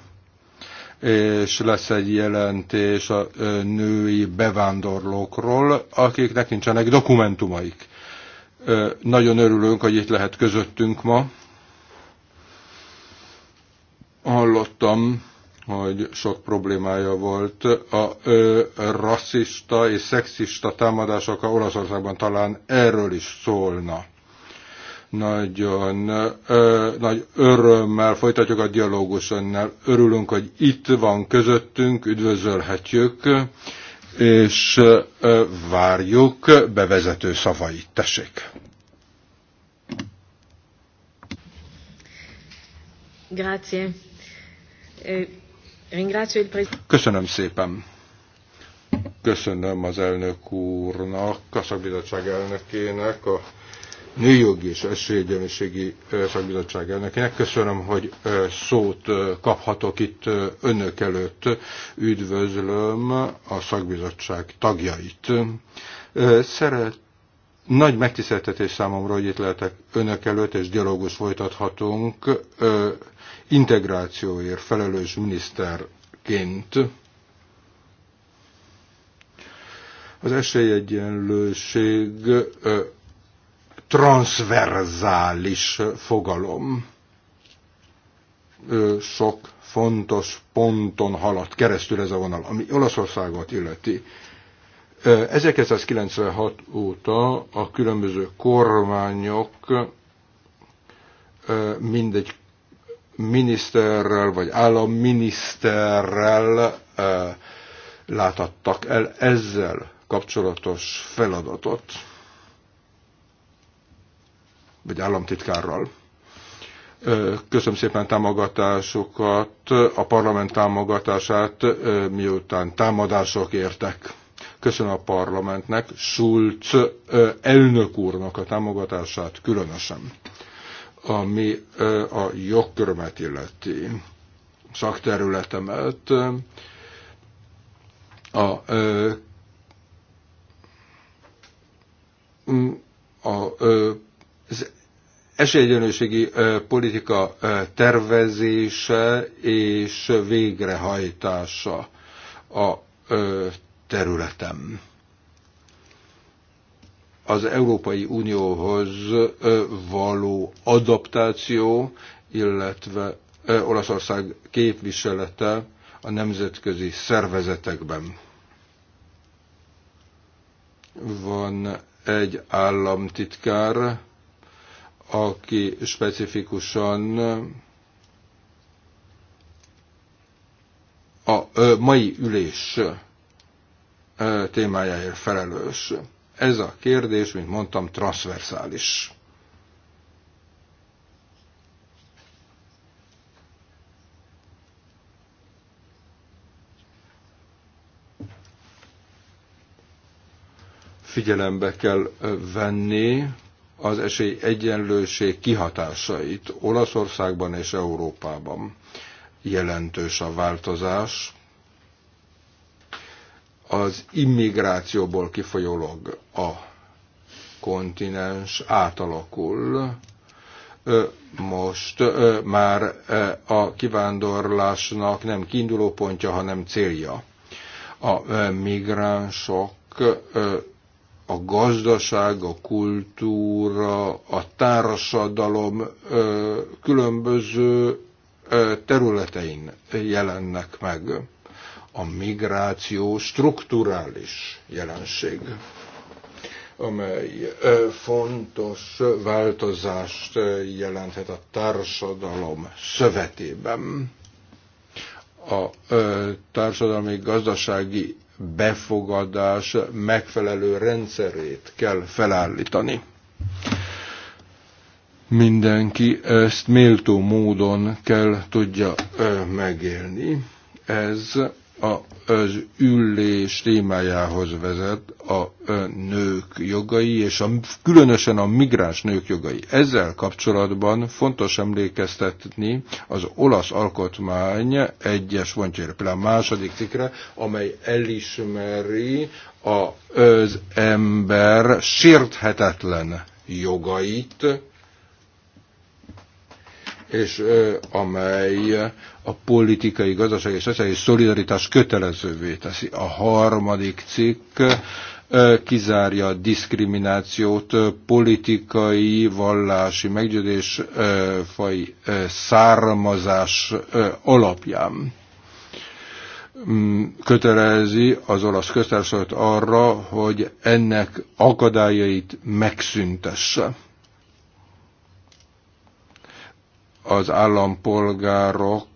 és lesz egy jelentés a női bevándorlókról, akiknek nincsenek dokumentumaik. Nagyon örülünk, hogy itt lehet közöttünk ma. Hallottam, hogy sok problémája volt a ö, rasszista és szexista támadásokkal Olaszországban talán erről is szólna nagyon ö, nagy örömmel folytatjuk a dialógus önnel. Örülünk, hogy itt van közöttünk, üdvözölhetjük, és ö, várjuk bevezető szavait. Tessék! Grazie. Köszönöm szépen. Köszönöm az elnök úrnak, a szakbizottság elnökének a Nőjogi és Esélyegyenlőségi Szakbizottság elnökének. Köszönöm, hogy szót kaphatok itt önök előtt. Üdvözlöm a szakbizottság tagjait. Szeret nagy megtiszteltetés számomra, hogy itt lehetek önök előtt, és dialógus folytathatunk integrációért felelős miniszterként. Az esélyegyenlőség transverzális fogalom. Sok fontos ponton halad keresztül ez a vonal, ami Olaszországot illeti. 1996 óta a különböző kormányok mindegy miniszterrel vagy államminiszterrel láthattak el ezzel kapcsolatos feladatot vagy államtitkárral. Köszönöm szépen támogatásokat, a parlament támogatását, miután támadások értek. Köszönöm a parlamentnek, Schulz elnök úrnak a támogatását különösen, ami a jogkörömet illeti, szakterületemet, a, a, a az esélyegyenlőségi politika tervezése és végrehajtása a területem. Az Európai Unióhoz való adaptáció, illetve Olaszország képviselete a nemzetközi szervezetekben. Van egy államtitkár, aki specifikusan a mai ülés témájáért felelős. Ez a kérdés, mint mondtam, transversális. Figyelembe kell venni az esély egyenlőség kihatásait Olaszországban és Európában. Jelentős a változás az immigrációból kifolyólag a kontinens átalakul. Most már a kivándorlásnak nem kiinduló pontja, hanem célja. A migránsok a gazdaság, a kultúra, a társadalom különböző területein jelennek meg. A migráció strukturális jelenség, amely fontos változást jelenthet a társadalom szövetében. A társadalmi gazdasági befogadás megfelelő rendszerét kell felállítani. Mindenki ezt méltó módon kell tudja megélni. Ez az ülés témájához vezet a nők jogai, és a, különösen a migráns nők jogai. Ezzel kapcsolatban fontos emlékeztetni az olasz alkotmány egyes pontjára, például a második cikre, amely elismeri az ember sérthetetlen jogait, és amely a politikai, gazdasági és szociális szolidaritás kötelezővé teszi. A harmadik cikk kizárja a diszkriminációt politikai, vallási meggyőzés fai származás alapján mm, kötelezi az olasz köztársaságot arra, hogy ennek akadályait megszüntesse. az állampolgárok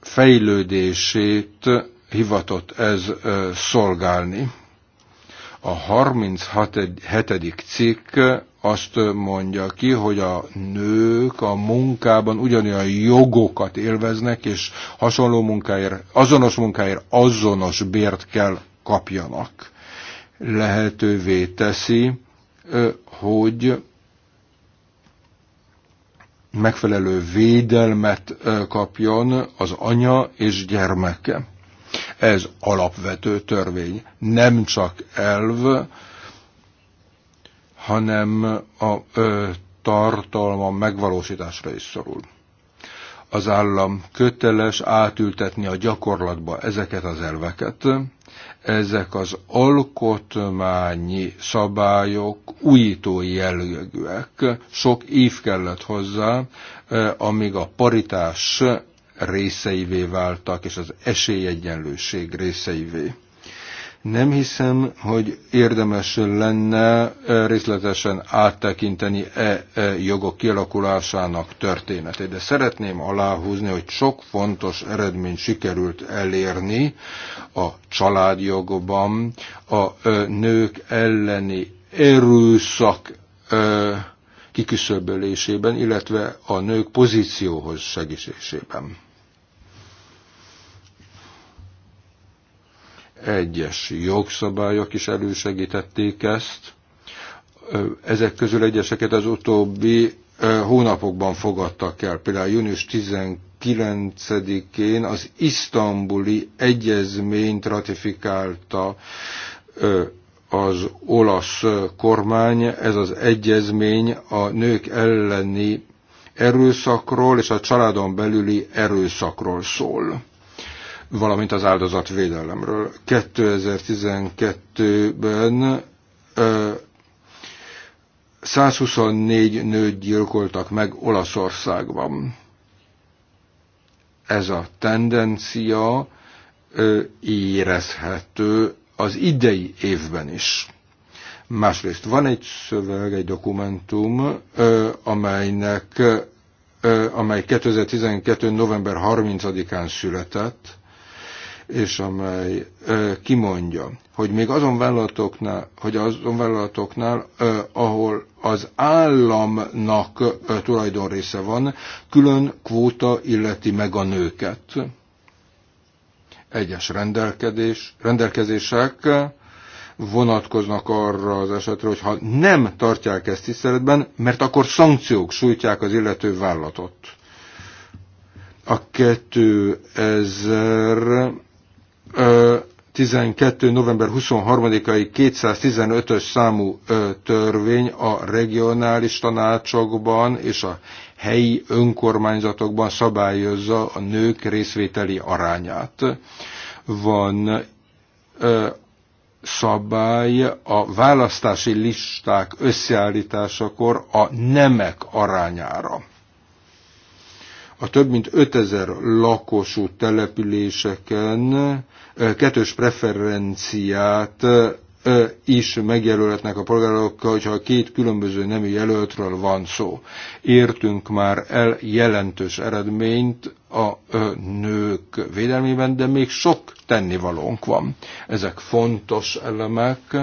fejlődését hivatott ez szolgálni. A 37. cikk azt mondja ki, hogy a nők a munkában ugyanolyan jogokat élveznek, és hasonló munkáért, azonos munkáért azonos bért kell kapjanak. Lehetővé teszi, hogy megfelelő védelmet kapjon az anya és gyermeke. Ez alapvető törvény, nem csak elv, hanem a ö, tartalma megvalósításra is szorul. Az állam köteles átültetni a gyakorlatba ezeket az elveket, ezek az alkotmányi szabályok újító jellegűek. Sok év kellett hozzá, eh, amíg a paritás részeivé váltak, és az esélyegyenlőség részeivé nem hiszem, hogy érdemes lenne részletesen áttekinteni e, e, jogok kialakulásának történetét, de szeretném aláhúzni, hogy sok fontos eredményt sikerült elérni a családjogban, a nők elleni erőszak kiküszöbölésében, illetve a nők pozícióhoz segítésében. Egyes jogszabályok is elősegítették ezt. Ezek közül egyeseket az utóbbi hónapokban fogadtak el. Például június 19-én az isztambuli egyezményt ratifikálta az olasz kormány. Ez az egyezmény a nők elleni erőszakról és a családon belüli erőszakról szól valamint az áldozatvédelemről. 2012-ben 124 nőt gyilkoltak meg Olaszországban. Ez a tendencia érezhető az idei évben is. Másrészt van egy szöveg, egy dokumentum, amelynek, amely 2012. november 30-án született, és amely ö, kimondja, hogy még azon vállalatoknál, hogy azon vállalatoknál, ö, ahol az államnak ö, tulajdon része van, külön kvóta illeti meg a nőket. Egyes rendelkedés, rendelkezések vonatkoznak arra az esetre, hogy ha nem tartják ezt tiszteletben, mert akkor szankciók sújtják az illető vállalatot a 2000 12. november 23-ai 215-ös számú törvény a regionális tanácsokban és a helyi önkormányzatokban szabályozza a nők részvételi arányát. Van szabály a választási listák összeállításakor a nemek arányára. A több mint 5000 lakosú településeken kettős preferenciát is megjelölhetnek a polgárokkal, hogyha két különböző nemű jelöltről van szó. Értünk már el jelentős eredményt a nők védelmében, de még sok tennivalónk van. Ezek fontos elemek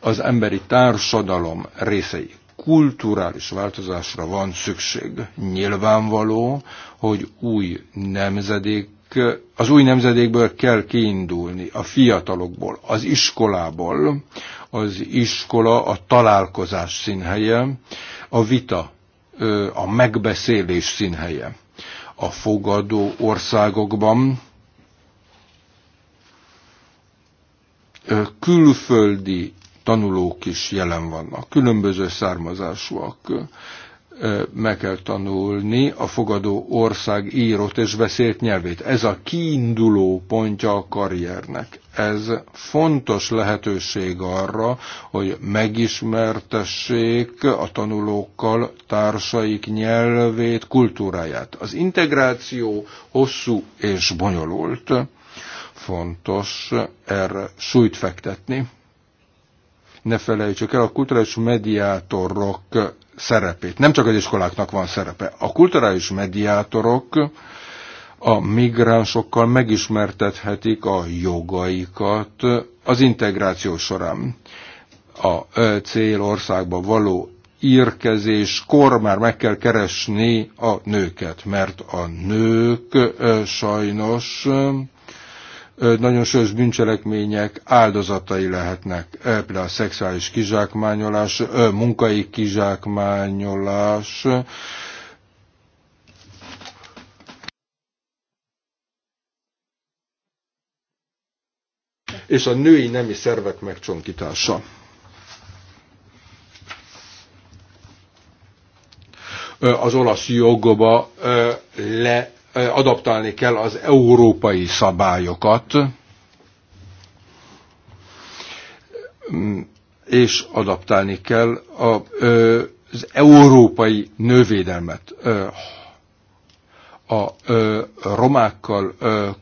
az emberi társadalom részei. Kulturális változásra van szükség. Nyilvánvaló, hogy új nemzedék Eh, az új nemzedékből kell kiindulni, a fiatalokból, az iskolából. Az iskola a találkozás színhelye, a vita, eh, a megbeszélés színhelye. A fogadó országokban eh, külföldi tanulók is jelen vannak, különböző származásúak meg kell tanulni a fogadó ország írott és beszélt nyelvét. Ez a kiinduló pontja a karriernek. Ez fontos lehetőség arra, hogy megismertessék a tanulókkal társaik nyelvét, kultúráját. Az integráció hosszú és bonyolult. Fontos erre súlyt fektetni ne felejtsük el, a kulturális mediátorok szerepét. Nem csak az iskoláknak van szerepe. A kulturális mediátorok a migránsokkal megismertethetik a jogaikat az integráció során. A célországba való kor már meg kell keresni a nőket, mert a nők sajnos nagyon súlyos bűncselekmények áldozatai lehetnek, például a szexuális kizsákmányolás, munkai kizsákmányolás, és a női nemi szervek megcsonkítása. Az olasz jogba le adaptálni kell az európai szabályokat, mm, és adaptálni kell a, az európai nővédelmet. A romákkal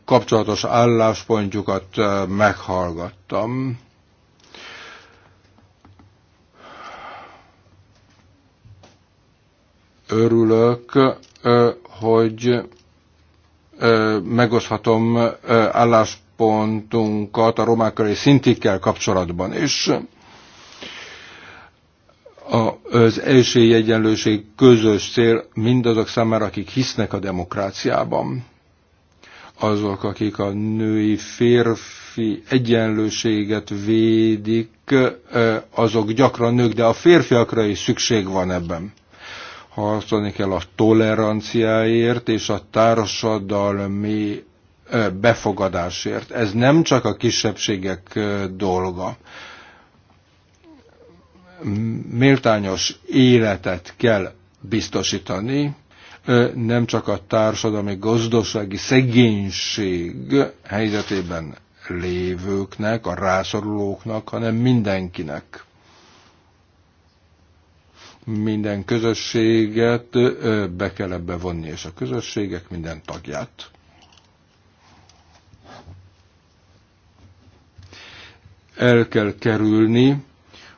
kapcsolatos álláspontjukat meghallgattam. Örülök, hogy megoszhatom álláspontunkat a romák köré szintikkel kapcsolatban, és az első egyenlőség közös cél mindazok számára, akik hisznek a demokráciában. Azok, akik a női férfi egyenlőséget védik, azok gyakran nők, de a férfiakra is szükség van ebben harcolni kell a toleranciáért és a társadalmi befogadásért. Ez nem csak a kisebbségek dolga. Méltányos életet kell biztosítani, nem csak a társadalmi gazdasági szegénység helyzetében lévőknek, a rászorulóknak, hanem mindenkinek minden közösséget be kell ebbe vonni, és a közösségek minden tagját. El kell kerülni,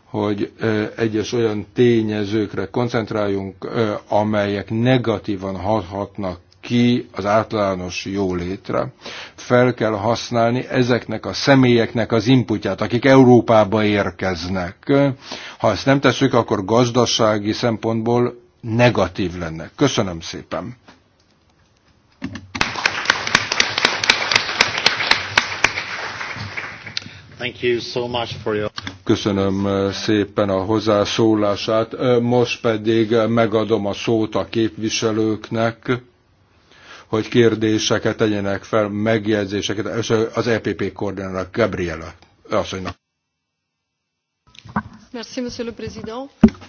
hogy egyes olyan tényezőkre koncentráljunk, amelyek negatívan hathatnak ki az általános jólétre, fel kell használni ezeknek a személyeknek az inputját, akik Európába érkeznek. Ha ezt nem tesszük, akkor gazdasági szempontból negatív lenne. Köszönöm szépen! Köszönöm eh, szépen a hozzászólását. Eh, most pedig eh, megadom a szót a képviselőknek hogy kérdéseket tegyenek fel, megjegyzéseket. az EPP koordinátor Gabriela asszonynak.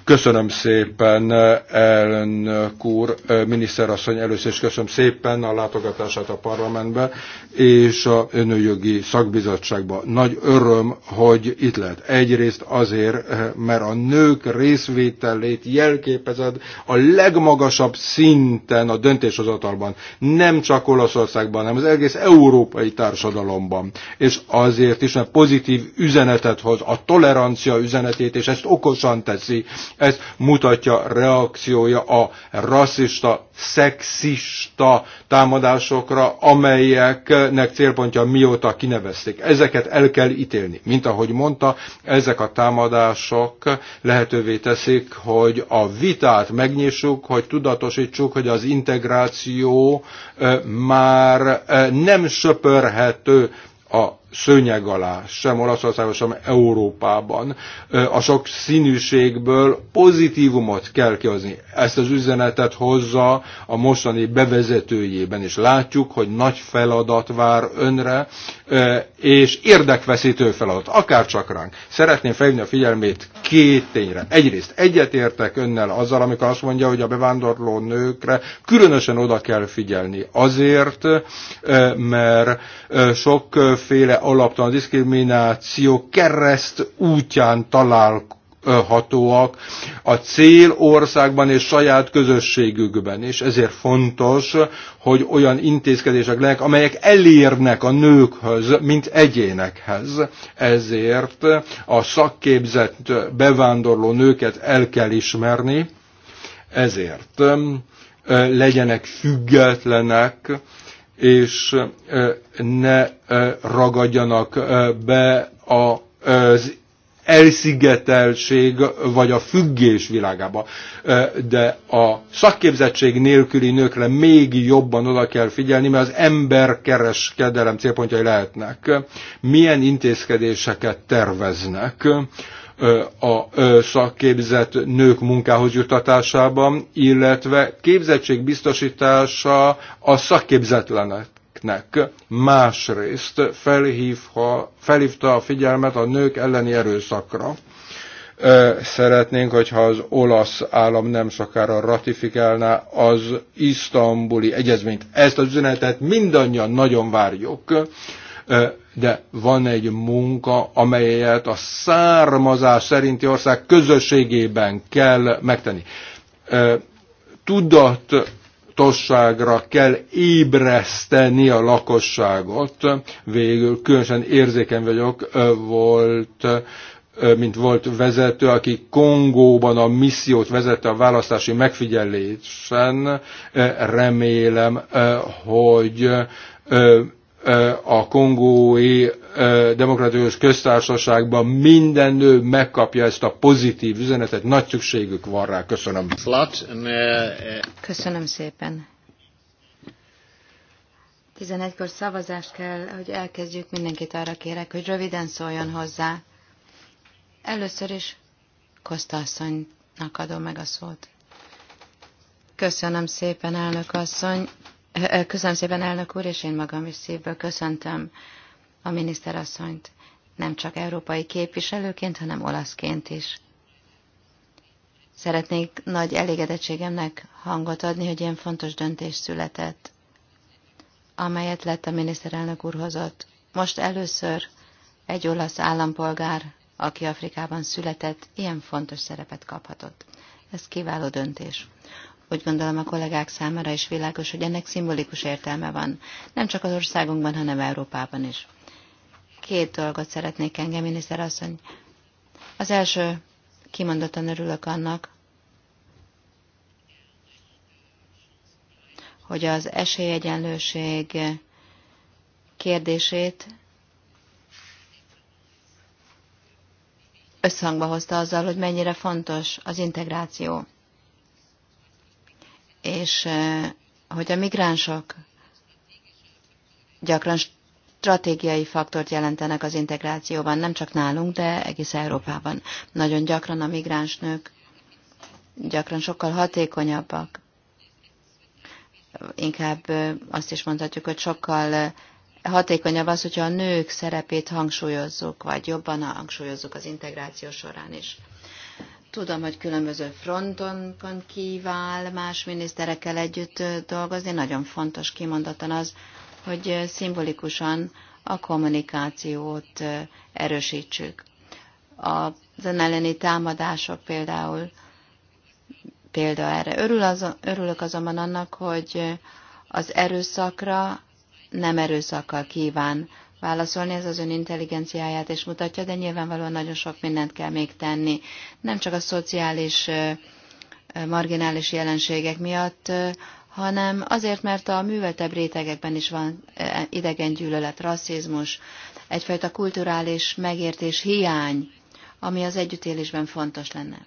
Köszönöm szépen, elnök úr, miniszterasszony, először is köszönöm szépen a látogatását a parlamentbe és a önőjogi szakbizottságba. Nagy öröm, hogy itt lehet. Egyrészt azért, mert a nők részvételét jelképezed a legmagasabb szinten a döntéshozatalban, nem csak Olaszországban, hanem az egész európai társadalomban. És azért is, mert pozitív üzenetet hoz, a tolerancia üzenetét részét, és ezt okosan teszi. Ezt mutatja reakciója a rasszista, szexista támadásokra, amelyeknek célpontja mióta kinevezték. Ezeket el kell ítélni. Mint ahogy mondta, ezek a támadások lehetővé teszik, hogy a vitát megnyissuk, hogy tudatosítsuk, hogy az integráció már nem söpörhető a szőnyeg alá, sem Olaszországban, sem Európában. A sok színűségből pozitívumot kell kihozni. Ezt az üzenetet hozza a mostani bevezetőjében, és látjuk, hogy nagy feladat vár önre, és érdekveszítő feladat, akár csak ránk. Szeretném felhívni a figyelmét két tényre. Egyrészt egyetértek önnel azzal, amikor azt mondja, hogy a bevándorló nőkre különösen oda kell figyelni. Azért, mert sokféle alaptalan diszkrimináció kereszt útján találhatóak a cél országban és saját közösségükben, és ezért fontos, hogy olyan intézkedések legyenek, amelyek elérnek a nőkhöz, mint egyénekhez. Ezért a szakképzett bevándorló nőket el kell ismerni, ezért legyenek függetlenek és ne ragadjanak be az elszigeteltség vagy a függés világába. De a szakképzettség nélküli nőkre még jobban oda kell figyelni, mert az emberkereskedelem célpontjai lehetnek. Milyen intézkedéseket terveznek a szakképzett nők munkához jutatásában, illetve képzettség biztosítása a szakképzetleneknek. Másrészt felhívha, felhívta a figyelmet a nők elleni erőszakra. Szeretnénk, hogyha az olasz állam nem sokára ratifikálná az isztambuli egyezményt. Ezt az üzenetet mindannyian nagyon várjuk de van egy munka, amelyet a származás szerinti ország közösségében kell megtenni. Tudatosságra kell ébreszteni a lakosságot. Végül különösen érzékeny vagyok, volt mint volt vezető, aki Kongóban a missziót vezette a választási megfigyelésen. Remélem, hogy a kongói demokratikus köztársaságban minden nő megkapja ezt a pozitív üzenetet, nagy szükségük van rá. Köszönöm. Uh, uh, Köszönöm szépen. 11-kor szavazást kell, hogy elkezdjük. Mindenkit arra kérek, hogy röviden szóljon hozzá. Először is Koszta asszonynak adom meg a szót. Köszönöm szépen, elnök asszony. Köszönöm szépen, elnök úr, és én magam is szívből köszöntöm a miniszterasszonyt, nem csak európai képviselőként, hanem olaszként is. Szeretnék nagy elégedettségemnek hangot adni, hogy ilyen fontos döntés született, amelyet lett a miniszterelnök úr hozott. Most először egy olasz állampolgár, aki Afrikában született, ilyen fontos szerepet kaphatott. Ez kiváló döntés. Úgy gondolom a kollégák számára is világos, hogy ennek szimbolikus értelme van, nem csak az országunkban, hanem Európában is. Két dolgot szeretnék engem, asszony. Az első, kimondottan örülök annak, hogy az esélyegyenlőség kérdését összhangba hozta azzal, hogy mennyire fontos az integráció és eh, hogy a migránsok gyakran stratégiai faktort jelentenek az integrációban, nem csak nálunk, de egész Európában. Nagyon gyakran a migránsnők gyakran sokkal hatékonyabbak. Inkább eh, azt is mondhatjuk, hogy sokkal eh, hatékonyabb az, hogyha a nők szerepét hangsúlyozzuk, vagy jobban hangsúlyozzuk az integráció során is. Tudom, hogy különböző frontonkon kívál más miniszterekkel együtt dolgozni. Nagyon fontos kimondatlan az, hogy szimbolikusan a kommunikációt erősítsük. A elleni támadások például példa erre. Örül az, örülök azonban annak, hogy az erőszakra nem erőszakkal kíván válaszolni, ez az ön intelligenciáját is mutatja, de nyilvánvalóan nagyon sok mindent kell még tenni. Nem csak a szociális marginális jelenségek miatt, hanem azért, mert a műveltebb rétegekben is van idegen gyűlölet, rasszizmus, egyfajta kulturális megértés hiány, ami az együttélésben fontos lenne.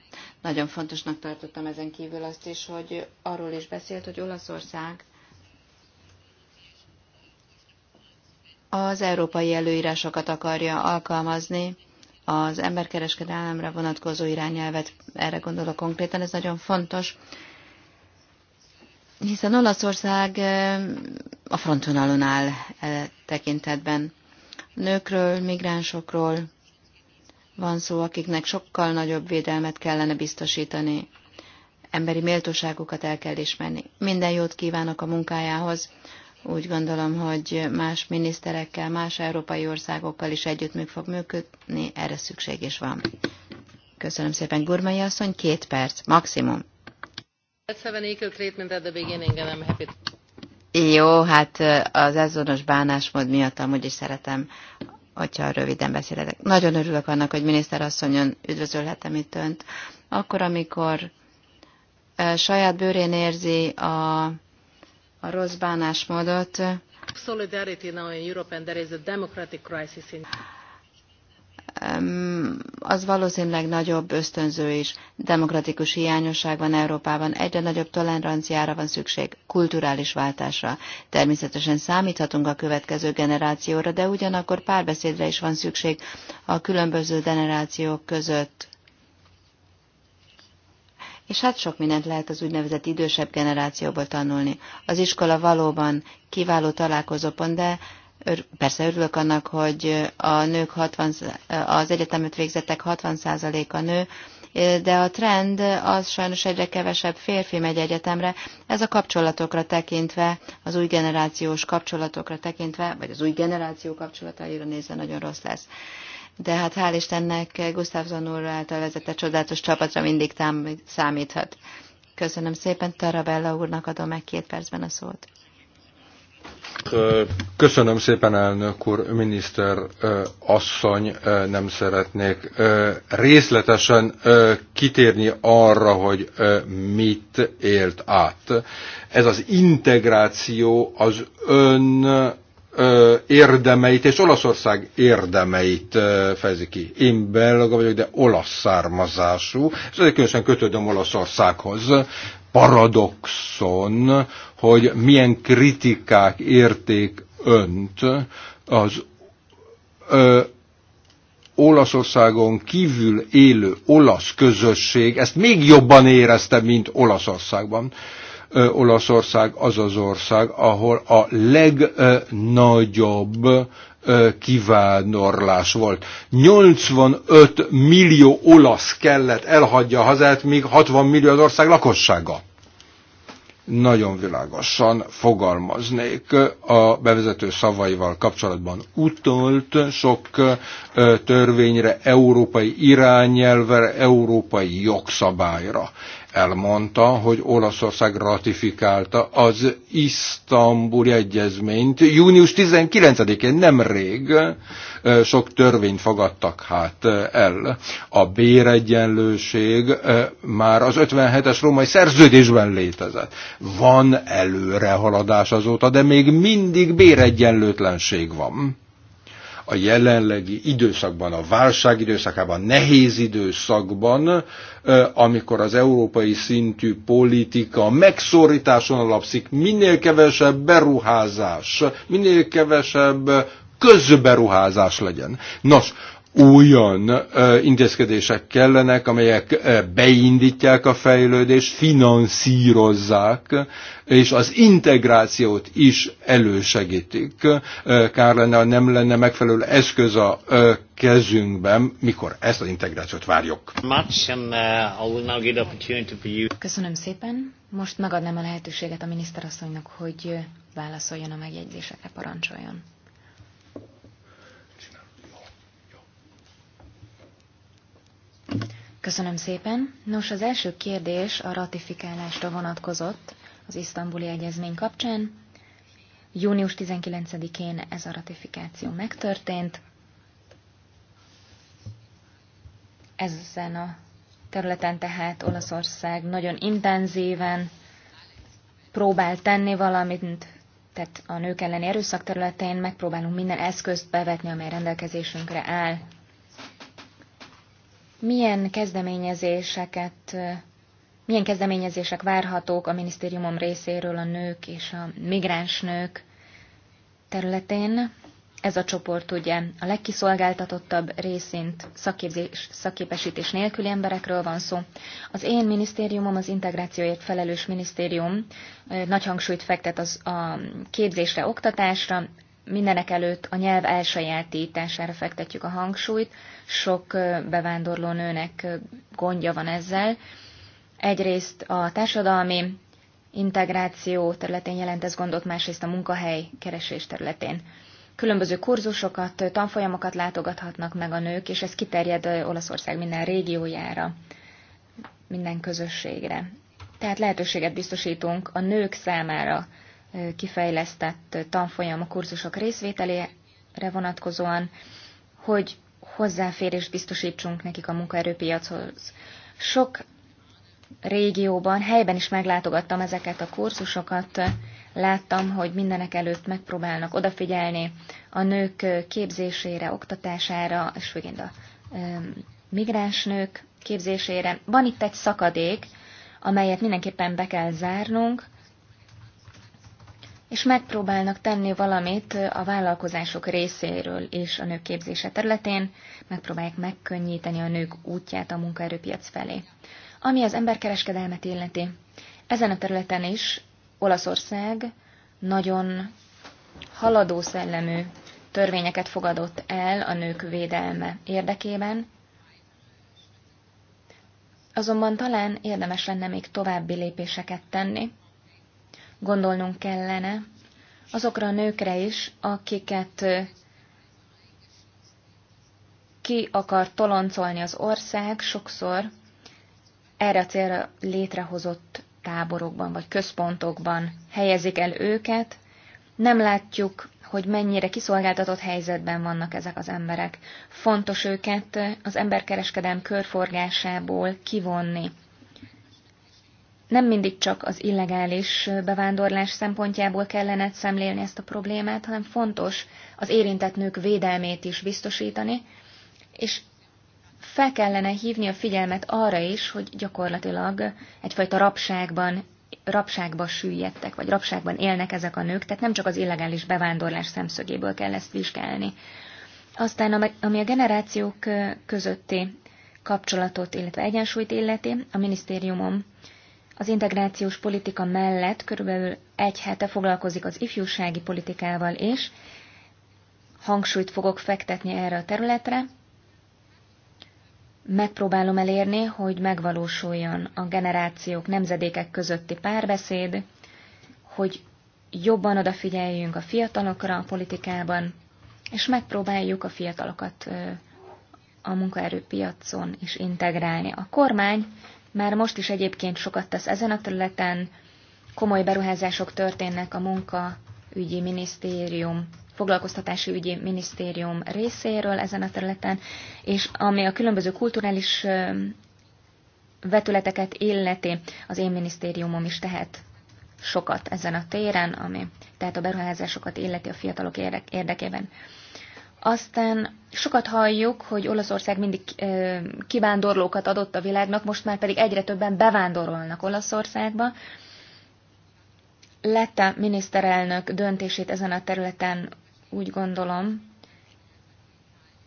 Nagyon fontosnak tartottam ezen kívül azt is, hogy arról is beszélt, hogy Olaszország az európai előírásokat akarja alkalmazni, az emberkereskedelemre vonatkozó irányelvet, erre gondolok konkrétan, ez nagyon fontos, hiszen Olaszország a frontvonalon áll e tekintetben. Nőkről, migránsokról van szó, akiknek sokkal nagyobb védelmet kellene biztosítani. Emberi méltóságukat el kell ismerni. Minden jót kívánok a munkájához. Úgy gondolom, hogy más miniszterekkel, más európai országokkal is együtt meg fog működni, erre szükség is van. Köszönöm szépen, Gurmai asszony, két perc, maximum. Jó, hát az azonos bánásmód miatt amúgy is szeretem, hogyha röviden beszélek. Nagyon örülök annak, hogy miniszterasszonyon üdvözölhetem itt önt. Akkor, amikor saját bőrén érzi a a rossz bánásmódot. Az valószínűleg nagyobb ösztönző is. Demokratikus hiányosság van Európában, egyre nagyobb toleranciára van szükség, kulturális váltásra. Természetesen számíthatunk a következő generációra, de ugyanakkor párbeszédre is van szükség a különböző generációk között és hát sok mindent lehet az úgynevezett idősebb generációból tanulni. Az iskola valóban kiváló találkozópont, de persze örülök annak, hogy a nők 60, az egyetemet végzettek 60%-a nő, de a trend az sajnos egyre kevesebb férfi megy egyetemre. Ez a kapcsolatokra tekintve, az új generációs kapcsolatokra tekintve, vagy az új generáció kapcsolataira nézve nagyon rossz lesz de hát hál' Istennek Gustav úr által vezette csodálatos csapatra mindig számíthat. Köszönöm szépen, Tarabella úrnak adom meg két percben a szót. Köszönöm szépen, elnök úr, miniszter asszony, nem szeretnék részletesen kitérni arra, hogy mit élt át. Ez az integráció az ön érdemeit és Olaszország érdemeit fejezi ki. Én belga vagyok, de olasz származású, és azért különösen kötődöm Olaszországhoz. Paradoxon, hogy milyen kritikák érték önt az ö, Olaszországon kívül élő olasz közösség ezt még jobban érezte, mint Olaszországban. Olaszország az az ország, ahol a legnagyobb kivándorlás volt. 85 millió olasz kellett elhagyja a hazát, míg 60 millió az ország lakossága. Nagyon világosan fogalmaznék a bevezető szavaival kapcsolatban utolt sok törvényre, európai irányelvre, európai jogszabályra elmondta, hogy Olaszország ratifikálta az isztambuli egyezményt. Június 19-én nemrég sok törvényt fogadtak hát el. A béregyenlőség már az 57-es római szerződésben létezett. Van előrehaladás azóta, de még mindig béregyenlőtlenség van a jelenlegi időszakban, a válság időszakában, nehéz időszakban, amikor az európai szintű politika megszorításon alapszik, minél kevesebb beruházás, minél kevesebb közberuházás legyen. Nos, olyan intézkedések kellenek, amelyek beindítják a fejlődést, finanszírozzák, és az integrációt is elősegítik. Kár lenne, ha nem lenne megfelelő eszköz a kezünkben, mikor ezt az integrációt várjuk. Uh, Köszönöm szépen. Most megadnám a lehetőséget a miniszterasszonynak, hogy válaszoljon a megjegyzésekre, parancsoljon. Köszönöm szépen. Nos, az első kérdés a ratifikálásra vonatkozott az isztambuli egyezmény kapcsán. Június 19-én ez a ratifikáció megtörtént. Ezen a területen tehát Olaszország nagyon intenzíven próbál tenni valamit, tehát a nők elleni erőszak területén megpróbálunk minden eszközt bevetni, amely rendelkezésünkre áll. Milyen kezdeményezéseket, milyen kezdeményezések várhatók a minisztériumom részéről a nők és a migráns nők területén? Ez a csoport ugye a legkiszolgáltatottabb részint szakképzés, szakképesítés nélküli emberekről van szó. Az én minisztériumom, az integrációért felelős minisztérium nagy hangsúlyt fektet az, a képzésre, oktatásra, mindenek előtt a nyelv elsajátítására fektetjük a hangsúlyt. Sok bevándorló nőnek gondja van ezzel. Egyrészt a társadalmi integráció területén jelent ez gondot, másrészt a munkahely keresés területén. Különböző kurzusokat, tanfolyamokat látogathatnak meg a nők, és ez kiterjed Olaszország minden régiójára, minden közösségre. Tehát lehetőséget biztosítunk a nők számára kifejlesztett tanfolyam kurzusok részvételére vonatkozóan, hogy hozzáférést biztosítsunk nekik a munkaerőpiachoz. Sok régióban, helyben is meglátogattam ezeket a kurzusokat, láttam, hogy mindenek előtt megpróbálnak odafigyelni a nők képzésére, oktatására, és főként a migráns nők képzésére. Van itt egy szakadék, amelyet mindenképpen be kell zárnunk, és megpróbálnak tenni valamit a vállalkozások részéről és a nők képzése területén, megpróbálják megkönnyíteni a nők útját a munkaerőpiac felé. Ami az emberkereskedelmet illeti, ezen a területen is Olaszország nagyon haladó szellemű törvényeket fogadott el a nők védelme érdekében, azonban talán érdemes lenne még további lépéseket tenni, gondolnunk kellene azokra a nőkre is, akiket ki akar toloncolni az ország, sokszor erre a célra létrehozott táborokban vagy központokban helyezik el őket. Nem látjuk, hogy mennyire kiszolgáltatott helyzetben vannak ezek az emberek. Fontos őket az emberkereskedelm körforgásából kivonni nem mindig csak az illegális bevándorlás szempontjából kellene szemlélni ezt a problémát, hanem fontos az érintett nők védelmét is biztosítani, és fel kellene hívni a figyelmet arra is, hogy gyakorlatilag egyfajta rabságban, rabságba süllyedtek, vagy rabságban élnek ezek a nők, tehát nem csak az illegális bevándorlás szemszögéből kell ezt vizsgálni. Aztán, ami a generációk közötti kapcsolatot, illetve egyensúlyt illeti, a minisztériumom az integrációs politika mellett körülbelül egy hete foglalkozik az ifjúsági politikával is. Hangsúlyt fogok fektetni erre a területre. Megpróbálom elérni, hogy megvalósuljon a generációk, nemzedékek közötti párbeszéd, hogy jobban odafigyeljünk a fiatalokra a politikában, és megpróbáljuk a fiatalokat a munkaerőpiacon is integrálni. A kormány már most is egyébként sokat tesz ezen a területen, komoly beruházások történnek a munkaügyi minisztérium, foglalkoztatási ügyi minisztérium részéről ezen a területen, és ami a különböző kulturális vetületeket illeti, az én minisztériumom is tehet sokat ezen a téren, ami tehát a beruházásokat illeti a fiatalok érdekében. Aztán sokat halljuk, hogy Olaszország mindig kivándorlókat adott a világnak, most már pedig egyre többen bevándorolnak Olaszországba. a miniszterelnök döntését ezen a területen úgy gondolom,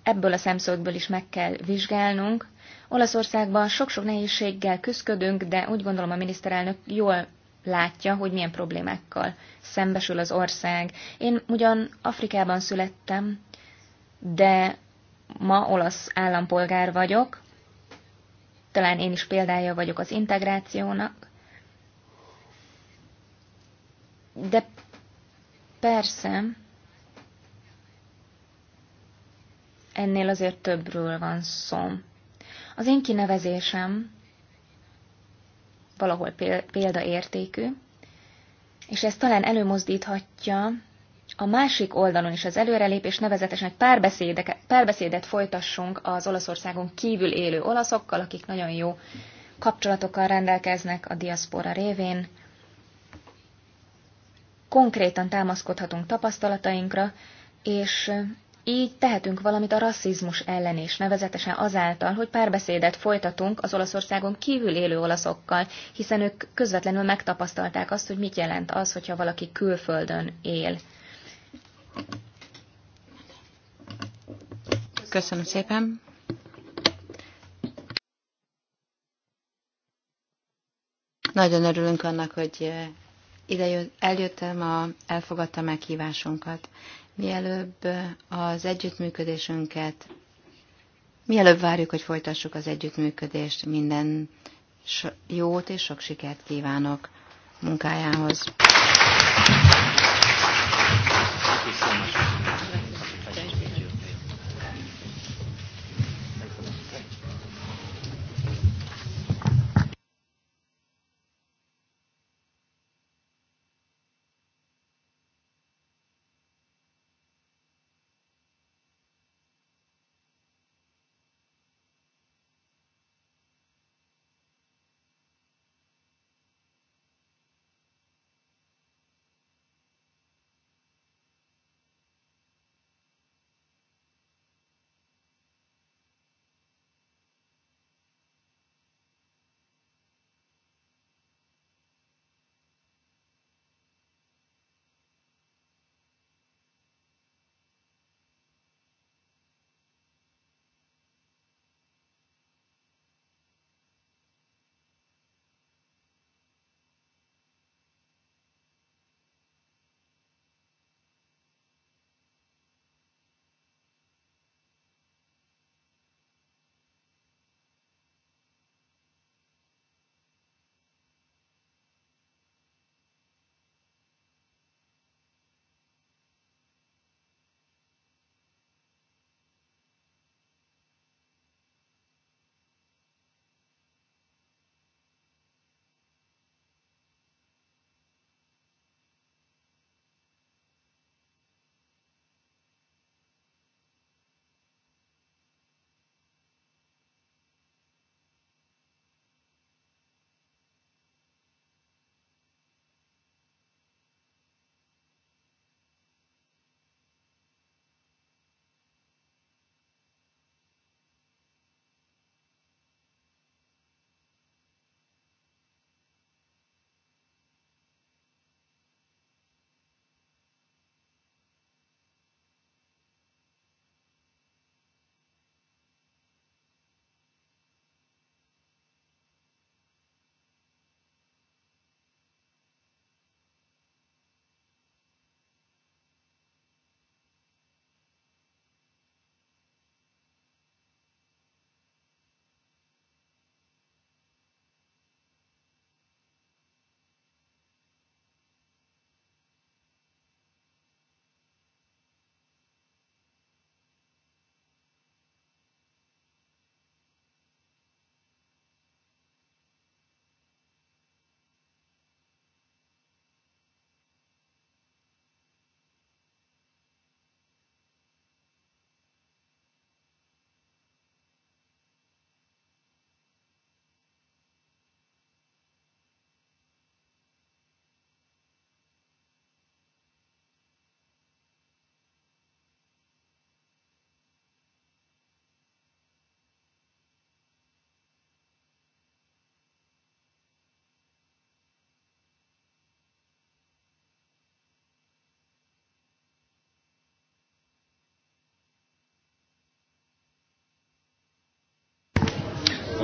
ebből a szemszögből is meg kell vizsgálnunk. Olaszországban sok-sok nehézséggel küzdködünk, de úgy gondolom a miniszterelnök jól látja, hogy milyen problémákkal szembesül az ország. Én ugyan Afrikában születtem, de ma olasz állampolgár vagyok, talán én is példája vagyok az integrációnak, de persze ennél azért többről van szó. Az én kinevezésem valahol példaértékű, és ez talán előmozdíthatja a másik oldalon is az előrelépés, nevezetesen, egy párbeszédet folytassunk az Olaszországon kívül élő olaszokkal, akik nagyon jó kapcsolatokkal rendelkeznek a diaszpora révén. Konkrétan támaszkodhatunk tapasztalatainkra, és így tehetünk valamit a rasszizmus ellen is, nevezetesen azáltal, hogy párbeszédet folytatunk az Olaszországon kívül élő olaszokkal, hiszen ők közvetlenül megtapasztalták azt, hogy mit jelent az, hogyha valaki külföldön él. Köszönöm szépen. Nagyon örülünk annak, hogy eh, ide eljöttem, a, elfogadta meghívásunkat. Mielőbb eh, az együttműködésünket, mielőbb várjuk, hogy folytassuk az együttműködést, minden jót és sok sikert kívánok munkájához. Thank you so much.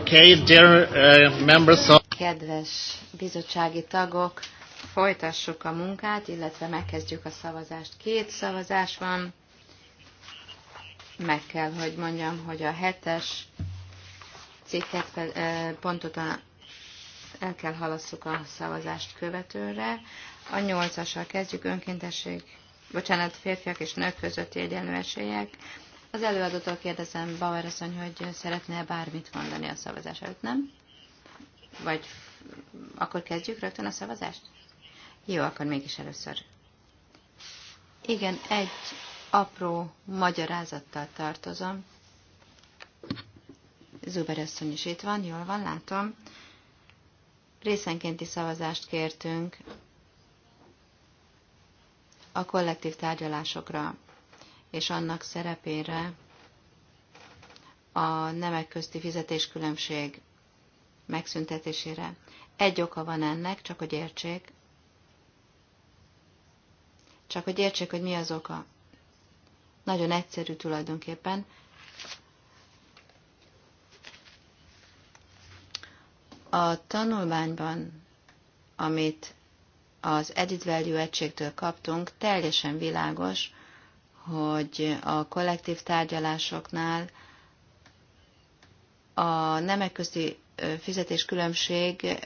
Okay, dear, uh, members of... Kedves bizottsági tagok, folytassuk a munkát, illetve megkezdjük a szavazást. Két szavazás van. Meg kell, hogy mondjam, hogy a hetes cikket uh, pontot a, el kell halasszuk a szavazást követőre. A nyolcassal kezdjük önkéntesség, bocsánat, férfiak és nők közötti egyenlő esélyek az előadótól kérdezem, Bauer asszony, hogy szeretne bármit mondani a szavazás előtt, nem? Vagy akkor kezdjük rögtön a szavazást? Jó, akkor mégis először. Igen, egy apró magyarázattal tartozom. Zuber asszony is itt van, jól van, látom. Részenkénti szavazást kértünk a kollektív tárgyalásokra és annak szerepére a nemek közti fizetéskülönbség megszüntetésére. Egy oka van ennek, csak hogy értsék. Csak hogy értsék, hogy mi az oka. Nagyon egyszerű tulajdonképpen. A tanulmányban, amit az Edit Value egységtől kaptunk, teljesen világos, hogy a kollektív tárgyalásoknál a nemek közti fizetés különbség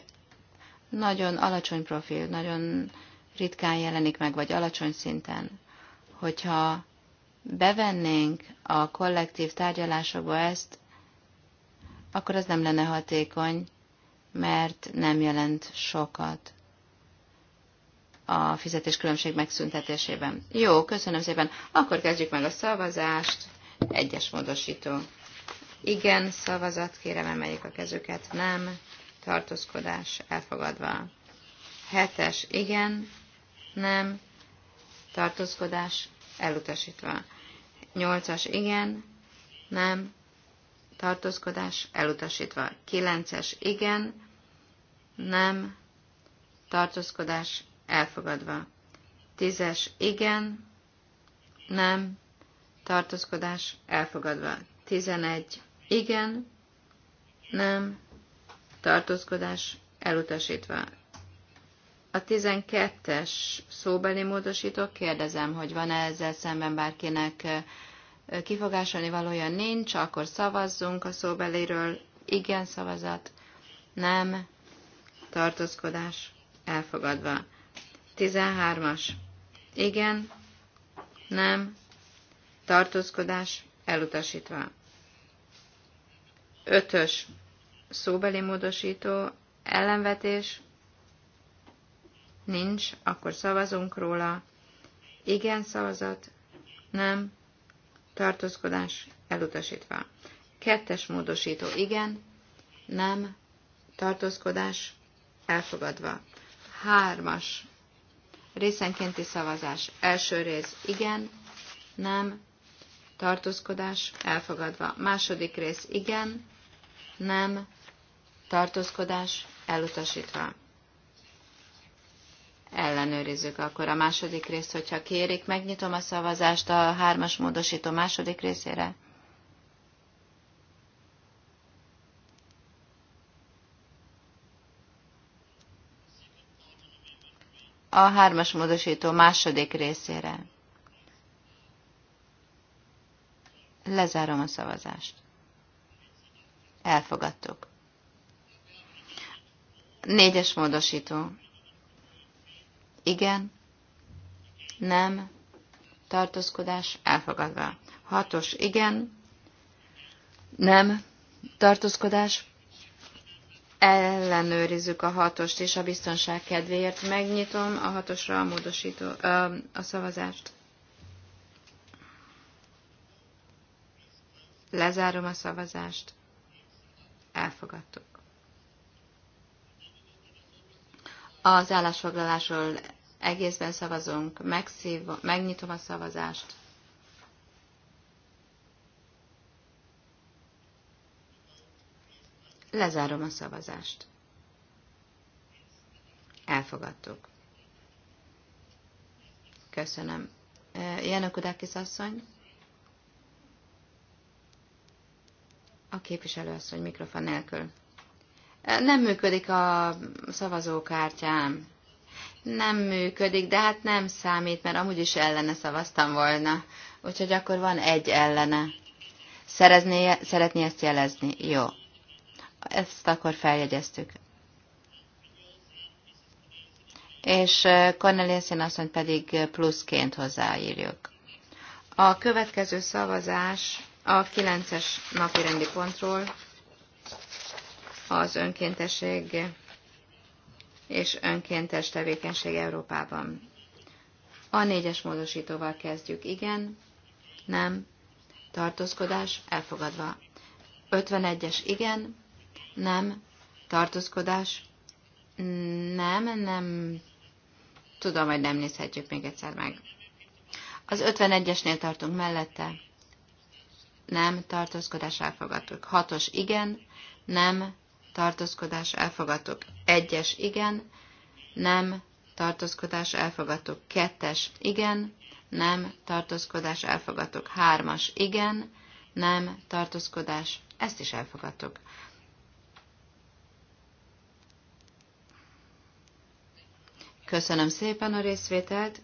nagyon alacsony profil, nagyon ritkán jelenik meg, vagy alacsony szinten. Hogyha bevennénk a kollektív tárgyalásokba ezt, akkor az nem lenne hatékony, mert nem jelent sokat a fizetéskülönbség megszüntetésében. Jó, köszönöm szépen. Akkor kezdjük meg a szavazást. Egyes módosító. Igen, szavazat, kérem emeljük a kezüket. Nem, tartózkodás, elfogadva. Hetes, igen, nem, tartózkodás, elutasítva. Nyolcas, igen, nem, tartózkodás, elutasítva. Kilences, igen, nem, tartózkodás, elfogadva. Tízes, igen, nem, tartózkodás, elfogadva. Tizenegy, igen, nem, tartózkodás, elutasítva. A tizenkettes szóbeli módosító, kérdezem, hogy van-e ezzel szemben bárkinek kifogásolni valója nincs, akkor szavazzunk a szóbeliről, igen szavazat, nem, tartózkodás, elfogadva. 13-as. Igen, nem, tartózkodás elutasítva. 5-ös. Szóbeli módosító, ellenvetés, nincs, akkor szavazunk róla. Igen szavazat, nem, tartózkodás elutasítva. Kettes módosító, igen, nem, tartózkodás elfogadva. Hármas Részenkénti szavazás. Első rész igen, nem, tartózkodás, elfogadva. Második rész igen, nem, tartózkodás, elutasítva. Ellenőrizzük akkor a második részt, hogyha kérik. Megnyitom a szavazást a hármas módosító második részére. a hármas módosító második részére. Lezárom a szavazást. Elfogadtuk. Négyes módosító. Igen. Nem. Tartózkodás. Elfogadva. Hatos. Igen. Nem. Tartózkodás ellenőrizzük a hatost és a biztonság kedvéért. Megnyitom a hatosra a módosító, a szavazást. Lezárom a szavazást. Elfogadtuk. Az állásfoglalásról egészben szavazunk, megszív, megnyitom a szavazást. Lezárom a szavazást. Elfogadtuk. Köszönöm. Janokudákis asszony? A képviselő asszony mikrofon nélkül. Nem működik a szavazókártyám. Nem működik, de hát nem számít, mert amúgy is ellene szavaztam volna. Úgyhogy akkor van egy ellene. Szerezné, szeretné ezt jelezni? Jó, ezt akkor feljegyeztük. És eh, Corneliusin asszony pedig pluszként hozzáírjuk. A következő szavazás a 9-es napi rendi pontról az önkéntesség és önkéntes tevékenység Európában. A négyes módosítóval kezdjük. Igen, nem, tartózkodás elfogadva. 51-es igen, nem. Tartózkodás? Nem, nem. Tudom, hogy nem nézhetjük még egyszer meg. Az 51-esnél tartunk mellette. Nem, tartózkodás elfogadtuk. 6-os igen, nem, tartózkodás elfogadtuk. 1-es igen, nem, tartózkodás elfogadtuk. 2-es igen, nem, tartózkodás elfogadtuk. 3-as igen, nem, tartózkodás, ezt is elfogadtuk. Köszönöm szépen a részvételt.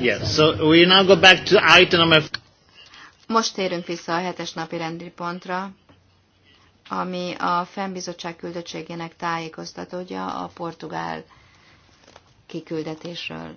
Yeah, so we now go back to item number most térünk vissza a hetes napi rendi pontra, ami a fennbizottság küldöttségének tájékoztatója a portugál kiküldetésről.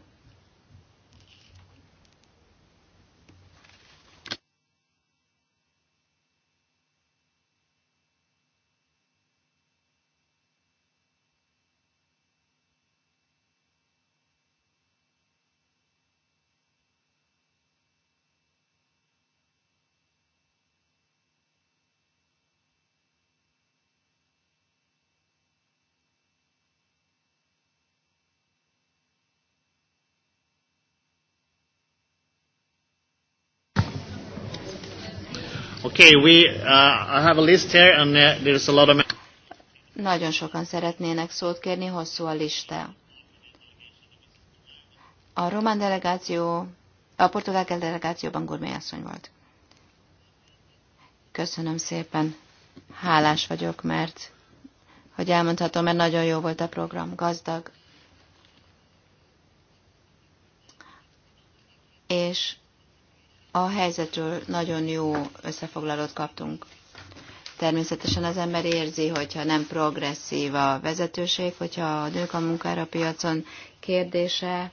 Okay, we, uh, I have a list here, and uh, there's a lot of... Nagyon sokan szeretnének szót kérni, hosszú a lista. A román delegáció, a portugál delegációban Gurmai asszony volt. Köszönöm szépen. Hálás vagyok, mert hogy elmondhatom, mert nagyon jó volt a program, gazdag. És a helyzetről nagyon jó összefoglalót kaptunk. Természetesen az ember érzi, hogyha nem progresszív a vezetőség, hogyha a nők a munkára piacon kérdése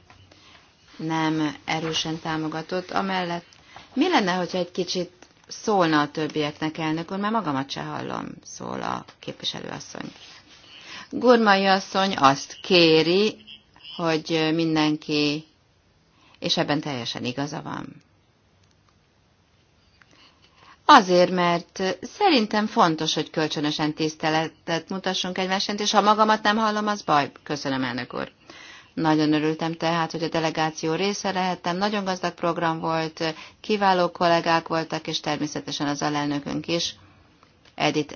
nem erősen támogatott. Amellett mi lenne, hogyha egy kicsit szólna a többieknek elnök úr, mert magamat se hallom, szól a képviselőasszony. Gurmai asszony azt kéri, hogy mindenki, és ebben teljesen igaza van. Azért, mert szerintem fontos, hogy kölcsönösen tiszteletet mutassunk egymásért, és ha magamat nem hallom, az baj. Köszönöm, elnök úr. Nagyon örültem tehát, hogy a delegáció része lehettem. Nagyon gazdag program volt, kiváló kollégák voltak, és természetesen az alelnökünk is. Edith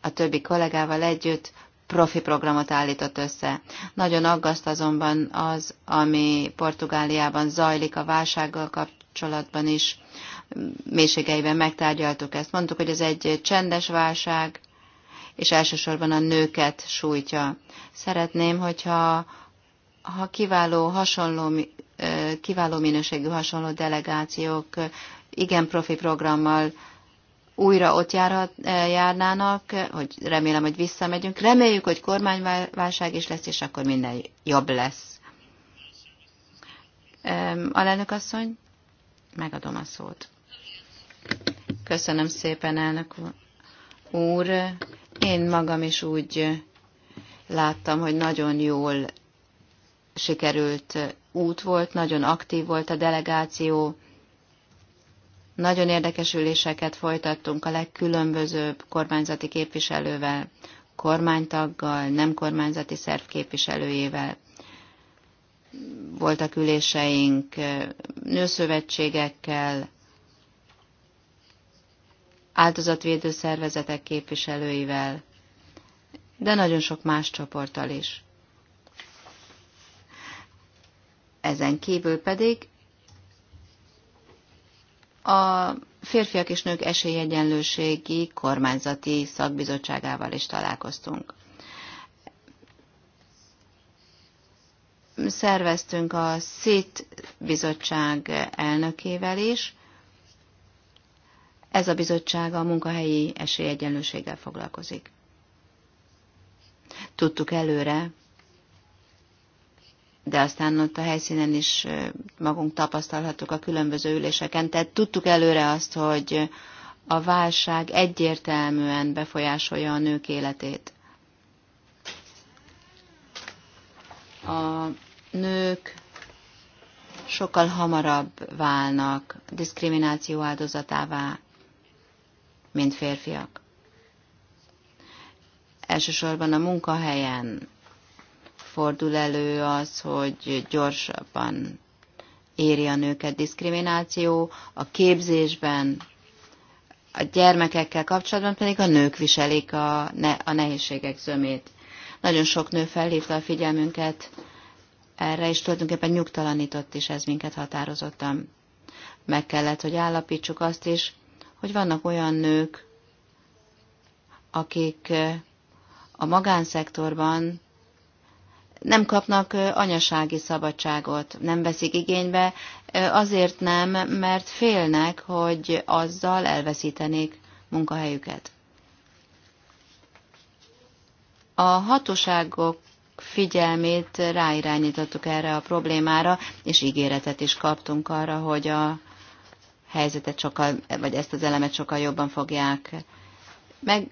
a többi kollégával együtt profi programot állított össze. Nagyon aggaszt azonban az, ami Portugáliában zajlik a válsággal kapcsolatban kapcsolatban is mélységeiben megtárgyaltuk ezt. Mondtuk, hogy ez egy csendes válság, és elsősorban a nőket sújtja. Szeretném, hogyha ha kiváló, hasonló, kiváló minőségű hasonló delegációk igen profi programmal újra ott járhat, járnának, hogy remélem, hogy visszamegyünk. Reméljük, hogy kormányválság is lesz, és akkor minden jobb lesz. Alelnök asszony, Megadom a szót. Köszönöm szépen, elnök úr. Én magam is úgy láttam, hogy nagyon jól sikerült út volt, nagyon aktív volt a delegáció, nagyon érdekes üléseket folytattunk a legkülönbözőbb kormányzati képviselővel, kormánytaggal, nem kormányzati szerv képviselőjével voltak üléseink nőszövetségekkel, áldozatvédő szervezetek képviselőivel, de nagyon sok más csoporttal is. Ezen kívül pedig a férfiak és nők esélyegyenlőségi kormányzati szakbizottságával is találkoztunk. szerveztünk a SZIT bizottság elnökével is. Ez a bizottság a munkahelyi esélyegyenlőséggel foglalkozik. Tudtuk előre, de aztán ott a helyszínen is magunk tapasztalhattuk a különböző üléseken, tehát tudtuk előre azt, hogy a válság egyértelműen befolyásolja a nők életét. A nők sokkal hamarabb válnak diszkrimináció áldozatává, mint férfiak. Elsősorban a munkahelyen fordul elő az, hogy gyorsabban éri a nőket diszkrimináció, a képzésben, a gyermekekkel kapcsolatban pedig a nők viselik a, ne, a nehézségek zömét. Nagyon sok nő felhívta a figyelmünket erre, és tulajdonképpen nyugtalanított is ez minket határozottan. Meg kellett, hogy állapítsuk azt is, hogy vannak olyan nők, akik eh, a magánszektorban nem kapnak eh, anyasági szabadságot, nem veszik igénybe, eh, azért nem, mert félnek, hogy azzal elveszítenék munkahelyüket. A hatóságok figyelmét ráirányítottuk erre a problémára, és ígéretet is kaptunk arra, hogy a helyzetet sokkal, vagy ezt az elemet sokkal jobban fogják meg,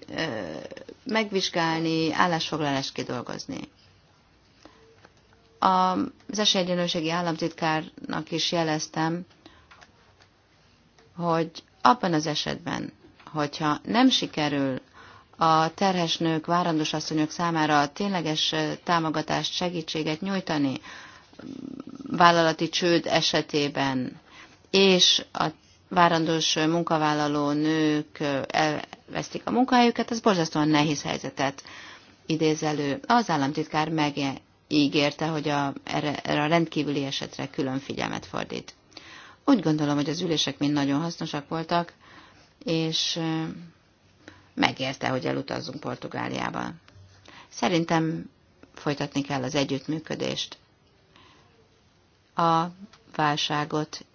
megvizsgálni, állásfoglalást kidolgozni. Az esélyegyenlőségi államtitkárnak is jeleztem, hogy abban az esetben, hogyha nem sikerül a terhes nők, várandós asszonyok számára tényleges támogatást, segítséget nyújtani mm, vállalati csőd esetében, és a várandós munkavállaló nők elvesztik a munkahelyüket, ez borzasztóan nehéz helyzetet idéz elő. Az államtitkár megígérte, hogy a, erre, erre a rendkívüli esetre külön figyelmet fordít. Úgy gondolom, hogy az ülések mind nagyon hasznosak voltak, és megérte, hogy elutazzunk Portugáliába. Szerintem folytatni kell az együttműködést. A válságot,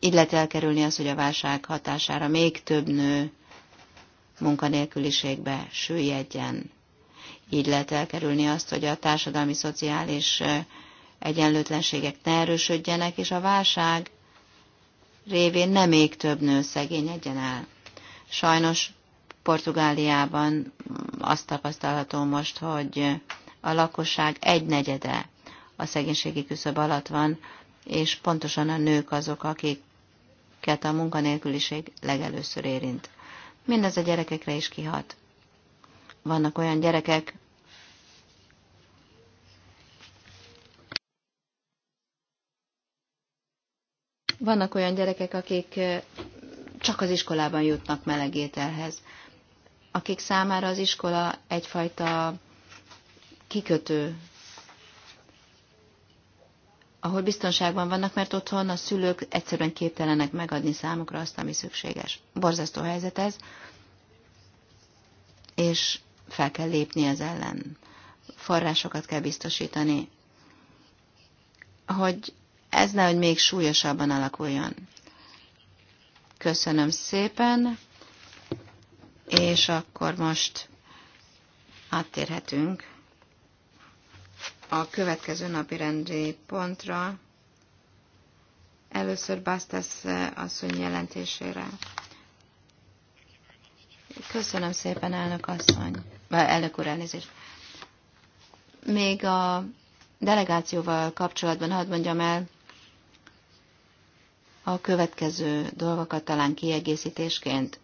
így lehet elkerülni az, hogy a válság hatására még több nő munkanélküliségbe süllyedjen. Így lehet elkerülni azt, hogy a társadalmi-szociális egyenlőtlenségek ne erősödjenek, és a válság révén nem még több nő szegényedjen el. Sajnos Portugáliában azt tapasztalható most, hogy a lakosság egy negyede a szegénységi küszöb alatt van, és pontosan a nők azok, akiket a munkanélküliség legelőször érint. Mindez a gyerekekre is kihat. Vannak olyan gyerekek, Vannak olyan gyerekek, akik csak az iskolában jutnak melegételhez akik számára az iskola egyfajta kikötő, ahol biztonságban vannak, mert otthon a szülők egyszerűen képtelenek megadni számukra azt, ami szükséges. Borzasztó helyzet ez, és fel kell lépni ez ellen. Forrásokat kell biztosítani, hogy ez nehogy még súlyosabban alakuljon. Köszönöm szépen. És akkor most áttérhetünk a következő napi rendi pontra. Először Bastas asszony jelentésére. Köszönöm szépen, elnök asszony. Elnök úr, elnézést. Még a delegációval kapcsolatban hadd mondjam el a következő dolgokat talán kiegészítésként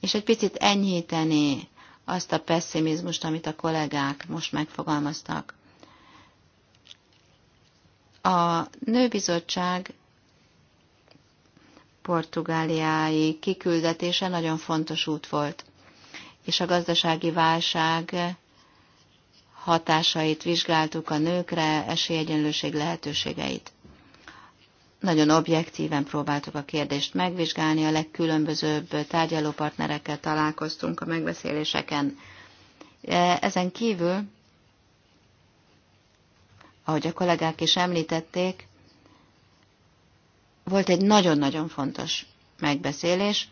és egy picit enyhíteni azt a pessimizmust, amit a kollégák most megfogalmaztak. A nőbizottság portugáliái kiküldetése nagyon fontos út volt, és a gazdasági válság hatásait vizsgáltuk a nőkre, esélyegyenlőség lehetőségeit. Nagyon objektíven próbáltuk a kérdést megvizsgálni, a legkülönbözőbb tárgyalópartnerekkel találkoztunk a megbeszéléseken. E, ezen kívül, ahogy a kollégák is említették, volt egy nagyon-nagyon fontos megbeszélés,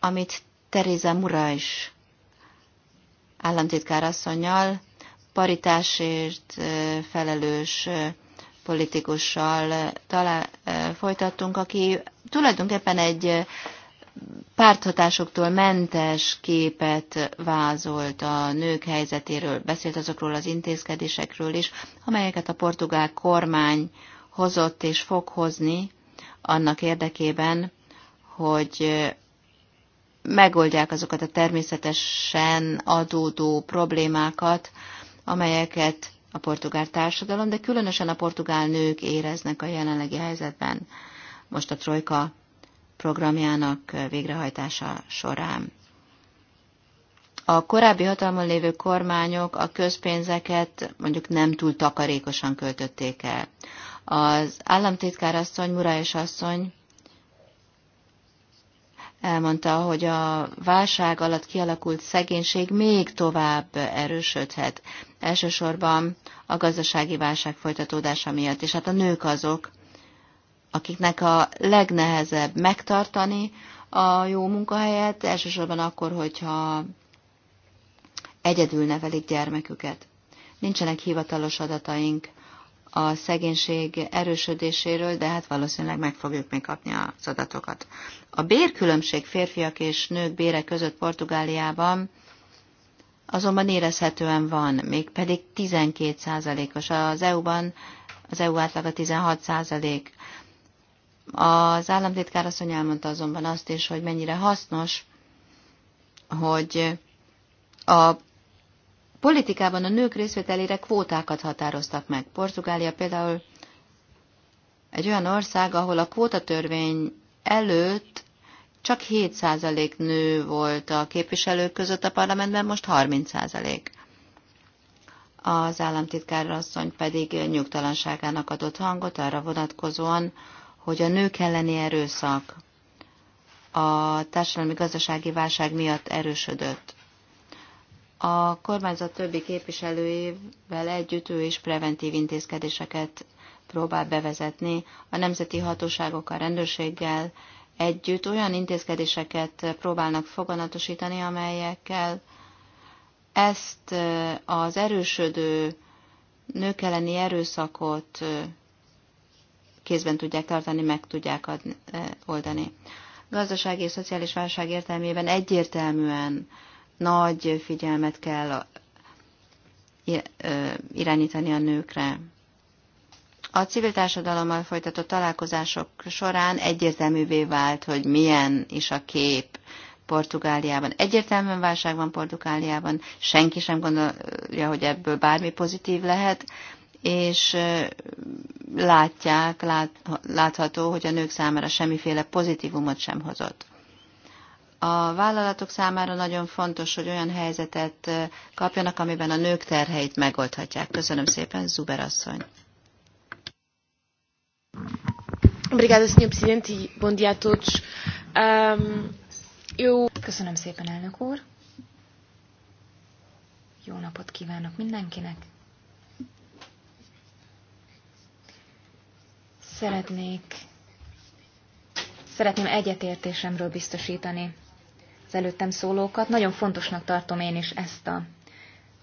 amit Teresa Mura is államtitkár asszonynal, paritásért e, felelős e, politikussal talá, eh, folytattunk, aki tulajdonképpen egy eh, párthatásoktól mentes képet vázolt a nők helyzetéről, beszélt azokról az intézkedésekről is, amelyeket a portugál kormány hozott és fog hozni annak érdekében, hogy eh, megoldják azokat a természetesen adódó problémákat, amelyeket a portugál társadalom, de különösen a portugál nők éreznek a jelenlegi helyzetben most a Trojka programjának végrehajtása során. A korábbi hatalmon lévő kormányok a közpénzeket mondjuk nem túl takarékosan költötték el. Az államtitkár asszony, Murályos asszony elmondta, hogy a válság alatt kialakult szegénység még tovább erősödhet. Elsősorban a gazdasági válság folytatódása miatt, és hát a nők azok, akiknek a legnehezebb megtartani a jó munkahelyet, elsősorban akkor, hogyha egyedül nevelik gyermeküket. Nincsenek hivatalos adataink a szegénység erősödéséről, de hát valószínűleg meg fogjuk még kapni az adatokat. A bérkülönbség férfiak és nők bére között Portugáliában azonban érezhetően van, mégpedig 12%-os. Az EU-ban az EU átlaga 16%. Az államtitkár asszony elmondta azonban azt is, hogy mennyire hasznos, hogy a politikában a nők részvételére kvótákat határoztak meg. Portugália például egy olyan ország, ahol a kvótatörvény előtt csak 7% nő volt a képviselők között a parlamentben, most 30%. Az államtitkár asszony pedig nyugtalanságának adott hangot arra vonatkozóan, hogy a nők elleni erőszak a társadalmi gazdasági válság miatt erősödött. A kormányzat többi képviselőjével együtt ő is preventív intézkedéseket próbál bevezetni a nemzeti hatóságokkal, rendőrséggel, együtt olyan intézkedéseket próbálnak foganatosítani, amelyekkel ezt az erősödő nők elleni erőszakot kézben tudják tartani, meg tudják adni, oldani. Gazdasági és szociális válság értelmében egyértelműen nagy figyelmet kell irányítani a nőkre. A civil társadalommal folytatott találkozások során egyértelművé vált, hogy milyen is a kép Portugáliában. Egyértelműen válság van Portugáliában, senki sem gondolja, hogy ebből bármi pozitív lehet, és látják, lát, látható, hogy a nők számára semmiféle pozitívumot sem hozott. A vállalatok számára nagyon fontos, hogy olyan helyzetet kapjanak, amiben a nők terheit megoldhatják. Köszönöm szépen, Zuber asszony. Obrigado, Sr. Presidente, e bom dia a todos. Um, eu... Köszönöm szépen, elnök úr. Jó napot kívánok mindenkinek. Szeretnék, szeretném egyetértésemről biztosítani az előttem szólókat. Nagyon fontosnak tartom én is ezt a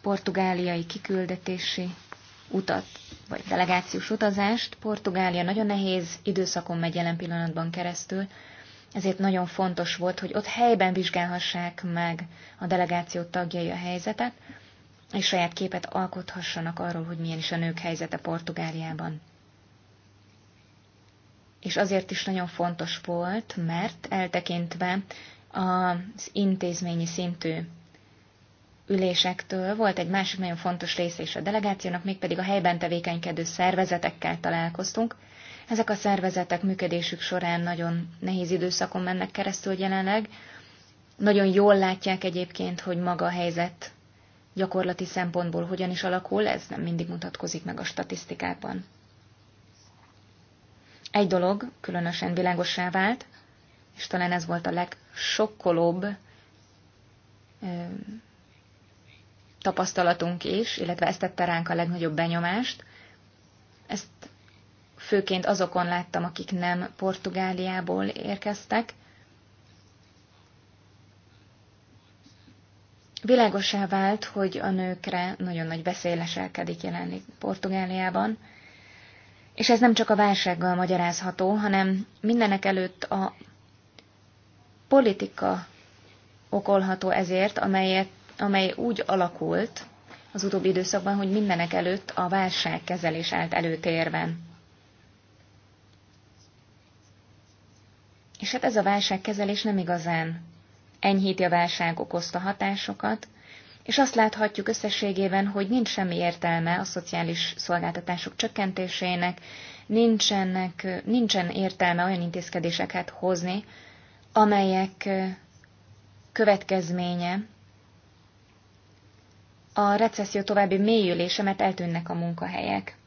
portugáliai kiküldetési utat, vagy delegációs utazást. Portugália nagyon nehéz időszakon megy jelen pillanatban keresztül, ezért nagyon fontos volt, hogy ott helyben vizsgálhassák meg a delegáció tagjai a helyzetet, és saját képet alkothassanak arról, hogy milyen is a nők helyzete Portugáliában. És azért is nagyon fontos volt, mert eltekintve az intézményi szintű ülésektől volt egy másik nagyon fontos része is a delegációnak, mégpedig a helyben tevékenykedő szervezetekkel találkoztunk. Ezek a szervezetek működésük során nagyon nehéz időszakon mennek keresztül jelenleg. Nagyon jól látják egyébként, hogy maga a helyzet gyakorlati szempontból hogyan is alakul, ez nem mindig mutatkozik meg a statisztikában. Egy dolog különösen világosá vált, és talán ez volt a leg sokkolóbb tapasztalatunk is, illetve ezt tette ránk a legnagyobb benyomást. Ezt főként azokon láttam, akik nem Portugáliából érkeztek. Világosá vált, hogy a nőkre nagyon nagy leselkedik jelenleg Portugáliában, és ez nem csak a válsággal magyarázható, hanem mindenek előtt a politika okolható ezért, amelyet, amely úgy alakult az utóbbi időszakban, hogy mindenek előtt a válságkezelés állt előtérben. És hát ez a válságkezelés nem igazán enyhíti a válság okozta hatásokat, és azt láthatjuk összességében, hogy nincs semmi értelme a szociális szolgáltatások csökkentésének, nincsenek, nincsen értelme olyan intézkedéseket hozni, amelyek következménye a recesszió további mélyülése, mert eltűnnek a munkahelyek.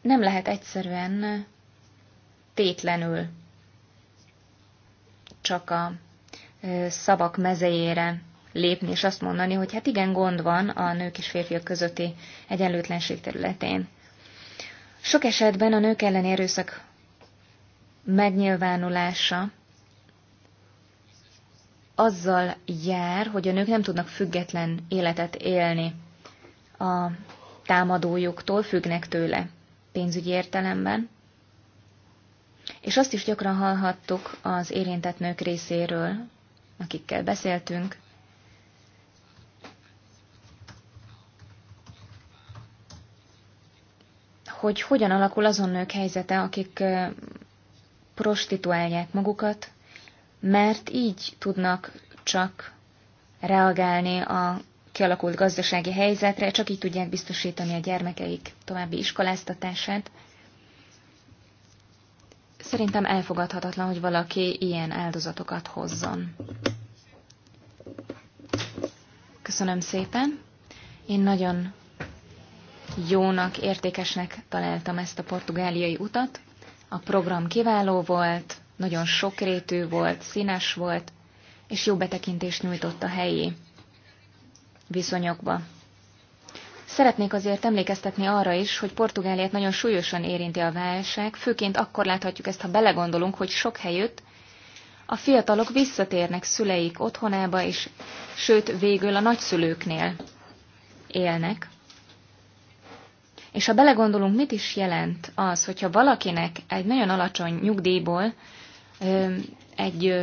Nem lehet egyszerűen tétlenül csak a szavak mezejére lépni, és azt mondani, hogy hát igen, gond van a nők és férfiak közötti egyenlőtlenség területén. Sok esetben a nők elleni erőszak megnyilvánulása azzal jár, hogy a nők nem tudnak független életet élni a támadójuktól, függnek tőle pénzügyi értelemben. És azt is gyakran hallhattuk az érintett nők részéről, akikkel beszéltünk, hogy hogyan alakul azon nők helyzete, akik prostituálják magukat, mert így tudnak csak reagálni a kialakult gazdasági helyzetre, csak így tudják biztosítani a gyermekeik további iskoláztatását. Szerintem elfogadhatatlan, hogy valaki ilyen áldozatokat hozzon. Köszönöm szépen. Én nagyon jónak, értékesnek találtam ezt a portugáliai utat. A program kiváló volt, nagyon sokrétű volt, színes volt, és jó betekintést nyújtott a helyi viszonyokba. Szeretnék azért emlékeztetni arra is, hogy Portugáliát nagyon súlyosan érinti a válság, főként akkor láthatjuk ezt, ha belegondolunk, hogy sok helyütt a fiatalok visszatérnek szüleik otthonába, és sőt végül a nagyszülőknél élnek. És ha belegondolunk, mit is jelent az, hogyha valakinek egy nagyon alacsony nyugdíjból egy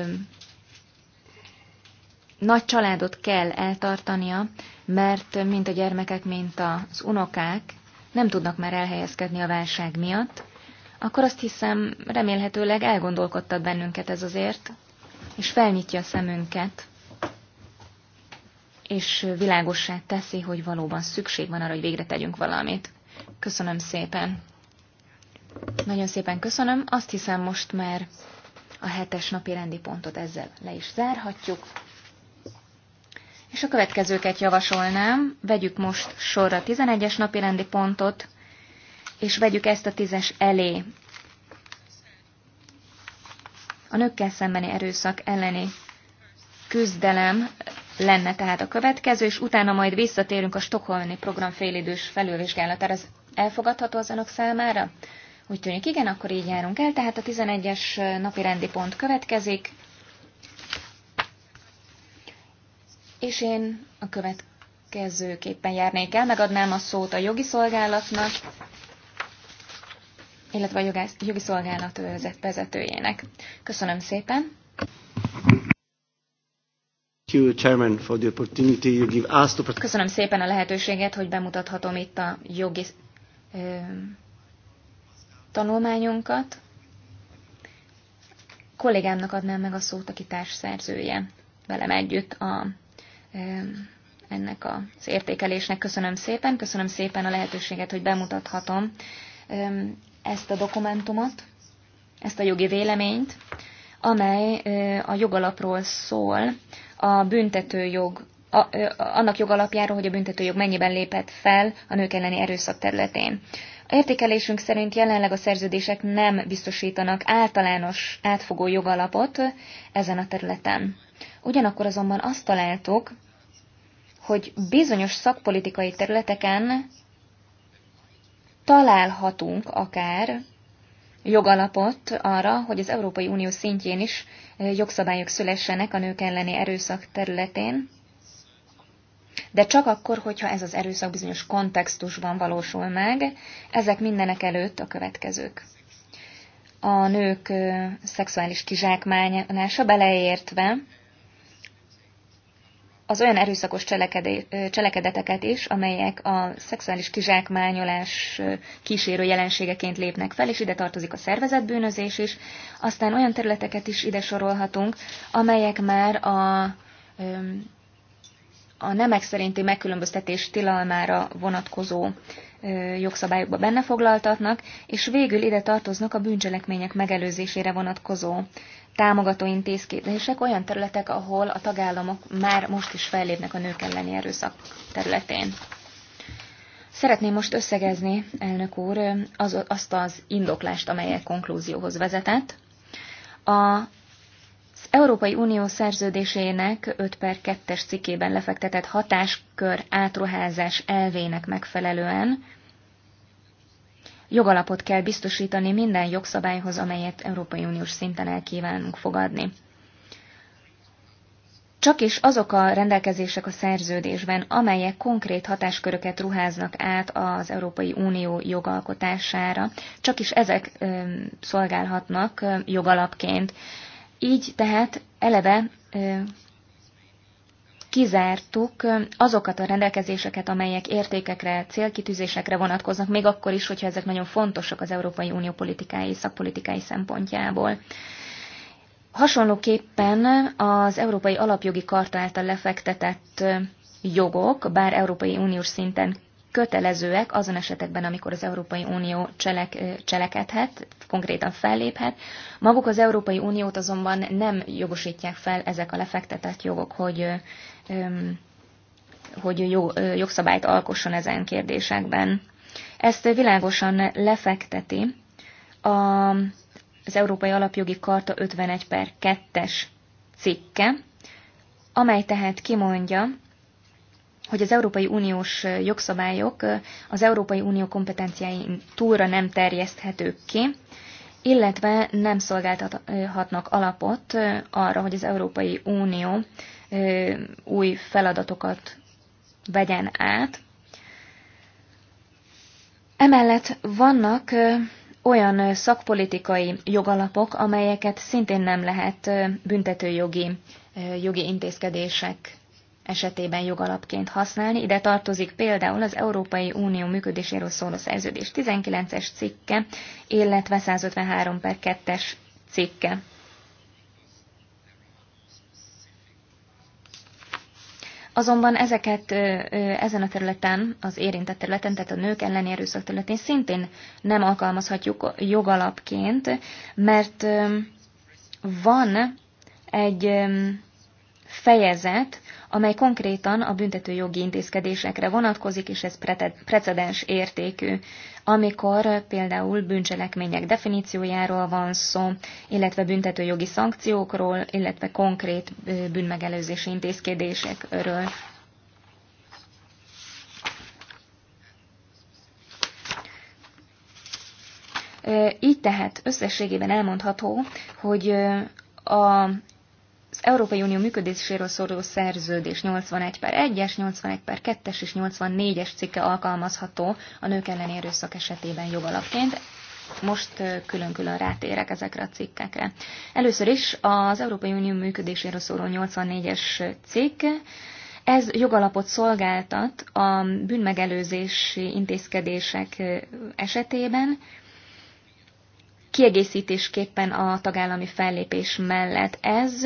nagy családot kell eltartania, mert mint a gyermekek, mint az unokák nem tudnak már elhelyezkedni a válság miatt, akkor azt hiszem, remélhetőleg elgondolkodtad bennünket ez azért, és felnyitja a szemünket, és világossá teszi, hogy valóban szükség van arra, hogy végre tegyünk valamit. Köszönöm szépen. Nagyon szépen köszönöm. Azt hiszem most már a hetes napi rendi pontot ezzel le is zárhatjuk. És a következőket javasolnám. Vegyük most sorra 11-es napi rendi pontot, és vegyük ezt a tízes elé. A nőkkel szembeni erőszak elleni küzdelem lenne tehát a következő, és utána majd visszatérünk a Stockholmi program félidős felülvizsgálatára. Ez elfogadható az önök számára? Úgy tűnik, igen, akkor így járunk el. Tehát a 11-es napi rendi pont következik. És én a következőképpen járnék el, megadnám a szót a jogi szolgálatnak, illetve a jogi szolgálat vezetőjének. Köszönöm szépen! Köszönöm szépen a lehetőséget, hogy bemutathatom itt a jogi ö, tanulmányunkat. Kollégámnak adnám meg a szót, aki társszerzője velem együtt a, ö, ennek az értékelésnek. Köszönöm szépen, köszönöm szépen a lehetőséget, hogy bemutathatom ö, ezt a dokumentumot, ezt a jogi véleményt, amely ö, a jogalapról szól, a büntetőjog, a, annak alapjáról, hogy a büntetőjog mennyiben lépett fel a nők elleni erőszak területén. A értékelésünk szerint jelenleg a szerződések nem biztosítanak általános átfogó jogalapot ezen a területen. Ugyanakkor azonban azt találtuk, hogy bizonyos szakpolitikai területeken találhatunk akár jogalapot arra, hogy az Európai Unió szintjén is jogszabályok szülessenek a nők elleni erőszak területén, de csak akkor, hogyha ez az erőszak bizonyos kontextusban valósul meg, ezek mindenek előtt a következők. A nők szexuális kizsákmányolása beleértve az olyan erőszakos cselekedeteket is, amelyek a szexuális kizsákmányolás kísérő jelenségeként lépnek fel, és ide tartozik a szervezetbűnözés is. Aztán olyan területeket is ide sorolhatunk, amelyek már a, a nemek szerinti megkülönböztetés tilalmára vonatkozó jogszabályokba benne foglaltatnak, és végül ide tartoznak a bűncselekmények megelőzésére vonatkozó támogató intézkedések, olyan területek, ahol a tagállamok már most is fellépnek a nők elleni erőszak területén. Szeretném most összegezni, elnök úr, az, azt az indoklást, amelyek konklúzióhoz vezetett. A Európai Unió szerződésének 5 per 2-es cikkében lefektetett hatáskör átruházás elvének megfelelően jogalapot kell biztosítani minden jogszabályhoz, amelyet Európai Uniós szinten el kívánunk fogadni. Csak is azok a rendelkezések a szerződésben, amelyek konkrét hatásköröket ruháznak át az Európai Unió jogalkotására, csak is ezek szolgálhatnak jogalapként. Így tehát eleve kizártuk azokat a rendelkezéseket, amelyek értékekre, célkitűzésekre vonatkoznak, még akkor is, hogyha ezek nagyon fontosak az Európai Unió politikai, szakpolitikai szempontjából. Hasonlóképpen az Európai Alapjogi Karta által lefektetett jogok, bár Európai Uniós szinten kötelezőek azon esetekben, amikor az Európai Unió cselek, cselekedhet, konkrétan felléphet. Maguk az Európai Uniót azonban nem jogosítják fel ezek a lefektetett jogok, hogy, hogy jó, jogszabályt alkosson ezen kérdésekben. Ezt világosan lefekteti a, az Európai Alapjogi Karta 51 per 2-es cikke, amely tehát kimondja, hogy az Európai Uniós jogszabályok az Európai Unió kompetenciáin túlra nem terjeszthetők ki, illetve nem szolgáltathatnak alapot arra, hogy az Európai Unió új feladatokat vegyen át. Emellett vannak olyan szakpolitikai jogalapok, amelyeket szintén nem lehet büntetőjogi jogi intézkedések esetében jogalapként használni. Ide tartozik például az Európai Unió működéséről szóló szerződés 19-es cikke, illetve 153 per 2-es cikke. Azonban ezeket ezen a területen, az érintett területen, tehát a nők elleni erőszak területén szintén nem alkalmazhatjuk jogalapként, mert van egy fejezet, amely konkrétan a jogi intézkedésekre vonatkozik, és ez precedens értékű, amikor például bűncselekmények definíciójáról van szó, illetve jogi szankciókról, illetve konkrét bűnmegelőzési intézkedésekről. Így tehát összességében elmondható, hogy a az Európai Unió működéséről szóló szerződés 81 per 1-es, 81 per 2-es és 84-es cikke alkalmazható a nők elleni erőszak esetében jogalapként. Most külön-külön rátérek ezekre a cikkekre. Először is az Európai Unió működéséről szóló 84-es cikk, ez jogalapot szolgáltat a bűnmegelőzési intézkedések esetében, kiegészítésképpen a tagállami fellépés mellett. Ez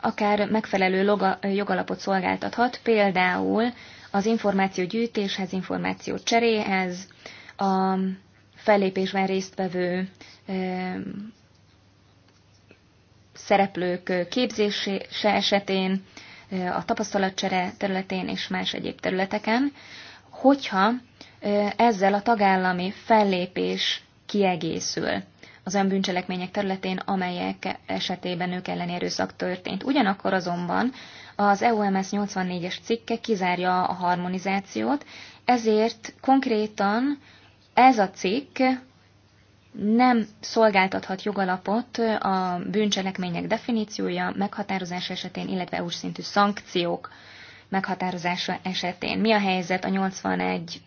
akár megfelelő loga, jogalapot szolgáltathat, például az információ gyűjtéshez, információ cseréhez, a fellépésben résztvevő szereplők képzése esetén, a tapasztalatcsere területén és más egyéb területeken, hogyha ezzel a tagállami fellépés kiegészül az olyan bűncselekmények területén, amelyek esetében nők elleni erőszak történt. Ugyanakkor azonban az EUMS 84-es cikke kizárja a harmonizációt, ezért konkrétan ez a cikk nem szolgáltathat jogalapot a bűncselekmények definíciója, meghatározása esetén, illetve EU-s szintű szankciók meghatározása esetén. Mi a helyzet a 81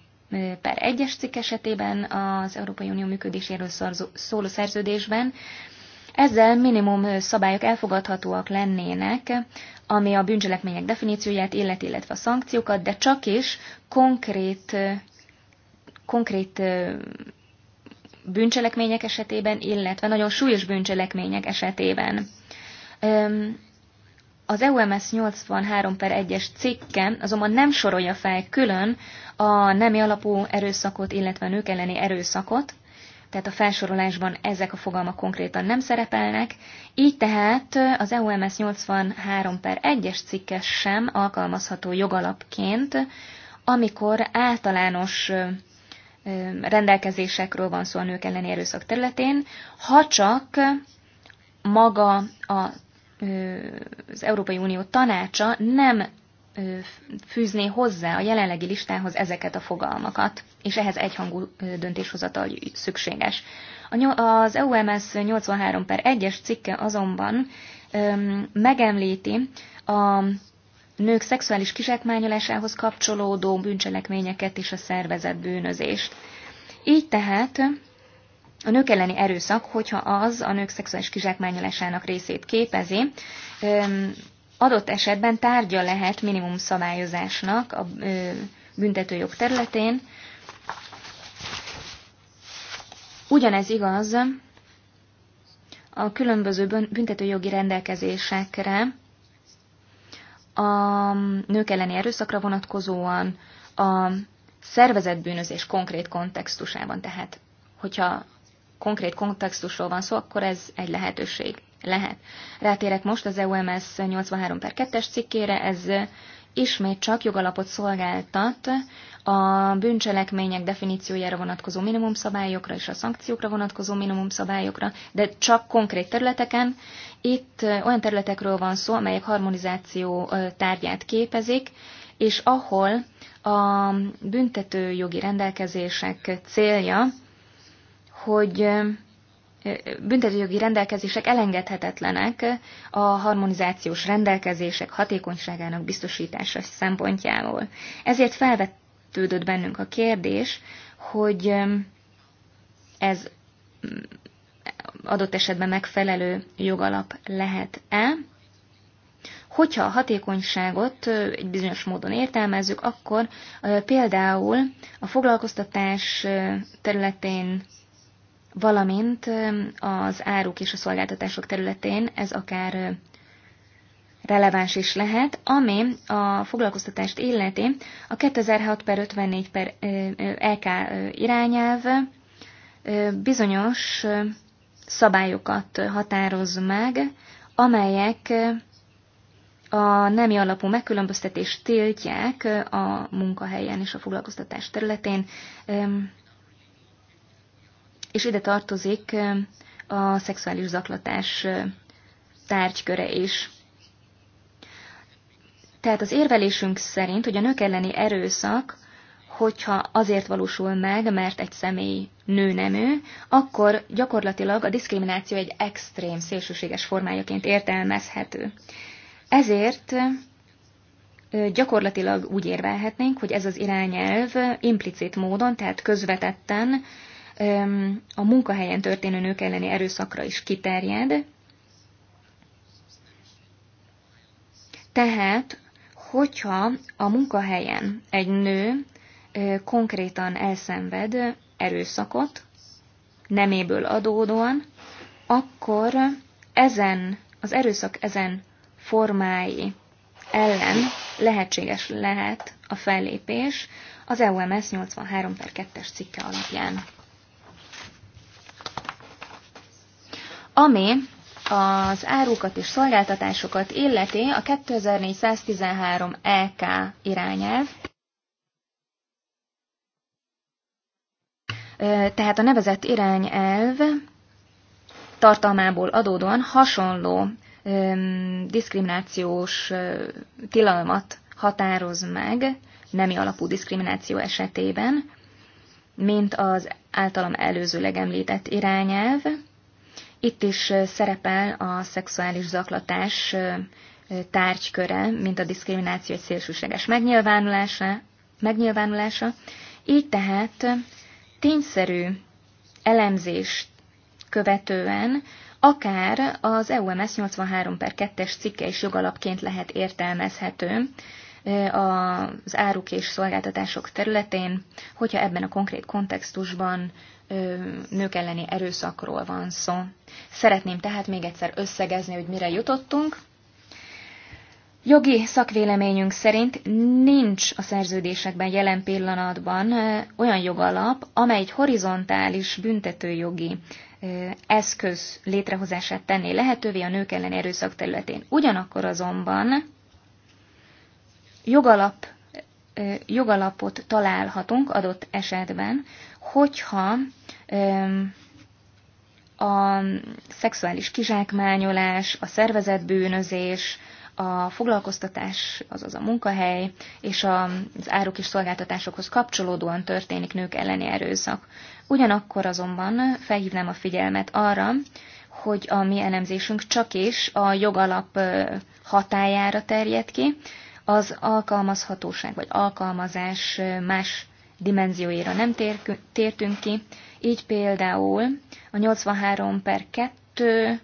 per egyes cikk esetében az Európai Unió működéséről szóló szerződésben. Ezzel minimum szabályok elfogadhatóak lennének, ami a bűncselekmények definícióját illeti, illetve a szankciókat, de csak is konkrét, konkrét bűncselekmények esetében, illetve nagyon súlyos bűncselekmények esetében. Az EUMS 83 per 1-es cikke azonban nem sorolja fel külön a nemi alapú erőszakot, illetve a nők elleni erőszakot, tehát a felsorolásban ezek a fogalmak konkrétan nem szerepelnek, így tehát az EUMS 83 per 1-es cikke sem alkalmazható jogalapként, amikor általános rendelkezésekről van szó a nők elleni erőszak területén, ha csak maga a az Európai Unió tanácsa nem fűzné hozzá a jelenlegi listához ezeket a fogalmakat, és ehhez egyhangú döntéshozatal szükséges. Az EUMS 83 per 1-es cikke azonban megemlíti a nők szexuális kizsákmányolásához kapcsolódó bűncselekményeket és a szervezett bűnözést. Így tehát a nők elleni erőszak, hogyha az a nők szexuális kizsákmányolásának részét képezi, adott esetben tárgya lehet minimum szabályozásnak a büntetőjog területén. Ugyanez igaz a különböző büntetőjogi rendelkezésekre, a nők elleni erőszakra vonatkozóan, a szervezetbűnözés konkrét kontextusában, tehát hogyha konkrét kontextusról van szó, akkor ez egy lehetőség lehet. Rátérek most az EUMS 83 per 2-es cikkére, ez ismét csak jogalapot szolgáltat a bűncselekmények definíciójára vonatkozó minimumszabályokra és a szankciókra vonatkozó minimumszabályokra, de csak konkrét területeken. Itt olyan területekről van szó, amelyek harmonizáció tárgyát képezik, és ahol a büntetőjogi jogi rendelkezések célja hogy büntetőjogi rendelkezések elengedhetetlenek a harmonizációs rendelkezések hatékonyságának biztosítása szempontjából. Ezért felvetődött bennünk a kérdés, hogy ez mm, adott esetben megfelelő jogalap lehet-e. Hogyha a hatékonyságot egy bizonyos módon értelmezzük, akkor például a foglalkoztatás területén valamint az áruk és a szolgáltatások területén ez akár releváns is lehet, ami a foglalkoztatást illeti a 2006 per 54 per EK irányelv bizonyos szabályokat határoz meg, amelyek a nemi alapú megkülönböztetést tiltják a munkahelyen és a foglalkoztatás területén és ide tartozik a szexuális zaklatás tárgyköre is. Tehát az érvelésünk szerint, hogy a nők elleni erőszak, hogyha azért valósul meg, mert egy személy nő nem ő, akkor gyakorlatilag a diszkrimináció egy extrém, szélsőséges formájaként értelmezhető. Ezért gyakorlatilag úgy érvelhetnénk, hogy ez az irányelv implicit módon, tehát közvetetten a munkahelyen történő nők elleni erőszakra is kiterjed. Tehát, hogyha a munkahelyen egy nő konkrétan elszenved erőszakot, neméből adódóan, akkor ezen, az erőszak ezen formái ellen lehetséges lehet a fellépés az EUMS 83 per 2-es cikke alapján. Ami az árukat és szolgáltatásokat illeti a 2413 EK irányelv, tehát a nevezett irányelv tartalmából adódóan hasonló öm, diszkriminációs tilalmat határoz meg nemi alapú diszkrimináció esetében, mint az általam előzőleg említett irányelv, itt is szerepel a szexuális zaklatás tárgyköre, mint a diszkrimináció egy szélsőséges megnyilvánulása, megnyilvánulása. Így tehát tényszerű elemzést követően akár az EUMS 83 per 2-es cikke is jogalapként lehet értelmezhető, az áruk és szolgáltatások területén, hogyha ebben a konkrét kontextusban nők elleni erőszakról van szó. Szeretném tehát még egyszer összegezni, hogy mire jutottunk. Jogi szakvéleményünk szerint nincs a szerződésekben jelen pillanatban olyan jogalap, amely egy horizontális büntetőjogi eszköz létrehozását tenné lehetővé a nők ellen erőszak területén. Ugyanakkor azonban jogalap, jogalapot találhatunk adott esetben, hogyha a szexuális kizsákmányolás, a szervezetbűnözés, a foglalkoztatás, azaz a munkahely, és az áruk és szolgáltatásokhoz kapcsolódóan történik nők elleni erőszak. Ugyanakkor azonban felhívnám a figyelmet arra, hogy a mi elemzésünk csak is a jogalap hatájára terjed ki, az alkalmazhatóság vagy alkalmazás más dimenzióira nem tértünk ki, így például a 83 per 2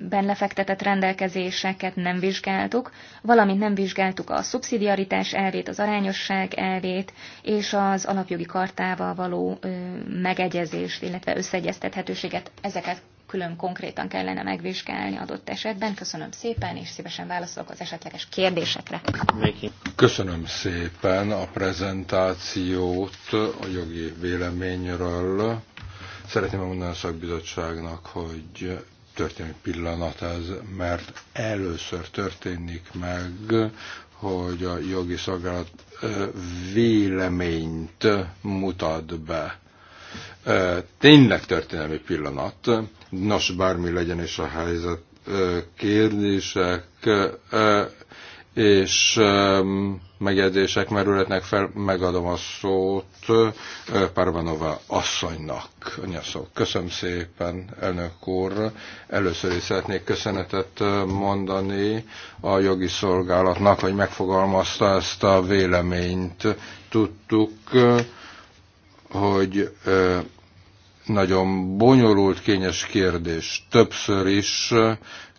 ben lefektetett rendelkezéseket nem vizsgáltuk, valamint nem vizsgáltuk a szubszidiaritás elvét, az arányosság elvét és az alapjogi kartával való ö, megegyezést, illetve összeegyeztethetőséget, ezeket külön konkrétan kellene megvizsgálni adott esetben. Köszönöm szépen, és szívesen válaszolok az esetleges kérdésekre. Köszönöm szépen a prezentációt a jogi véleményről. Szeretném mondani a szakbizottságnak, hogy történelmi pillanat ez, mert először történik meg, hogy a jogi szolgálat véleményt mutat be. Tényleg történelmi pillanat, Nos, bármi legyen is a helyzet, kérdések és megjegyzések merülhetnek fel, megadom a szót Parvanova asszonynak. Anyaszó. Köszönöm szépen, elnök úr. Először is szeretnék köszönetet mondani a jogi szolgálatnak, hogy megfogalmazta ezt a véleményt. Tudtuk, hogy nagyon bonyolult, kényes kérdés. Többször is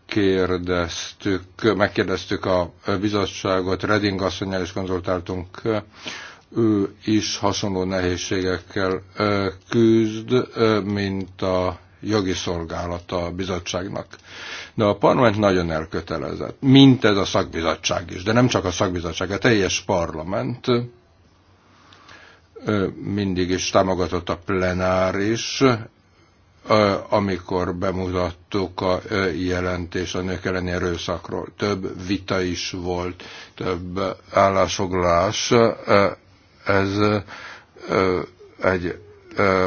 kérdeztük, megkérdeztük a bizottságot, Reding asszonynál is konzultáltunk, ő is hasonló nehézségekkel küzd, mint a jogi szolgálata a bizottságnak. De a parlament nagyon elkötelezett, mint ez a szakbizottság is, de nem csak a szakbizottság, a teljes parlament mindig is támogatott a plenáris, amikor bemutattuk a jelentés a nők elleni erőszakról. Több vita is volt, több állásoglás. Ez egy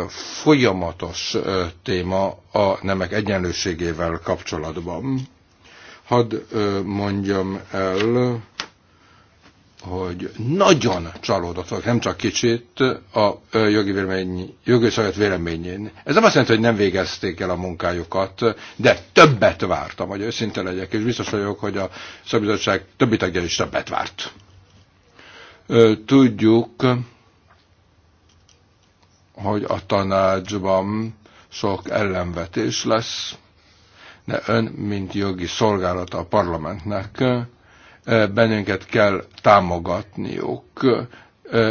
folyamatos téma a nemek egyenlőségével kapcsolatban. Hadd mondjam el, hogy nagyon csalódott vagyok, nem csak kicsit a jogi, vélemény, jogi szolgálat véleményén. Ez nem azt jelenti, hogy nem végezték el a munkájukat, de többet vártam, hogy őszinte legyek, és biztos vagyok, hogy a szabizottság többi tagja is többet várt. Tudjuk, hogy a tanácsban sok ellenvetés lesz, de ön, mint jogi szolgálata a parlamentnek, bennünket kell támogatniuk.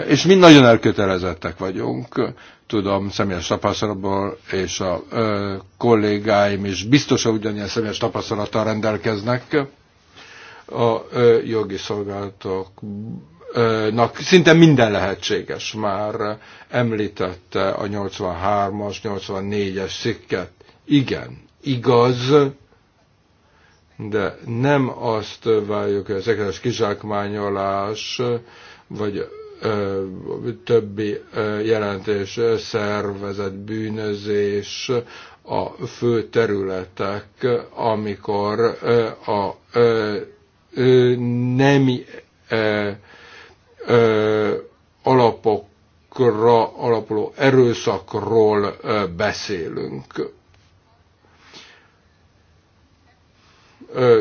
És mi nagyon elkötelezettek vagyunk, tudom személyes tapasztalatból, és a kollégáim is biztosan ugyanilyen személyes tapasztalattal rendelkeznek a jogi szolgálatoknak szinte minden lehetséges. Már említette a 83-as, 84-es szikket. Igen, igaz, de nem azt várjuk, hogy ezeket a kizsákmányolás, vagy ö, többi ö, jelentés, szervezet, bűnözés, a fő területek, amikor ö, a ö, ö, nemi ö, ö, alapokra alapuló erőszakról ö, beszélünk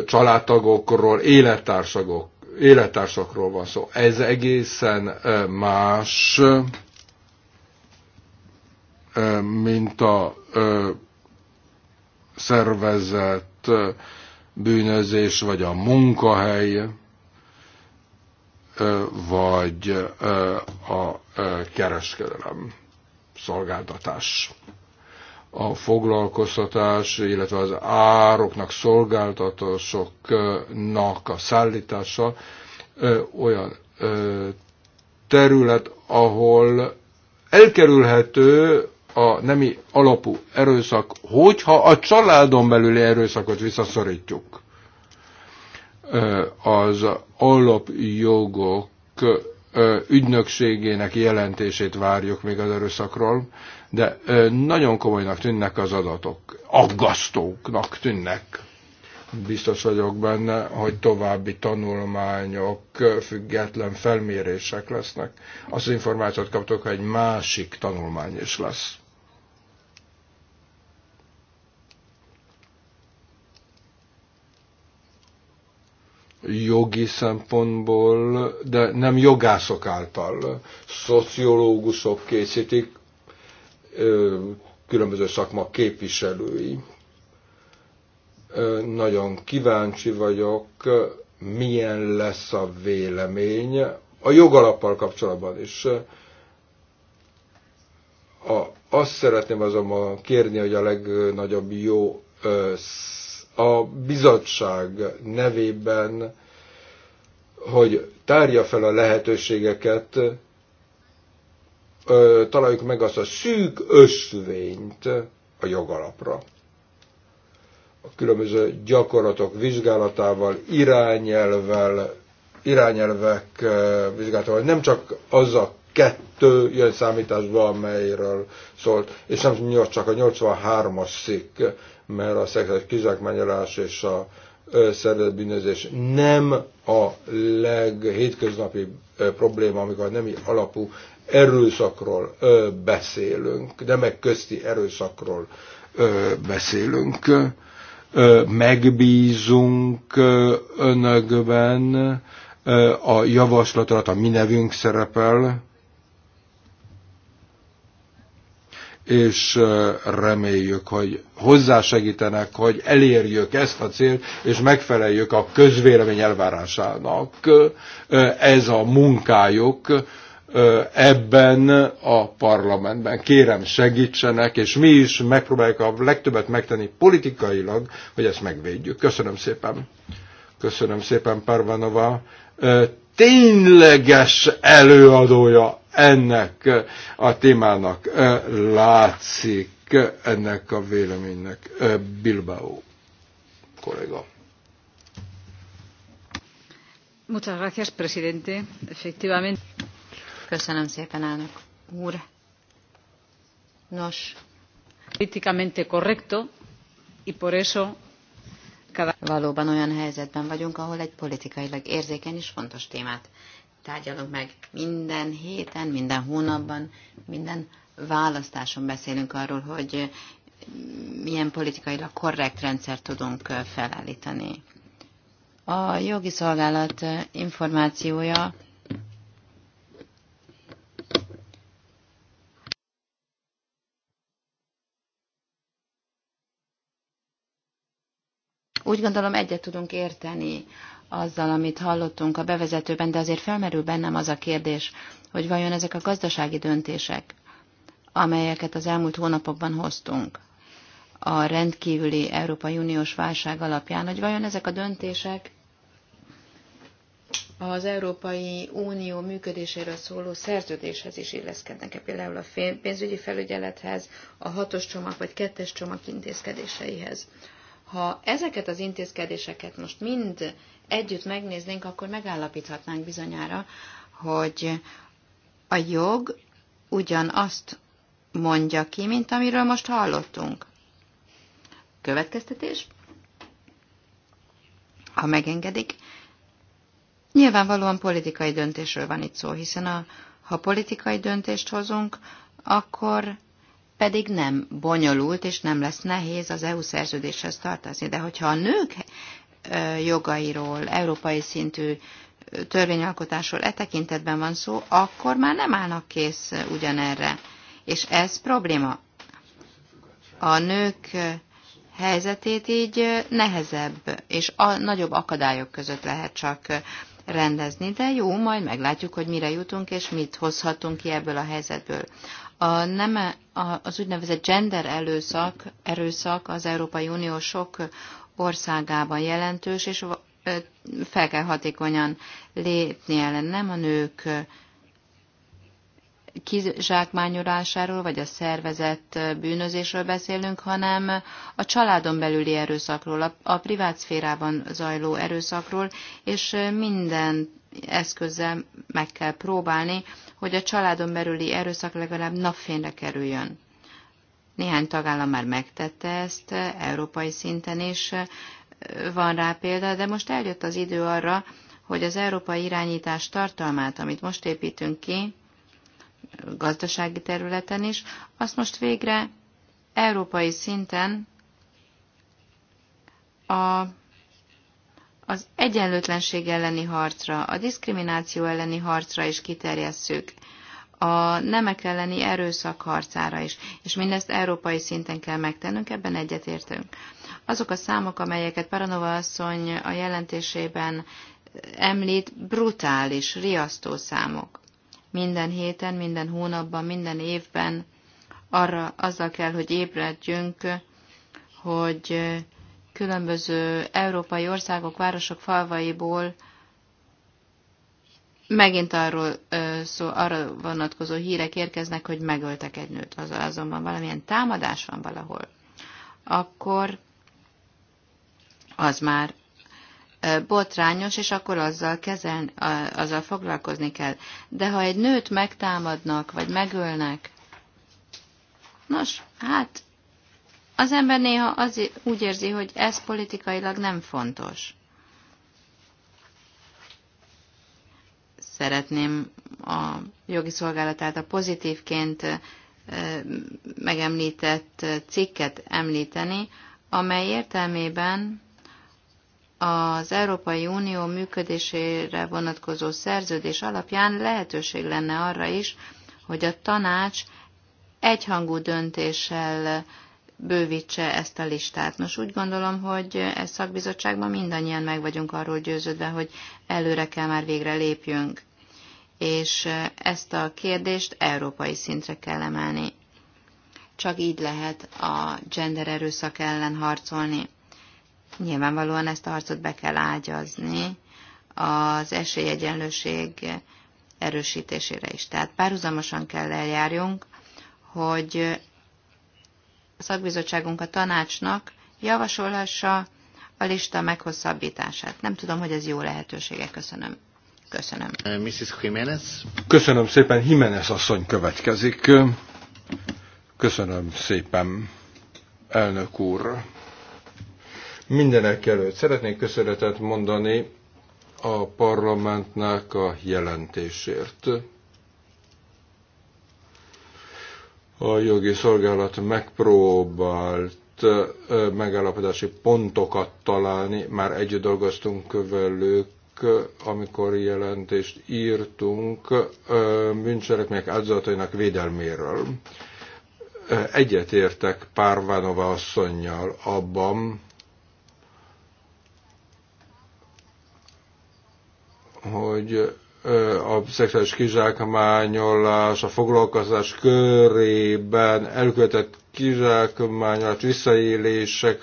családtagokról, élettársakok, élettársakról van szó. Ez egészen más, mint a szervezett bűnözés, vagy a munkahely, vagy a kereskedelem szolgáltatás a foglalkoztatás, illetve az ároknak, szolgáltatásoknak a szállítása olyan terület, ahol elkerülhető a nemi alapú erőszak, hogyha a családon belüli erőszakot visszaszorítjuk. Az alapjogok ügynökségének jelentését várjuk még az erőszakról, de nagyon komolynak tűnnek az adatok, aggasztóknak tűnnek. Biztos vagyok benne, hogy további tanulmányok, független felmérések lesznek. Azt az információt kaptok, hogy egy másik tanulmány is lesz. jogi szempontból, de nem jogászok által. Szociológusok készítik, különböző szakma képviselői. Nagyon kíváncsi vagyok, milyen lesz a vélemény a jogalappal kapcsolatban is. A, azt szeretném azonban kérni, hogy a legnagyobb jó a bizottság nevében, hogy tárja fel a lehetőségeket, találjuk meg azt a szűk öszvényt a jogalapra. A különböző gyakorlatok vizsgálatával, irányelvel, irányelvek vizsgálatával nem csak az a kettő jön számításba, amelyről szólt, és nem csak a 83-as szik, mert a szexuális kizsákmányolás és a bűnözés nem a leghétköznapi probléma, amikor a nemi alapú erőszakról beszélünk, meg közti erőszakról beszélünk, megbízunk önökben, a javaslatot a mi nevünk szerepel, és reméljük, hogy hozzásegítenek, hogy elérjük ezt a célt, és megfeleljük a közvélemény elvárásának. Ez a munkájuk ebben a parlamentben. Kérem, segítsenek, és mi is megpróbáljuk a legtöbbet megtenni politikailag, hogy ezt megvédjük. Köszönöm szépen. Köszönöm szépen, Parvanova. Tényleges előadója ennek a témának látszik, ennek a véleménynek Bilbao kollega. Muchas gracias, presidente. Efectivamente. Köszönöm szépen, elnök úr. Nos, politikamente correcto, y por eso cada... Valóban olyan helyzetben vagyunk, ahol egy politikailag érzékeny és fontos témát tárgyalunk meg. Minden héten, minden hónapban, minden választáson beszélünk arról, hogy milyen politikailag korrekt rendszer tudunk felállítani. A jogi szolgálat információja úgy gondolom egyet tudunk érteni azzal, amit hallottunk a bevezetőben, de azért felmerül bennem az a kérdés, hogy vajon ezek a gazdasági döntések, amelyeket az elmúlt hónapokban hoztunk, a rendkívüli Európai Uniós válság alapján, hogy vajon ezek a döntések az Európai Unió működéséről szóló szerződéshez is illeszkednek-e, például a pénzügyi felügyelethez, a hatos csomag vagy kettes csomag intézkedéseihez. Ha ezeket az intézkedéseket most mind együtt megnéznénk, akkor megállapíthatnánk bizonyára, hogy a jog ugyanazt mondja ki, mint amiről most hallottunk. Következtetés? Ha megengedik, nyilvánvalóan politikai döntésről van itt szó, hiszen a, ha politikai döntést hozunk, akkor pedig nem bonyolult, és nem lesz nehéz az EU szerződéshez tartozni. De hogyha a nők jogairól, európai szintű törvényalkotásról e tekintetben van szó, akkor már nem állnak kész ugyanerre. És ez probléma. A nők helyzetét így nehezebb és a nagyobb akadályok között lehet csak rendezni, de jó, majd meglátjuk, hogy mire jutunk, és mit hozhatunk ki ebből a helyzetből. A nem, az úgynevezett gender előszak, erőszak az Európai Unió sok országában jelentős, és fel kell hatékonyan lépni ellen, nem a nők kizsákmányolásáról, vagy a szervezett bűnözésről beszélünk, hanem a családon belüli erőszakról, a, a privát szférában zajló erőszakról, és minden eszközzel meg kell próbálni, hogy a családon belüli erőszak legalább napfényre kerüljön. Néhány tagállam már megtette ezt, európai szinten is van rá példa, de most eljött az idő arra, hogy az európai irányítás tartalmát, amit most építünk ki, gazdasági területen is, azt most végre európai szinten a, az egyenlőtlenség elleni harcra, a diszkrimináció elleni harcra is kiterjesszük a nemek elleni erőszak harcára is, és mindezt európai szinten kell megtennünk, ebben egyetértünk. Azok a számok, amelyeket Paranova asszony a jelentésében említ, brutális, riasztó számok. Minden héten, minden hónapban, minden évben arra azzal kell, hogy ébredjünk, hogy különböző európai országok, városok falvaiból Megint arról szó, arra vonatkozó hírek érkeznek, hogy megöltek egy nőt, az azonban valamilyen támadás van valahol, akkor az már botrányos, és akkor azzal kezelni, azzal foglalkozni kell. De ha egy nőt megtámadnak, vagy megölnek, nos, hát az ember néha az úgy érzi, hogy ez politikailag nem fontos. szeretném a jogi szolgálatát a pozitívként megemlített cikket említeni, amely értelmében az Európai Unió működésére vonatkozó szerződés alapján lehetőség lenne arra is, hogy a tanács egyhangú döntéssel bővítse ezt a listát. Nos, úgy gondolom, hogy ez szakbizottságban mindannyian meg vagyunk arról győződve, hogy előre kell már végre lépjünk és ezt a kérdést európai szintre kell emelni. Csak így lehet a gender erőszak ellen harcolni. Nyilvánvalóan ezt a harcot be kell ágyazni az esélyegyenlőség erősítésére is. Tehát párhuzamosan kell eljárjunk, hogy a szakbizottságunk a tanácsnak javasolhassa a lista meghosszabbítását. Nem tudom, hogy ez jó lehetősége. Köszönöm. Köszönöm. Uh, Mrs. Jiménez. Köszönöm szépen. Jiménez asszony következik. Köszönöm szépen, elnök úr. Mindenek előtt szeretnék köszönetet mondani a parlamentnek a jelentésért. A jogi szolgálat megpróbált uh, megállapodási pontokat találni, már együtt dolgoztunk velük amikor jelentést írtunk bűncselekmények áldozatainak védelméről. Egyetértek Párvánova asszonynal abban, hogy a szexuális kizsákmányolás, a foglalkozás körében elkövetett kizsákmányolt visszaélések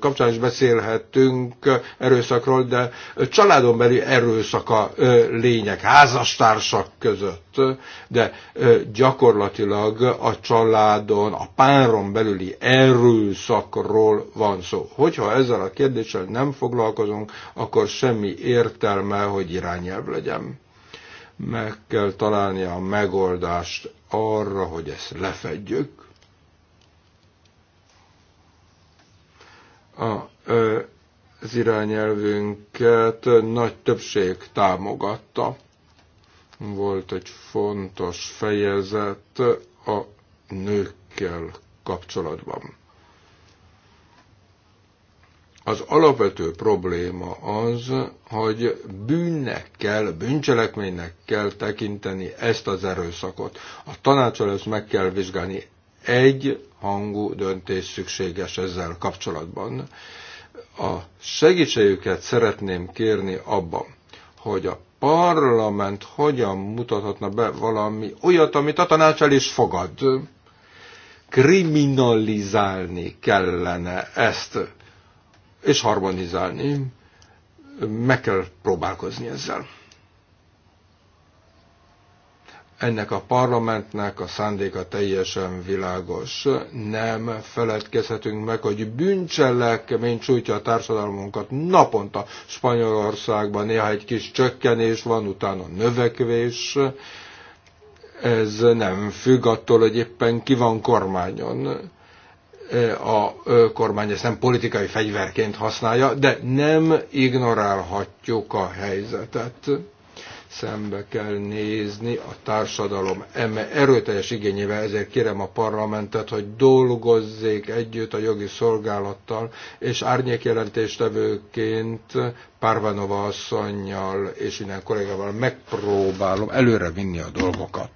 kapcsán is beszélhetünk erőszakról, de családon belül erőszak a lényeg, házastársak között, de gyakorlatilag a családon, a páron belüli erőszakról van szó. Hogyha ezzel a kérdéssel nem foglalkozunk, akkor semmi értelme, hogy irányelv legyen. Meg kell találni a megoldást arra, hogy ezt lefedjük A, az irányelvünket nagy többség támogatta. Volt egy fontos fejezet a nőkkel kapcsolatban. Az alapvető probléma az, hogy bűnnek kell, bűncselekménynek kell tekinteni ezt az erőszakot. A tanácsal ezt meg kell vizsgálni. Egy hangú döntés szükséges ezzel kapcsolatban. A segítségüket szeretném kérni abban, hogy a parlament hogyan mutathatna be valami olyat, amit a tanács el is fogad. Kriminalizálni kellene ezt, és harmonizálni. Meg kell próbálkozni ezzel. Ennek a parlamentnek a szándéka teljesen világos. Nem feledkezhetünk meg, hogy bűncselekmény csújtja a társadalmunkat naponta Spanyolországban. Néha egy kis csökkenés van, utána növekvés. Ez nem függ attól, hogy éppen ki van kormányon a kormány ezt nem politikai fegyverként használja, de nem ignorálhatjuk a helyzetet szembe kell nézni a társadalom eme erőteljes igényével, ezért kérem a parlamentet, hogy dolgozzék együtt a jogi szolgálattal, és árnyékjelentéstevőként Párvanova asszonynal és innen kollégával megpróbálom előre vinni a dolgokat.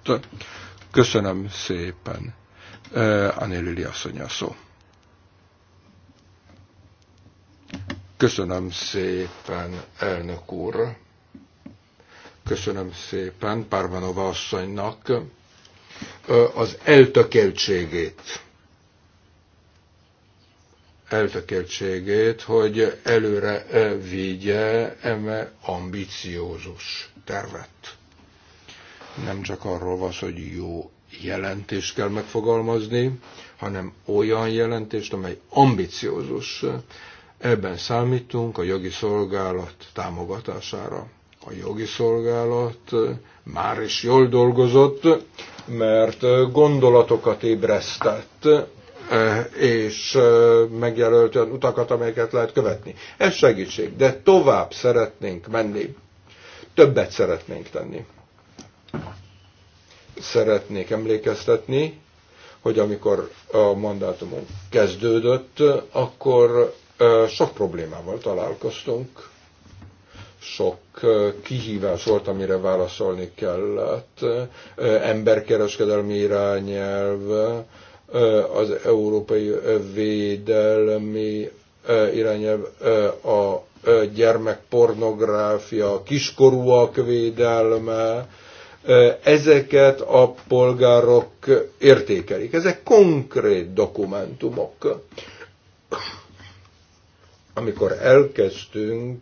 Köszönöm szépen. Anélüli asszony a szó. Köszönöm szépen, elnök úr. Köszönöm szépen Párvanova asszonynak az eltökéltségét. Eltökéltségét, hogy előre vigye eme ambiciózus tervet. Nem csak arról van hogy jó jelentést kell megfogalmazni, hanem olyan jelentést, amely ambiciózus. Ebben számítunk a jogi szolgálat támogatására. A jogi szolgálat már is jól dolgozott, mert gondolatokat ébresztett, eh, és eh, megjelölt olyan utakat, amelyeket lehet követni. Ez segítség, de tovább szeretnénk menni. Többet szeretnénk tenni. Szeretnék emlékeztetni, hogy amikor a mandátumunk kezdődött, akkor eh, sok problémával találkoztunk sok kihívás volt, amire válaszolni kellett. Emberkereskedelmi irányelv, az európai védelmi irányelv, a gyermekpornográfia, kiskorúak védelme, ezeket a polgárok értékelik. Ezek konkrét dokumentumok. Amikor elkezdtünk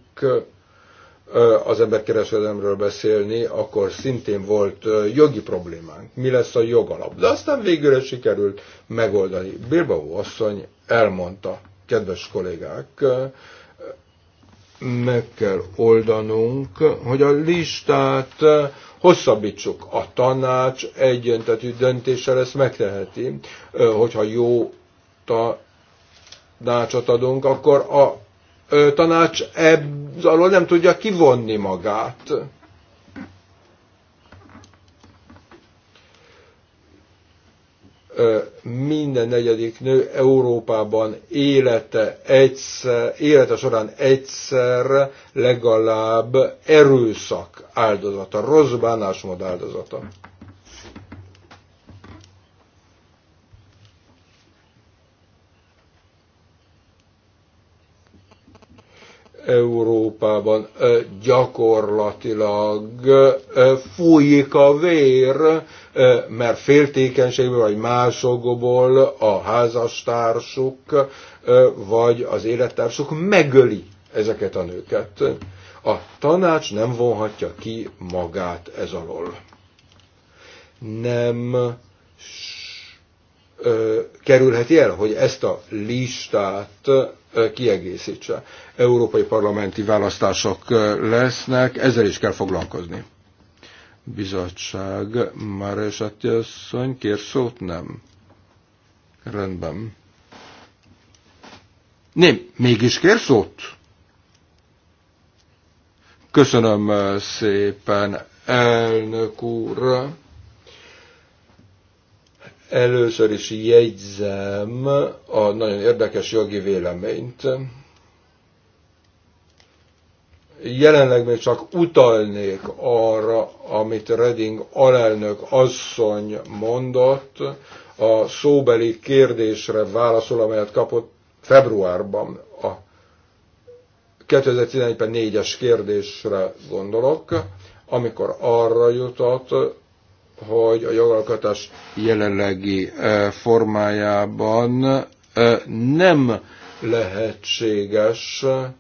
az emberkereskedelemről beszélni, akkor szintén volt jogi problémánk. Mi lesz a jogalap? De aztán végül sikerült megoldani. Bilbao asszony elmondta, kedves kollégák, meg kell oldanunk, hogy a listát hosszabbítsuk. A tanács egyöntetű döntéssel ezt megteheti, hogyha jó tanácsot adunk, akkor a tanács ez alól nem tudja kivonni magát. minden negyedik nő Európában élete, egyszer, élete során egyszer legalább erőszak áldozata, rossz bánásmód áldozata. Európában gyakorlatilag fújik a vér, mert féltékenységből vagy másokból a házastársuk vagy az élettársuk megöli ezeket a nőket. A tanács nem vonhatja ki magát ez alól. Nem kerülheti el, hogy ezt a listát kiegészítse. Európai parlamenti választások lesznek, ezzel is kell foglalkozni. Bizottság, esetti asszony, kér szót? Nem. Rendben. Nem, mégis kér szót? Köszönöm szépen, elnök úr. Először is jegyzem a nagyon érdekes jogi véleményt. Jelenleg még csak utalnék arra, amit Reding alelnök asszony mondott, a szóbeli kérdésre válaszol, amelyet kapott februárban a 2011-ben négyes kérdésre gondolok, amikor arra jutott, hogy a jogalkotás jelenlegi e, formájában e, nem lehetséges e,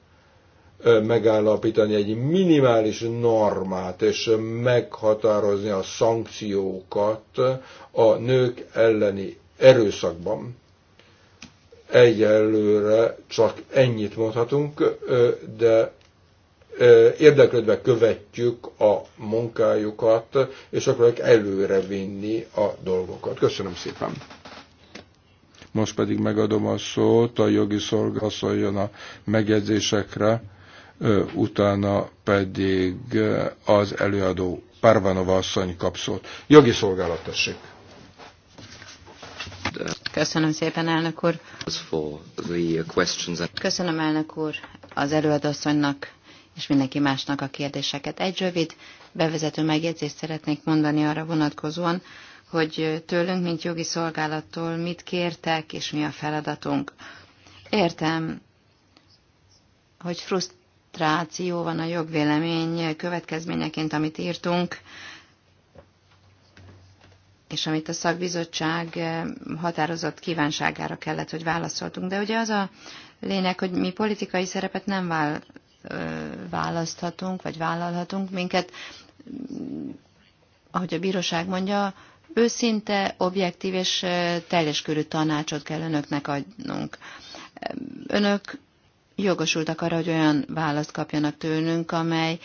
megállapítani egy minimális normát, és meghatározni a szankciókat a nők elleni erőszakban. Egyelőre csak ennyit mondhatunk, de érdeklődve követjük a munkájukat, és akkor előre előrevinni a dolgokat. Köszönöm szépen! Most pedig megadom a szót, a jogi szolgáljon a megjegyzésekre, utána pedig az előadó Párvanova asszony kap szót. Jogi szolgálat tessék! Köszönöm szépen, elnök úr. Köszönöm, elnök úr, az asszonynak és mindenki másnak a kérdéseket. Egy rövid bevezető megjegyzést szeretnék mondani arra vonatkozóan, hogy tőlünk, mint jogi szolgálattól mit kértek, és mi a feladatunk. Értem, hogy frusztráció van a jogvélemény következményeként, amit írtunk, és amit a szakbizottság határozott kívánságára kellett, hogy válaszoltunk. De ugye az a lényeg, hogy mi politikai szerepet nem vállal, választhatunk, vagy vállalhatunk minket, ahogy a bíróság mondja, őszinte, objektív és teljes körű tanácsot kell önöknek adnunk. Önök jogosultak arra, hogy olyan választ kapjanak tőlünk, amely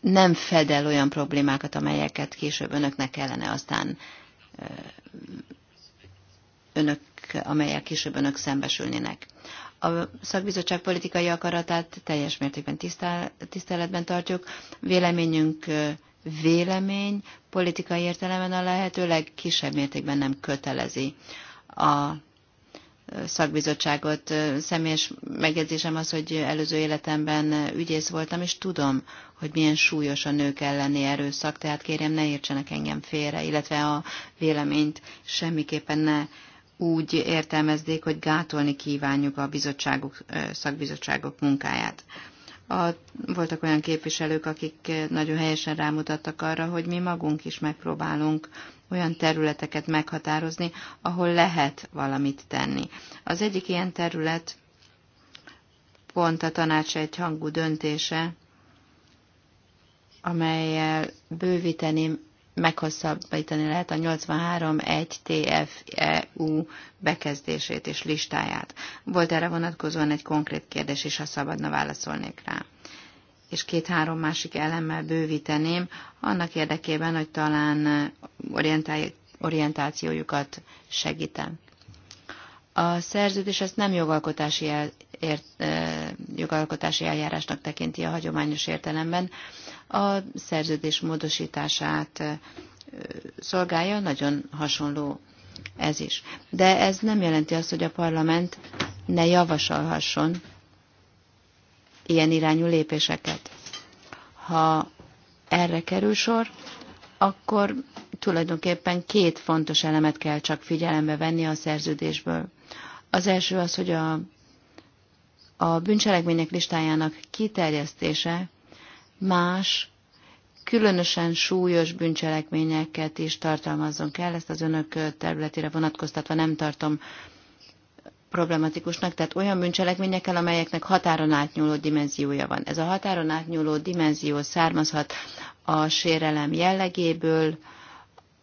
nem fedel olyan problémákat, amelyeket később önöknek kellene aztán önök, amelyek később önök szembesülnének. A szakbizottság politikai akaratát teljes mértékben tisztel, tiszteletben tartjuk. Véleményünk vélemény politikai értelemben a lehető legkisebb mértékben nem kötelezi a szakbizottságot. Személyes megjegyzésem az, hogy előző életemben ügyész voltam, és tudom, hogy milyen súlyos a nők elleni erőszak, tehát kérjem, ne értsenek engem félre, illetve a véleményt semmiképpen ne úgy értelmezték, hogy gátolni kívánjuk a bizottságok, szakbizottságok munkáját. A, voltak olyan képviselők, akik nagyon helyesen rámutattak arra, hogy mi magunk is megpróbálunk olyan területeket meghatározni, ahol lehet valamit tenni. Az egyik ilyen terület pont a tanács egy hangú döntése, amelyel bővíteném meghosszabbítani lehet a 83. 1 TFEU bekezdését és listáját. Volt erre vonatkozóan egy konkrét kérdés is, ha szabadna válaszolnék rá és két-három másik elemmel bővíteném, annak érdekében, hogy talán orientációjukat segítem. A szerződés ezt nem jogalkotási, el, ért, jogalkotási eljárásnak tekinti a hagyományos értelemben, a szerződés módosítását szolgálja, nagyon hasonló ez is. De ez nem jelenti azt, hogy a parlament ne javasolhasson ilyen irányú lépéseket. Ha erre kerül sor, akkor tulajdonképpen két fontos elemet kell csak figyelembe venni a szerződésből. Az első az, hogy a, a bűncselekmények listájának kiterjesztése más, különösen súlyos bűncselekményeket is tartalmazzon kell. Ezt az önök területére vonatkoztatva nem tartom problematikusnak, tehát olyan bűncselekményekkel, amelyeknek határon átnyúló dimenziója van. Ez a határon átnyúló dimenzió származhat a sérelem jellegéből,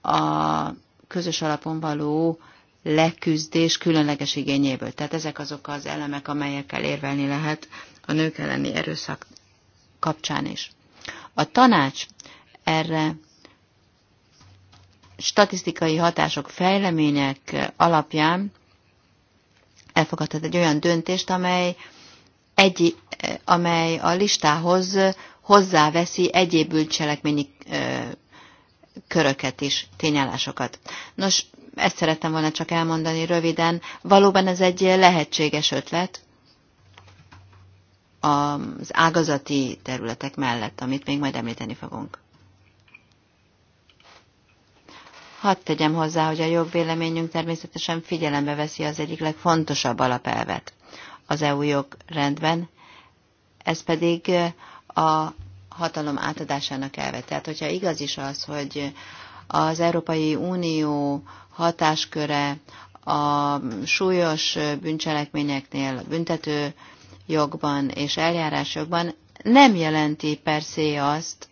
a közös alapon való leküzdés különleges igényéből. Tehát ezek azok az elemek, amelyekkel érvelni lehet a nők elleni erőszak kapcsán is. A tanács erre statisztikai hatások, fejlemények alapján elfogadhat egy olyan döntést, amely, egy, amely a listához hozzáveszi egyéb cselekményi köröket is, tényállásokat. Nos, ezt szerettem volna csak elmondani röviden. Valóban ez egy lehetséges ötlet, az ágazati területek mellett, amit még majd említeni fogunk. Hadd tegyem hozzá, hogy a jogvéleményünk természetesen figyelembe veszi az egyik legfontosabb alapelvet az EU jogrendben, ez pedig a hatalom átadásának elve. Tehát, hogyha igaz is az, hogy az Európai Unió hatásköre a súlyos bűncselekményeknél, büntető jogban és eljárásokban nem jelenti persze azt,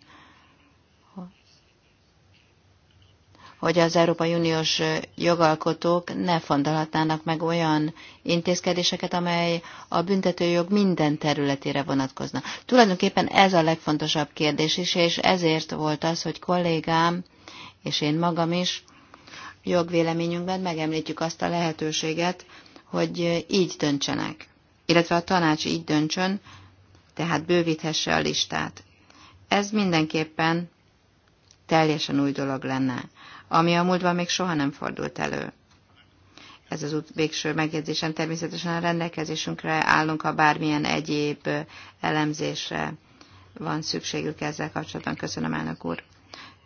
hogy az Európai Uniós jogalkotók ne fondalhatnának meg olyan intézkedéseket, amely a büntetőjog minden területére vonatkozna. Tulajdonképpen ez a legfontosabb kérdés is, és ezért volt az, hogy kollégám és én magam is jogvéleményünkben megemlítjük azt a lehetőséget, hogy így döntsenek illetve a tanács így döntsön, tehát bővíthesse a listát. Ez mindenképpen teljesen új dolog lenne, ami a múltban még soha nem fordult elő. Ez az út végső megjegyzésem természetesen a rendelkezésünkre állunk, ha bármilyen egyéb elemzésre van szükségük ezzel kapcsolatban. Köszönöm, elnök úr.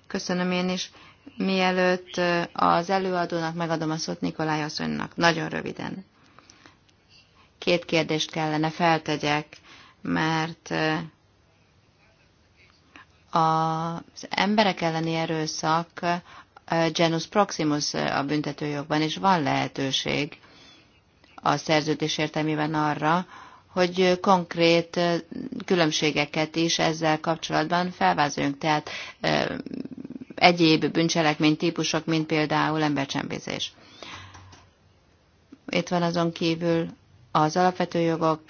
Köszönöm én is. Mielőtt az előadónak megadom a szót Nikolaj asszonynak, nagyon röviden két kérdést kellene feltegyek, mert az emberek elleni erőszak genus proximus a büntetőjogban, és van lehetőség a szerződés értelmében arra, hogy konkrét különbségeket is ezzel kapcsolatban felvázoljunk. Tehát egyéb bűncselekmény típusok, mint például embercsempészés. Itt van azon kívül az alapvető jogok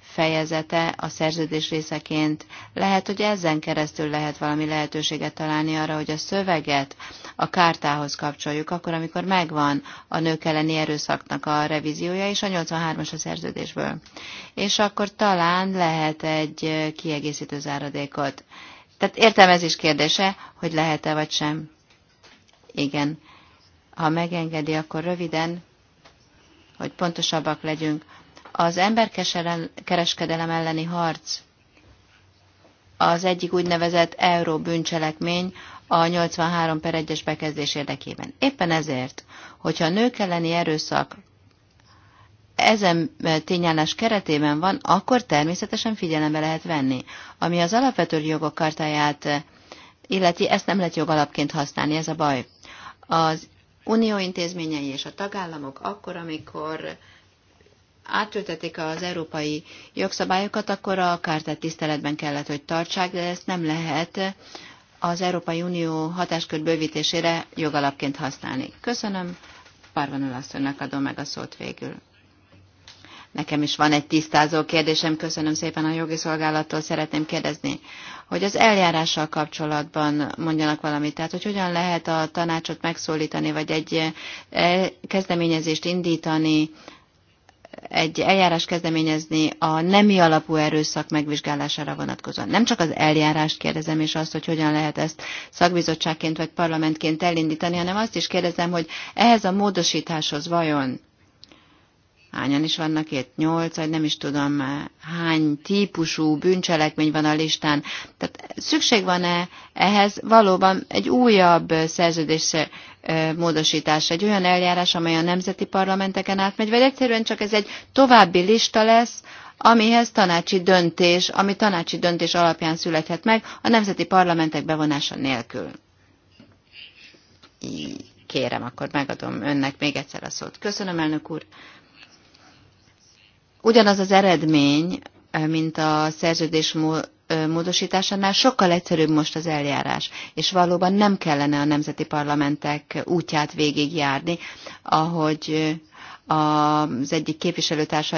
fejezete a szerződés részeként. Lehet, hogy ezen keresztül lehet valami lehetőséget találni arra, hogy a szöveget a kártához kapcsoljuk, akkor, amikor megvan a nők elleni erőszaknak a revíziója, és a 83-as a szerződésből. És akkor talán lehet egy kiegészítő záradékot. Tehát értelmezés kérdése, hogy lehet-e vagy sem. Igen. Ha megengedi, akkor röviden hogy pontosabbak legyünk. Az emberkereskedelem elleni harc az egyik úgynevezett euró bűncselekmény a 83 per 1-es bekezdés érdekében. Éppen ezért, hogyha a nők elleni erőszak ezen tényállás keretében van, akkor természetesen figyelembe lehet venni. Ami az alapvető jogok kartáját illeti, ezt nem lehet jogalapként használni, ez a baj. Az unió intézményei és a tagállamok akkor, amikor átültetik az európai jogszabályokat, akkor a kártát tiszteletben kellett, hogy tartsák, de ezt nem lehet az Európai Unió hatáskör bővítésére jogalapként használni. Köszönöm, Parvanul asszonynak adom meg a szót végül. Nekem is van egy tisztázó kérdésem, köszönöm szépen a jogi szolgálattól, szeretném kérdezni hogy az eljárással kapcsolatban mondjanak valamit. Tehát, hogy hogyan lehet a tanácsot megszólítani, vagy egy e, kezdeményezést indítani, egy eljárás kezdeményezni a nemi alapú erőszak megvizsgálására vonatkozóan. Nem csak az eljárást kérdezem, és azt, hogy hogyan lehet ezt szakbizottságként vagy parlamentként elindítani, hanem azt is kérdezem, hogy ehhez a módosításhoz vajon hányan is vannak itt, nyolc, vagy nem is tudom hány típusú bűncselekmény van a listán. Tehát szükség van-e ehhez valóban egy újabb szerződés módosítás, egy olyan eljárás, amely a nemzeti parlamenteken átmegy, vagy egyszerűen csak ez egy további lista lesz, amihez tanácsi döntés, ami tanácsi döntés alapján születhet meg a nemzeti parlamentek bevonása nélkül. Kérem, akkor megadom önnek még egyszer a szót. Köszönöm, elnök úr ugyanaz az eredmény, mint a szerződés módosításánál, sokkal egyszerűbb most az eljárás, és valóban nem kellene a nemzeti parlamentek útját végigjárni, ahogy az egyik képviselőtársa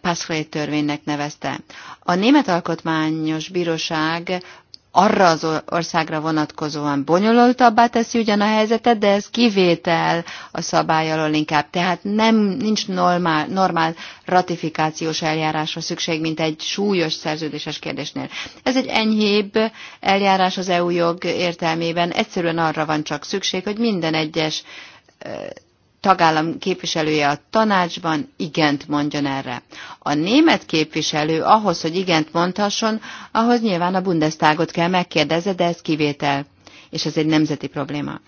Pascal törvénynek nevezte. A Német Alkotmányos Bíróság arra az országra vonatkozóan bonyolultabbá teszi ugyan a helyzetet, de ez kivétel a szabály alól inkább. Tehát nem, nincs normál, normál ratifikációs eljárásra szükség, mint egy súlyos szerződéses kérdésnél. Ez egy enyhébb eljárás az EU jog értelmében. Egyszerűen arra van csak szükség, hogy minden egyes tagállam képviselője a tanácsban igent mondjon erre. A német képviselő ahhoz, hogy igent mondhasson, ahhoz nyilván a Bundestagot kell megkérdezze, de ez kivétel, és ez egy nemzeti probléma.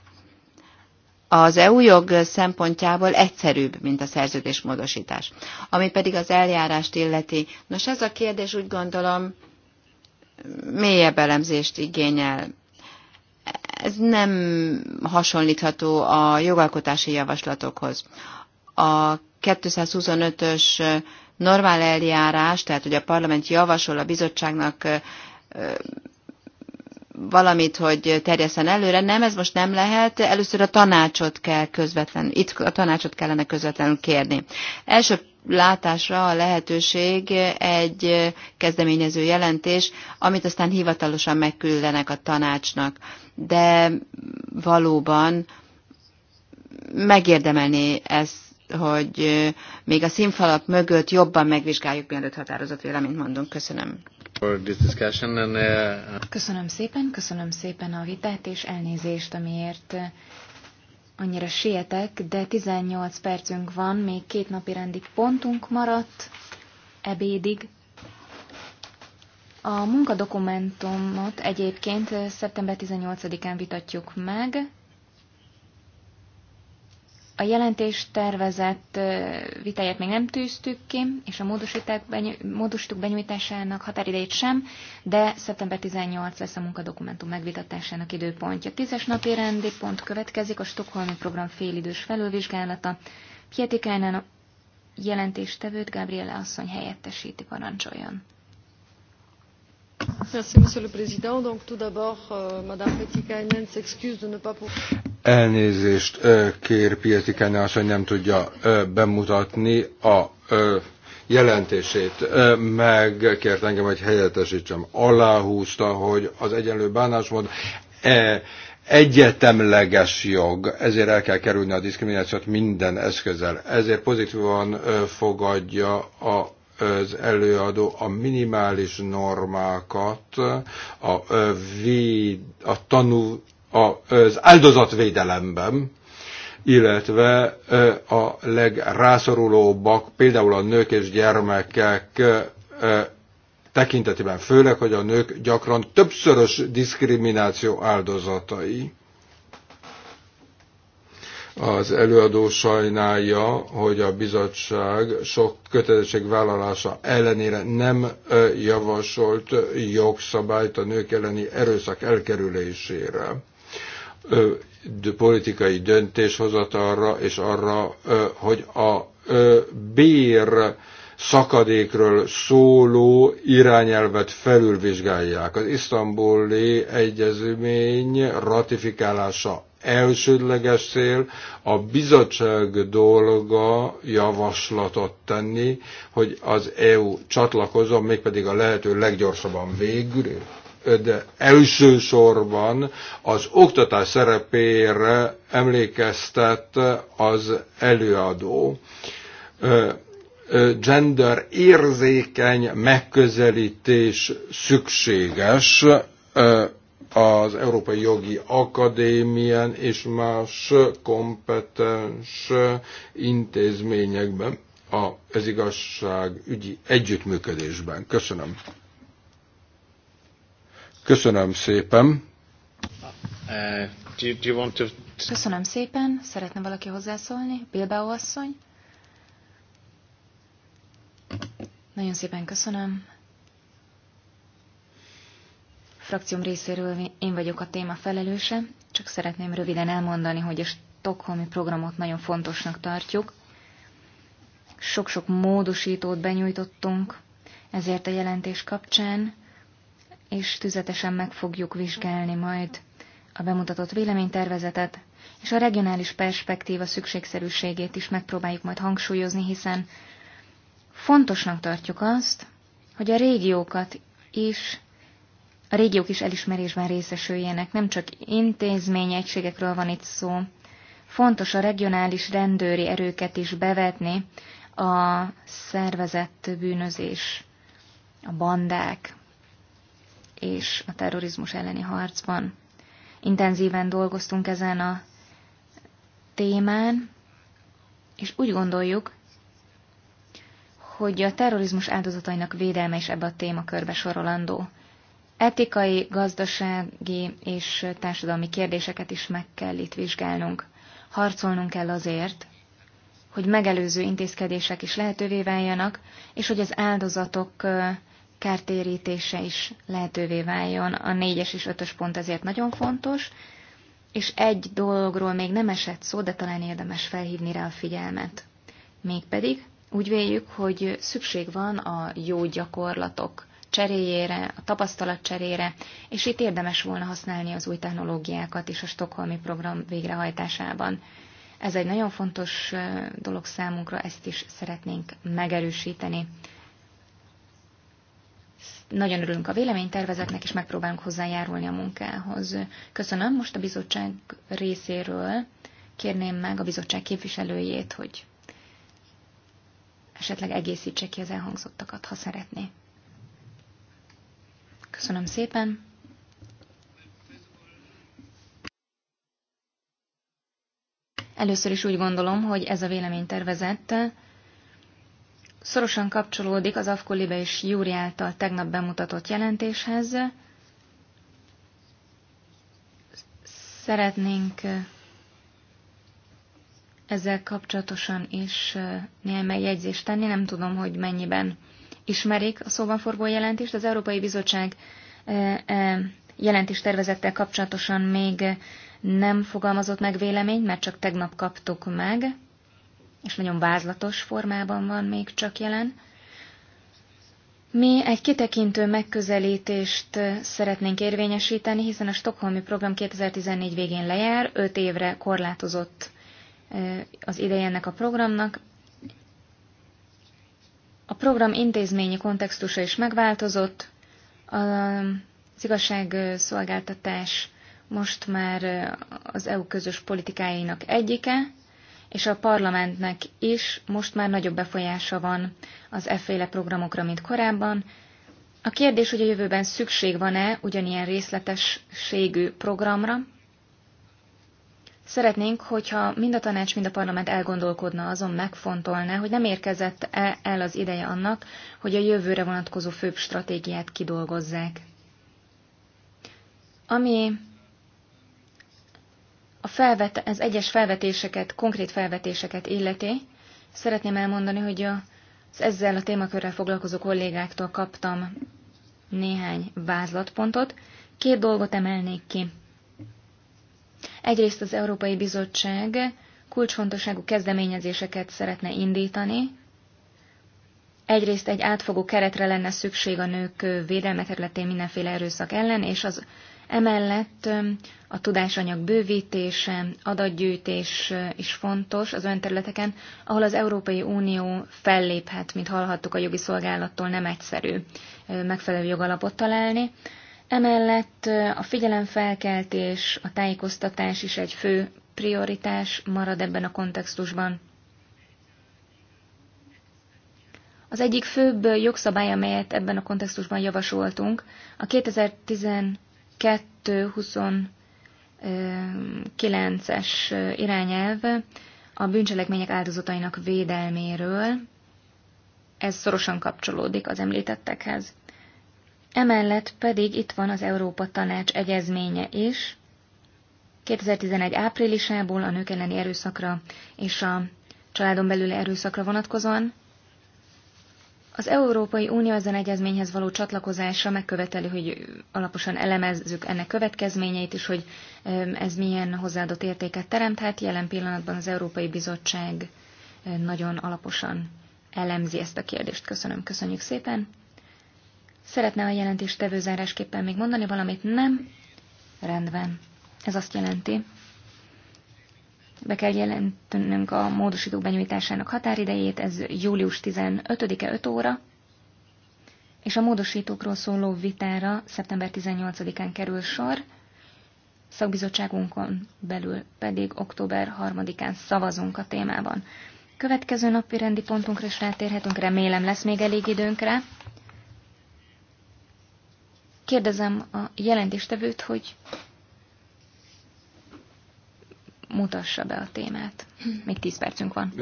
Az EU jog szempontjából egyszerűbb, mint a szerződés Ami pedig az eljárást illeti, nos ez a kérdés úgy gondolom mélyebb elemzést igényel ez nem hasonlítható a jogalkotási javaslatokhoz. A 225-ös normál eljárás, tehát hogy a parlament javasol a bizottságnak valamit, hogy terjeszen előre. Nem, ez most nem lehet. Először a tanácsot kell közvetlen, itt a tanácsot kellene közvetlenül kérni. Első látásra a lehetőség egy kezdeményező jelentés, amit aztán hivatalosan megküldenek a tanácsnak. De valóban megérdemelni ez, hogy még a színfalak mögött jobban megvizsgáljuk, mielőtt határozott véleményt mondunk. Köszönöm. Uh, köszönöm szépen, köszönöm szépen a vitát, és elnézést, amiért annyira sietek, de 18 percünk van, még két napi rendi pontunk maradt ebédig. A munkadokumentumot egyébként szeptember 18-án vitatjuk meg, a jelentés tervezett vitáját még nem tűztük ki, és a módosítók benyújtásának határidejét sem, de szeptember 18 lesz a munkadokumentum megvitatásának időpontja. Tízes napi rendi pont következik, a Stockholmi Program félidős felülvizsgálata. Pietikánán a jelentéstevőt Gabriele asszony helyettesíti parancsoljon. Merci, Monsieur le Président. Donc, tout d'abord, euh, Madame Petikainen s'excuse de ne pas pouvoir. Elnézést kér Kenne, azt, hogy nem tudja bemutatni a jelentését. Megkért engem, hogy helyettesítsem. Aláhúzta, hogy az egyenlő bánásmód e, egyetemleges jog, ezért el kell kerülni a diszkriminációt minden eszközzel. Ezért pozitívan fogadja a az előadó a minimális normákat, a, a, a tanú az áldozatvédelemben, illetve a legrászorulóbbak, például a nők és gyermekek tekintetében, főleg, hogy a nők gyakran többszörös diszkrimináció áldozatai. Az előadó sajnálja, hogy a bizottság sok kötelezettségvállalása ellenére nem javasolt jogszabályt a nők elleni erőszak elkerülésére politikai döntéshozatalra és arra, hogy a bér szakadékről szóló irányelvet felülvizsgálják. Az isztambuli egyezmény ratifikálása elsődleges cél, a bizottság dolga javaslatot tenni, hogy az EU csatlakozom, mégpedig a lehető leggyorsabban végül de elsősorban az oktatás szerepére emlékeztet az előadó. Gender érzékeny megközelítés szükséges az Európai Jogi Akadémián és más kompetens intézményekben a, az igazságügyi együttműködésben. Köszönöm. Köszönöm szépen. Uh, köszönöm szépen. Szeretne valaki hozzászólni? Bilbao asszony? Nagyon szépen köszönöm. Frakcióm részéről én vagyok a téma felelőse, csak szeretném röviden elmondani, hogy a stokholmi programot nagyon fontosnak tartjuk. Sok-sok módosítót benyújtottunk, ezért a jelentés kapcsán és tüzetesen meg fogjuk vizsgálni majd a bemutatott véleménytervezetet, és a regionális perspektíva szükségszerűségét is megpróbáljuk majd hangsúlyozni, hiszen fontosnak tartjuk azt, hogy a régiókat is, a régiók is elismerésben részesüljenek, nem csak intézményegységekről van itt szó. Fontos a regionális rendőri erőket is bevetni a szervezett bűnözés, a bandák és a terrorizmus elleni harcban. Intenzíven dolgoztunk ezen a témán, és úgy gondoljuk, hogy a terrorizmus áldozatainak védelme is ebbe a témakörbe sorolandó. Etikai, gazdasági és társadalmi kérdéseket is meg kell itt vizsgálnunk. Harcolnunk kell azért, hogy megelőző intézkedések is lehetővé váljanak, és hogy az áldozatok kártérítése is lehetővé váljon. A négyes és ötös pont ezért nagyon fontos, és egy dologról még nem esett szó, de talán érdemes felhívni rá a figyelmet. Mégpedig úgy véljük, hogy szükség van a jó gyakorlatok cseréjére, a tapasztalat cserére, és itt érdemes volna használni az új technológiákat is a Stockholmi program végrehajtásában. Ez egy nagyon fontos dolog számunkra, ezt is szeretnénk megerősíteni. Nagyon örülünk a véleménytervezetnek, és megpróbálunk hozzájárulni a munkához. Köszönöm. Most a bizottság részéről kérném meg a bizottság képviselőjét, hogy esetleg egészítse ki az elhangzottakat, ha szeretné. Köszönöm szépen. Először is úgy gondolom, hogy ez a véleménytervezet szorosan kapcsolódik az Afkolibe és Júri által tegnap bemutatott jelentéshez. Szeretnénk ezzel kapcsolatosan is néhány megjegyzést tenni. Nem tudom, hogy mennyiben ismerik a szóban forgó jelentést. Az Európai Bizottság jelentés tervezettel kapcsolatosan még nem fogalmazott meg véleményt, mert csak tegnap kaptuk meg és nagyon vázlatos formában van még csak jelen. Mi egy kitekintő megközelítést eh, szeretnénk érvényesíteni, hiszen a Stockholmi Program 2014 végén lejár, 5 évre korlátozott eh, az ideje ennek a programnak. A program intézményi kontextusa is megváltozott, az igazságszolgáltatás most már eh, az EU közös politikáinak egyike, és a parlamentnek is most már nagyobb befolyása van az efféle programokra, mint korábban. A kérdés, hogy a jövőben szükség van-e ugyanilyen részletességű programra. Szeretnénk, hogyha mind a tanács, mind a parlament elgondolkodna azon, megfontolná, hogy nem érkezett-e el az ideje annak, hogy a jövőre vonatkozó főbb stratégiát kidolgozzák. Ami a felvet, az egyes felvetéseket, konkrét felvetéseket illeti, szeretném elmondani, hogy a, az ezzel a témakörrel foglalkozó kollégáktól kaptam néhány vázlatpontot. Két dolgot emelnék ki. Egyrészt az Európai Bizottság kulcsfontosságú kezdeményezéseket szeretne indítani. Egyrészt egy átfogó keretre lenne szükség a nők védelme területén mindenféle erőszak ellen, és az Emellett a tudásanyag bővítése, adatgyűjtés is fontos az önterületeken, ahol az Európai Unió felléphet, mint hallhattuk a jogi szolgálattól, nem egyszerű megfelelő jogalapot találni. Emellett a figyelemfelkeltés, a tájékoztatás is egy fő prioritás marad ebben a kontextusban. Az egyik főbb jogszabály, amelyet ebben a kontextusban javasoltunk, a 2010 2.29-es irányelv a bűncselekmények áldozatainak védelméről, ez szorosan kapcsolódik az említettekhez. Emellett pedig itt van az Európa Tanács egyezménye is, 2011 áprilisából a nők elleni erőszakra és a családon belüli erőszakra vonatkozóan, az Európai Unió ezen egyezményhez való csatlakozása megköveteli, hogy alaposan elemezzük ennek következményeit is, hogy ez milyen hozzáadott értéket teremthet. Jelen pillanatban az Európai Bizottság nagyon alaposan elemzi ezt a kérdést. Köszönöm, köszönjük szépen. Szeretne a jelentést tevőzárásképpen még mondani valamit? Nem? Rendben. Ez azt jelenti, be kell jelentenünk a módosító benyújtásának határidejét, ez július 15-e 5 óra, és a módosítókról szóló vitára szeptember 18-án kerül sor, szakbizottságunkon belül pedig október 3-án szavazunk a témában. Következő napi rendi pontunkra is rátérhetünk, remélem lesz még elég időnkre. Kérdezem a jelentéstevőt, hogy mutassa be a témát. Még 10 percünk van.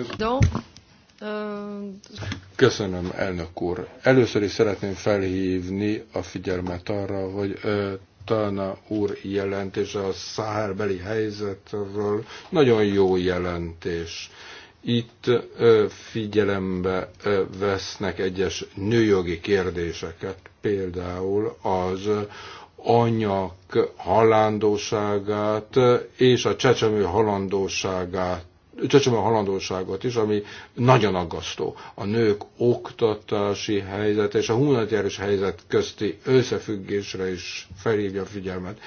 Köszönöm, elnök úr. Először is szeretném felhívni a figyelmet arra, hogy ö, Tana úr jelentése a száhárbeli helyzetről nagyon jó jelentés. Itt ö, figyelembe ö, vesznek egyes nőjogi kérdéseket, például az anyag halandóságát és a csecsemő halandóságát csecsemő halandóságot is, ami nagyon aggasztó. A nők oktatási helyzet és a humanitárius helyzet közti összefüggésre is felhívja a figyelmet.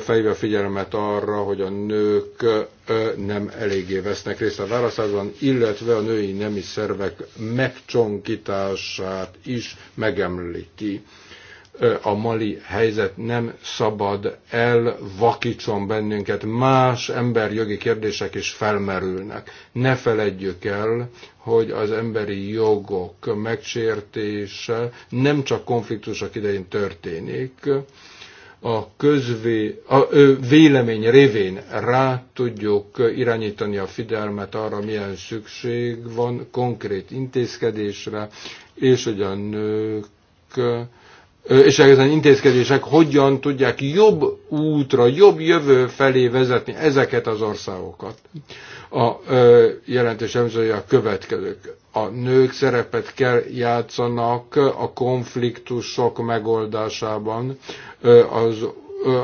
Felhívja a figyelmet arra, hogy a nők nem eléggé vesznek részt a választásban, illetve a női nemi szervek megcsonkítását is megemlíti a mali helyzet nem szabad elvakítson bennünket, más emberjogi kérdések is felmerülnek. Ne feledjük el, hogy az emberi jogok megsértése nem csak konfliktusok idején történik, a közvé, a vélemény révén rá tudjuk irányítani a figyelmet arra, milyen szükség van konkrét intézkedésre, és hogy a nők és ezen intézkedések hogyan tudják jobb útra, jobb jövő felé vezetni ezeket az országokat. A ö, jelentés emzője a következők. A nők szerepet kell játszanak a konfliktusok megoldásában, az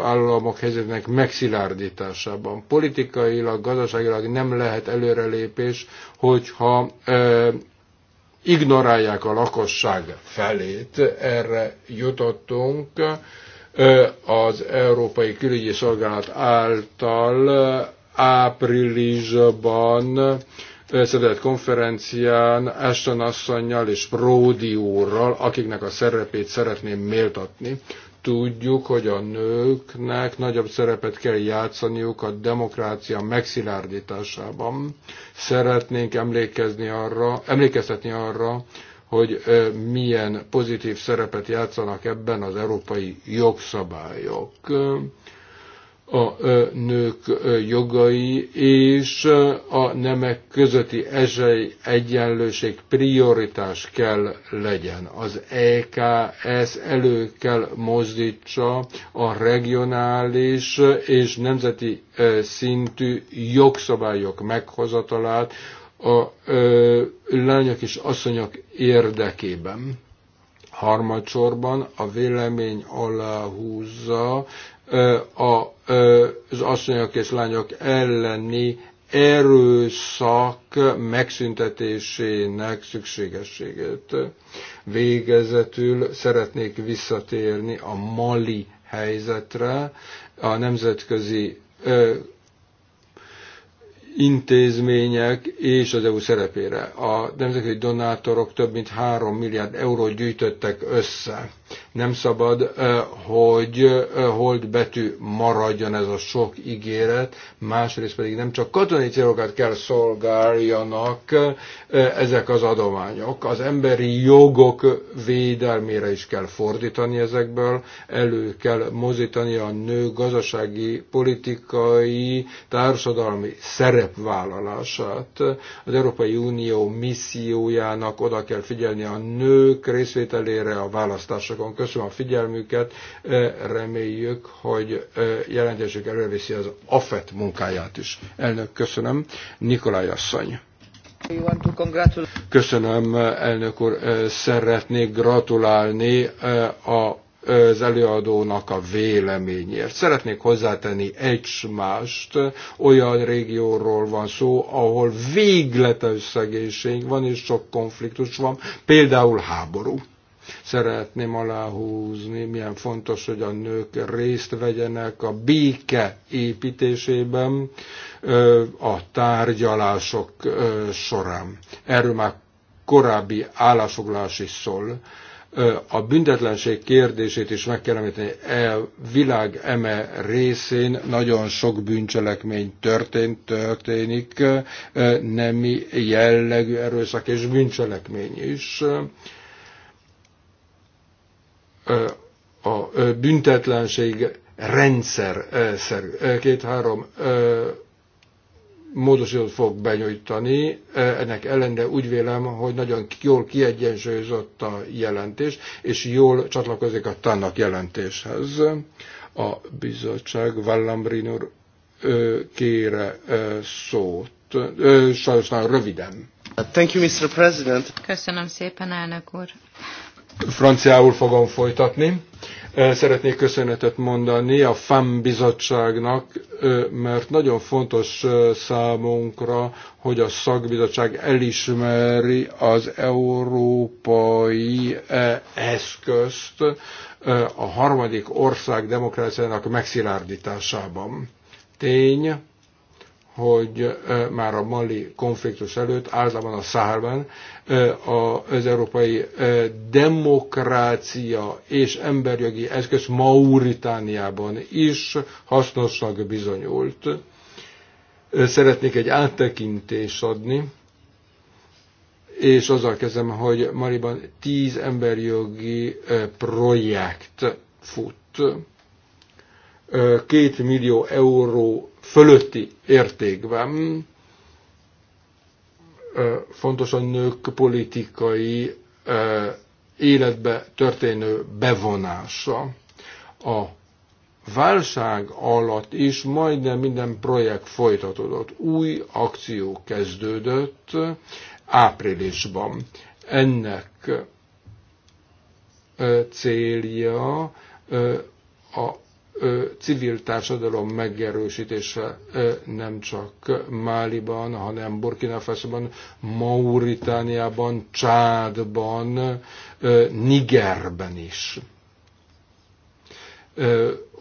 államok helyzetének megszilárdításában. Politikailag, gazdaságilag nem lehet előrelépés, hogyha ignorálják a lakosság felét. Erre jutottunk az Európai Külügyi Szolgálat által áprilisban szedett konferencián Ashton asszonynal és Pródi úrral, akiknek a szerepét szeretném méltatni, tudjuk, hogy a nőknek nagyobb szerepet kell játszaniuk a demokrácia megszilárdításában. Szeretnénk emlékezni arra, emlékeztetni arra, hogy milyen pozitív szerepet játszanak ebben az európai jogszabályok a nők jogai és a nemek közötti esély egyenlőség prioritás kell legyen. Az EKS elő kell mozdítsa a regionális és nemzeti szintű jogszabályok meghozatalát a lányok és asszonyok érdekében harmadsorban a vélemény aláhúzza az asszonyok és lányok elleni erőszak megszüntetésének szükségességét. Végezetül szeretnék visszatérni a mali helyzetre, a nemzetközi intézmények és az EU szerepére. A nemzetközi donátorok több mint 3 milliárd eurót gyűjtöttek össze nem szabad, hogy hold betű maradjon ez a sok ígéret, másrészt pedig nem csak katonai célokat kell szolgáljanak ezek az adományok. Az emberi jogok védelmére is kell fordítani ezekből, elő kell mozítani a nő gazdasági, politikai, társadalmi szerepvállalását. Az Európai Unió missziójának oda kell figyelni a nők részvételére a választások tárgyalásokon. Köszönöm a figyelmüket, reméljük, hogy jelentésük előveszi az AFET munkáját is. Elnök, köszönöm. Nikolaj asszony. Köszönöm, elnök úr. Szeretnék gratulálni a az előadónak a véleményért. Szeretnék hozzátenni egymást, olyan régióról van szó, ahol végletes szegénység van és sok konfliktus van, például háború. Szeretném aláhúzni, milyen fontos, hogy a nők részt vegyenek a béke építésében a tárgyalások során. Erről már korábbi állásfoglalás is szól a büntetlenség kérdését is meg kell említeni. E világ eme részén nagyon sok bűncselekmény történt, történik, nemi jellegű erőszak és bűncselekmény is a büntetlenség rendszer szerű. Két-három módosítót fog benyújtani. Ennek ellenére úgy vélem, hogy nagyon jól kiegyensúlyozott a jelentés, és jól csatlakozik a tannak jelentéshez. A bizottság Vallambrin úr kére szót. Sajnos nagyon röviden. Thank you, Mr. President. Köszönöm szépen, elnök úr franciául fogom folytatni. Szeretnék köszönetet mondani a FAM bizottságnak, mert nagyon fontos számunkra, hogy a szakbizottság elismeri az európai eszközt a harmadik ország demokráciának megszilárdításában. Tény, hogy már a Mali konfliktus előtt, általában a Szárban az európai demokrácia és emberjogi eszköz Mauritániában is hasznosnak bizonyult. Szeretnék egy áttekintést adni, és azzal kezdem, hogy Mariban tíz emberjogi projekt fut. Két millió euró fölötti értékben. Fontos a nők politikai életbe történő bevonása. A válság alatt is majdnem minden projekt folytatódott. Új akció kezdődött áprilisban. Ennek célja a civil társadalom megerősítése nem csak Máliban, hanem Burkina Fasoban, Mauritániában, Csádban, Nigerben is.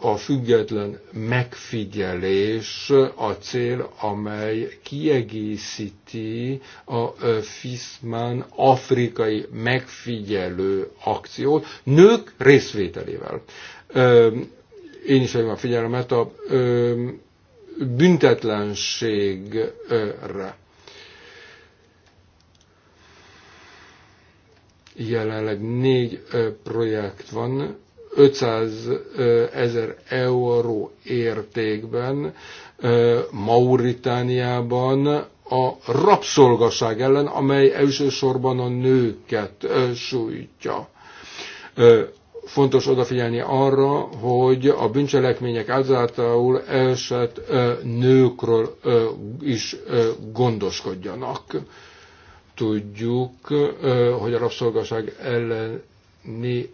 A független megfigyelés a cél, amely kiegészíti a FISMAN afrikai megfigyelő akciót nők részvételével én is a figyelmet a ö, büntetlenségre. Jelenleg négy projekt van, 500 ezer euró értékben Mauritániában a rabszolgaság ellen, amely elsősorban a nőket sújtja fontos odafigyelni arra, hogy a bűncselekmények áldozatául esett nőkről is gondoskodjanak. Tudjuk, hogy a rabszolgaság elleni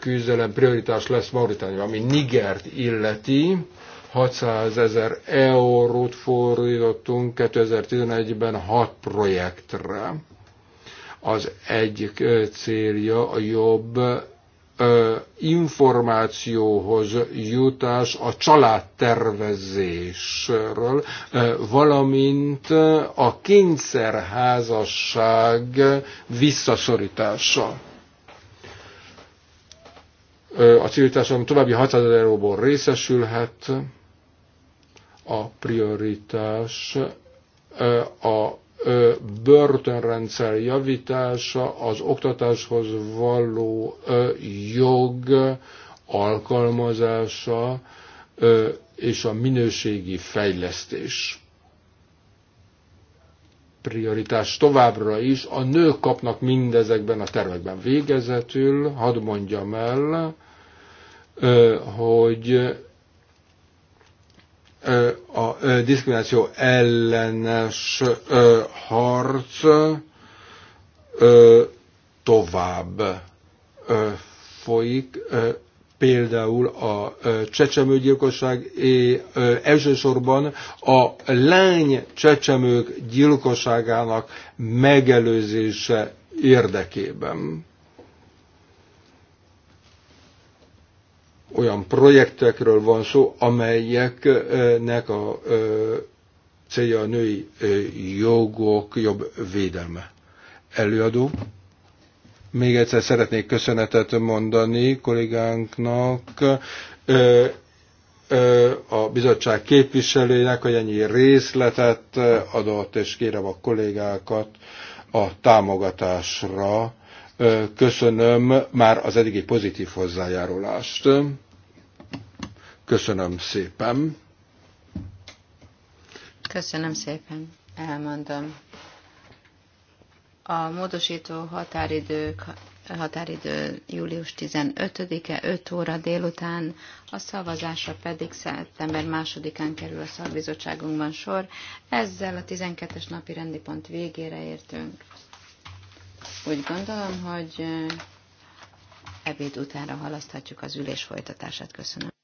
küzdelem prioritás lesz Mauritánia, ami Nigert illeti. 600 ezer eurót fordítottunk 2011-ben 6 projektre. Az egyik célja a jobb információhoz jutás a családtervezésről, valamint a kényszerházasság visszaszorítása. A civil társadalom további 600 euróból részesülhet, a prioritás a börtönrendszer javítása, az oktatáshoz való jog alkalmazása és a minőségi fejlesztés. Prioritás továbbra is, a nők kapnak mindezekben a tervekben. Végezetül, hadd mondjam el, hogy a diszkrimináció ellenes harc tovább folyik, például a csecsemőgyilkosság, és elsősorban a lány csecsemők gyilkosságának megelőzése érdekében. olyan projektekről van szó, amelyeknek a célja a női jogok jobb védelme. Előadó. Még egyszer szeretnék köszönetet mondani kollégánknak, a bizottság képviselőjének, hogy ennyi részletet adott, és kérem a kollégákat a támogatásra. Köszönöm már az eddigi pozitív hozzájárulást. Köszönöm szépen. Köszönöm szépen, elmondom. A módosító határidők, határidő július 15-e 5 óra délután, a szavazásra pedig szeptember 2-án kerül a szakbizottságunkban sor. Ezzel a 12-es napi rendi pont végére értünk. Úgy gondolom, hogy eh, ebéd utánra halaszthatjuk az ülés folytatását. Köszönöm.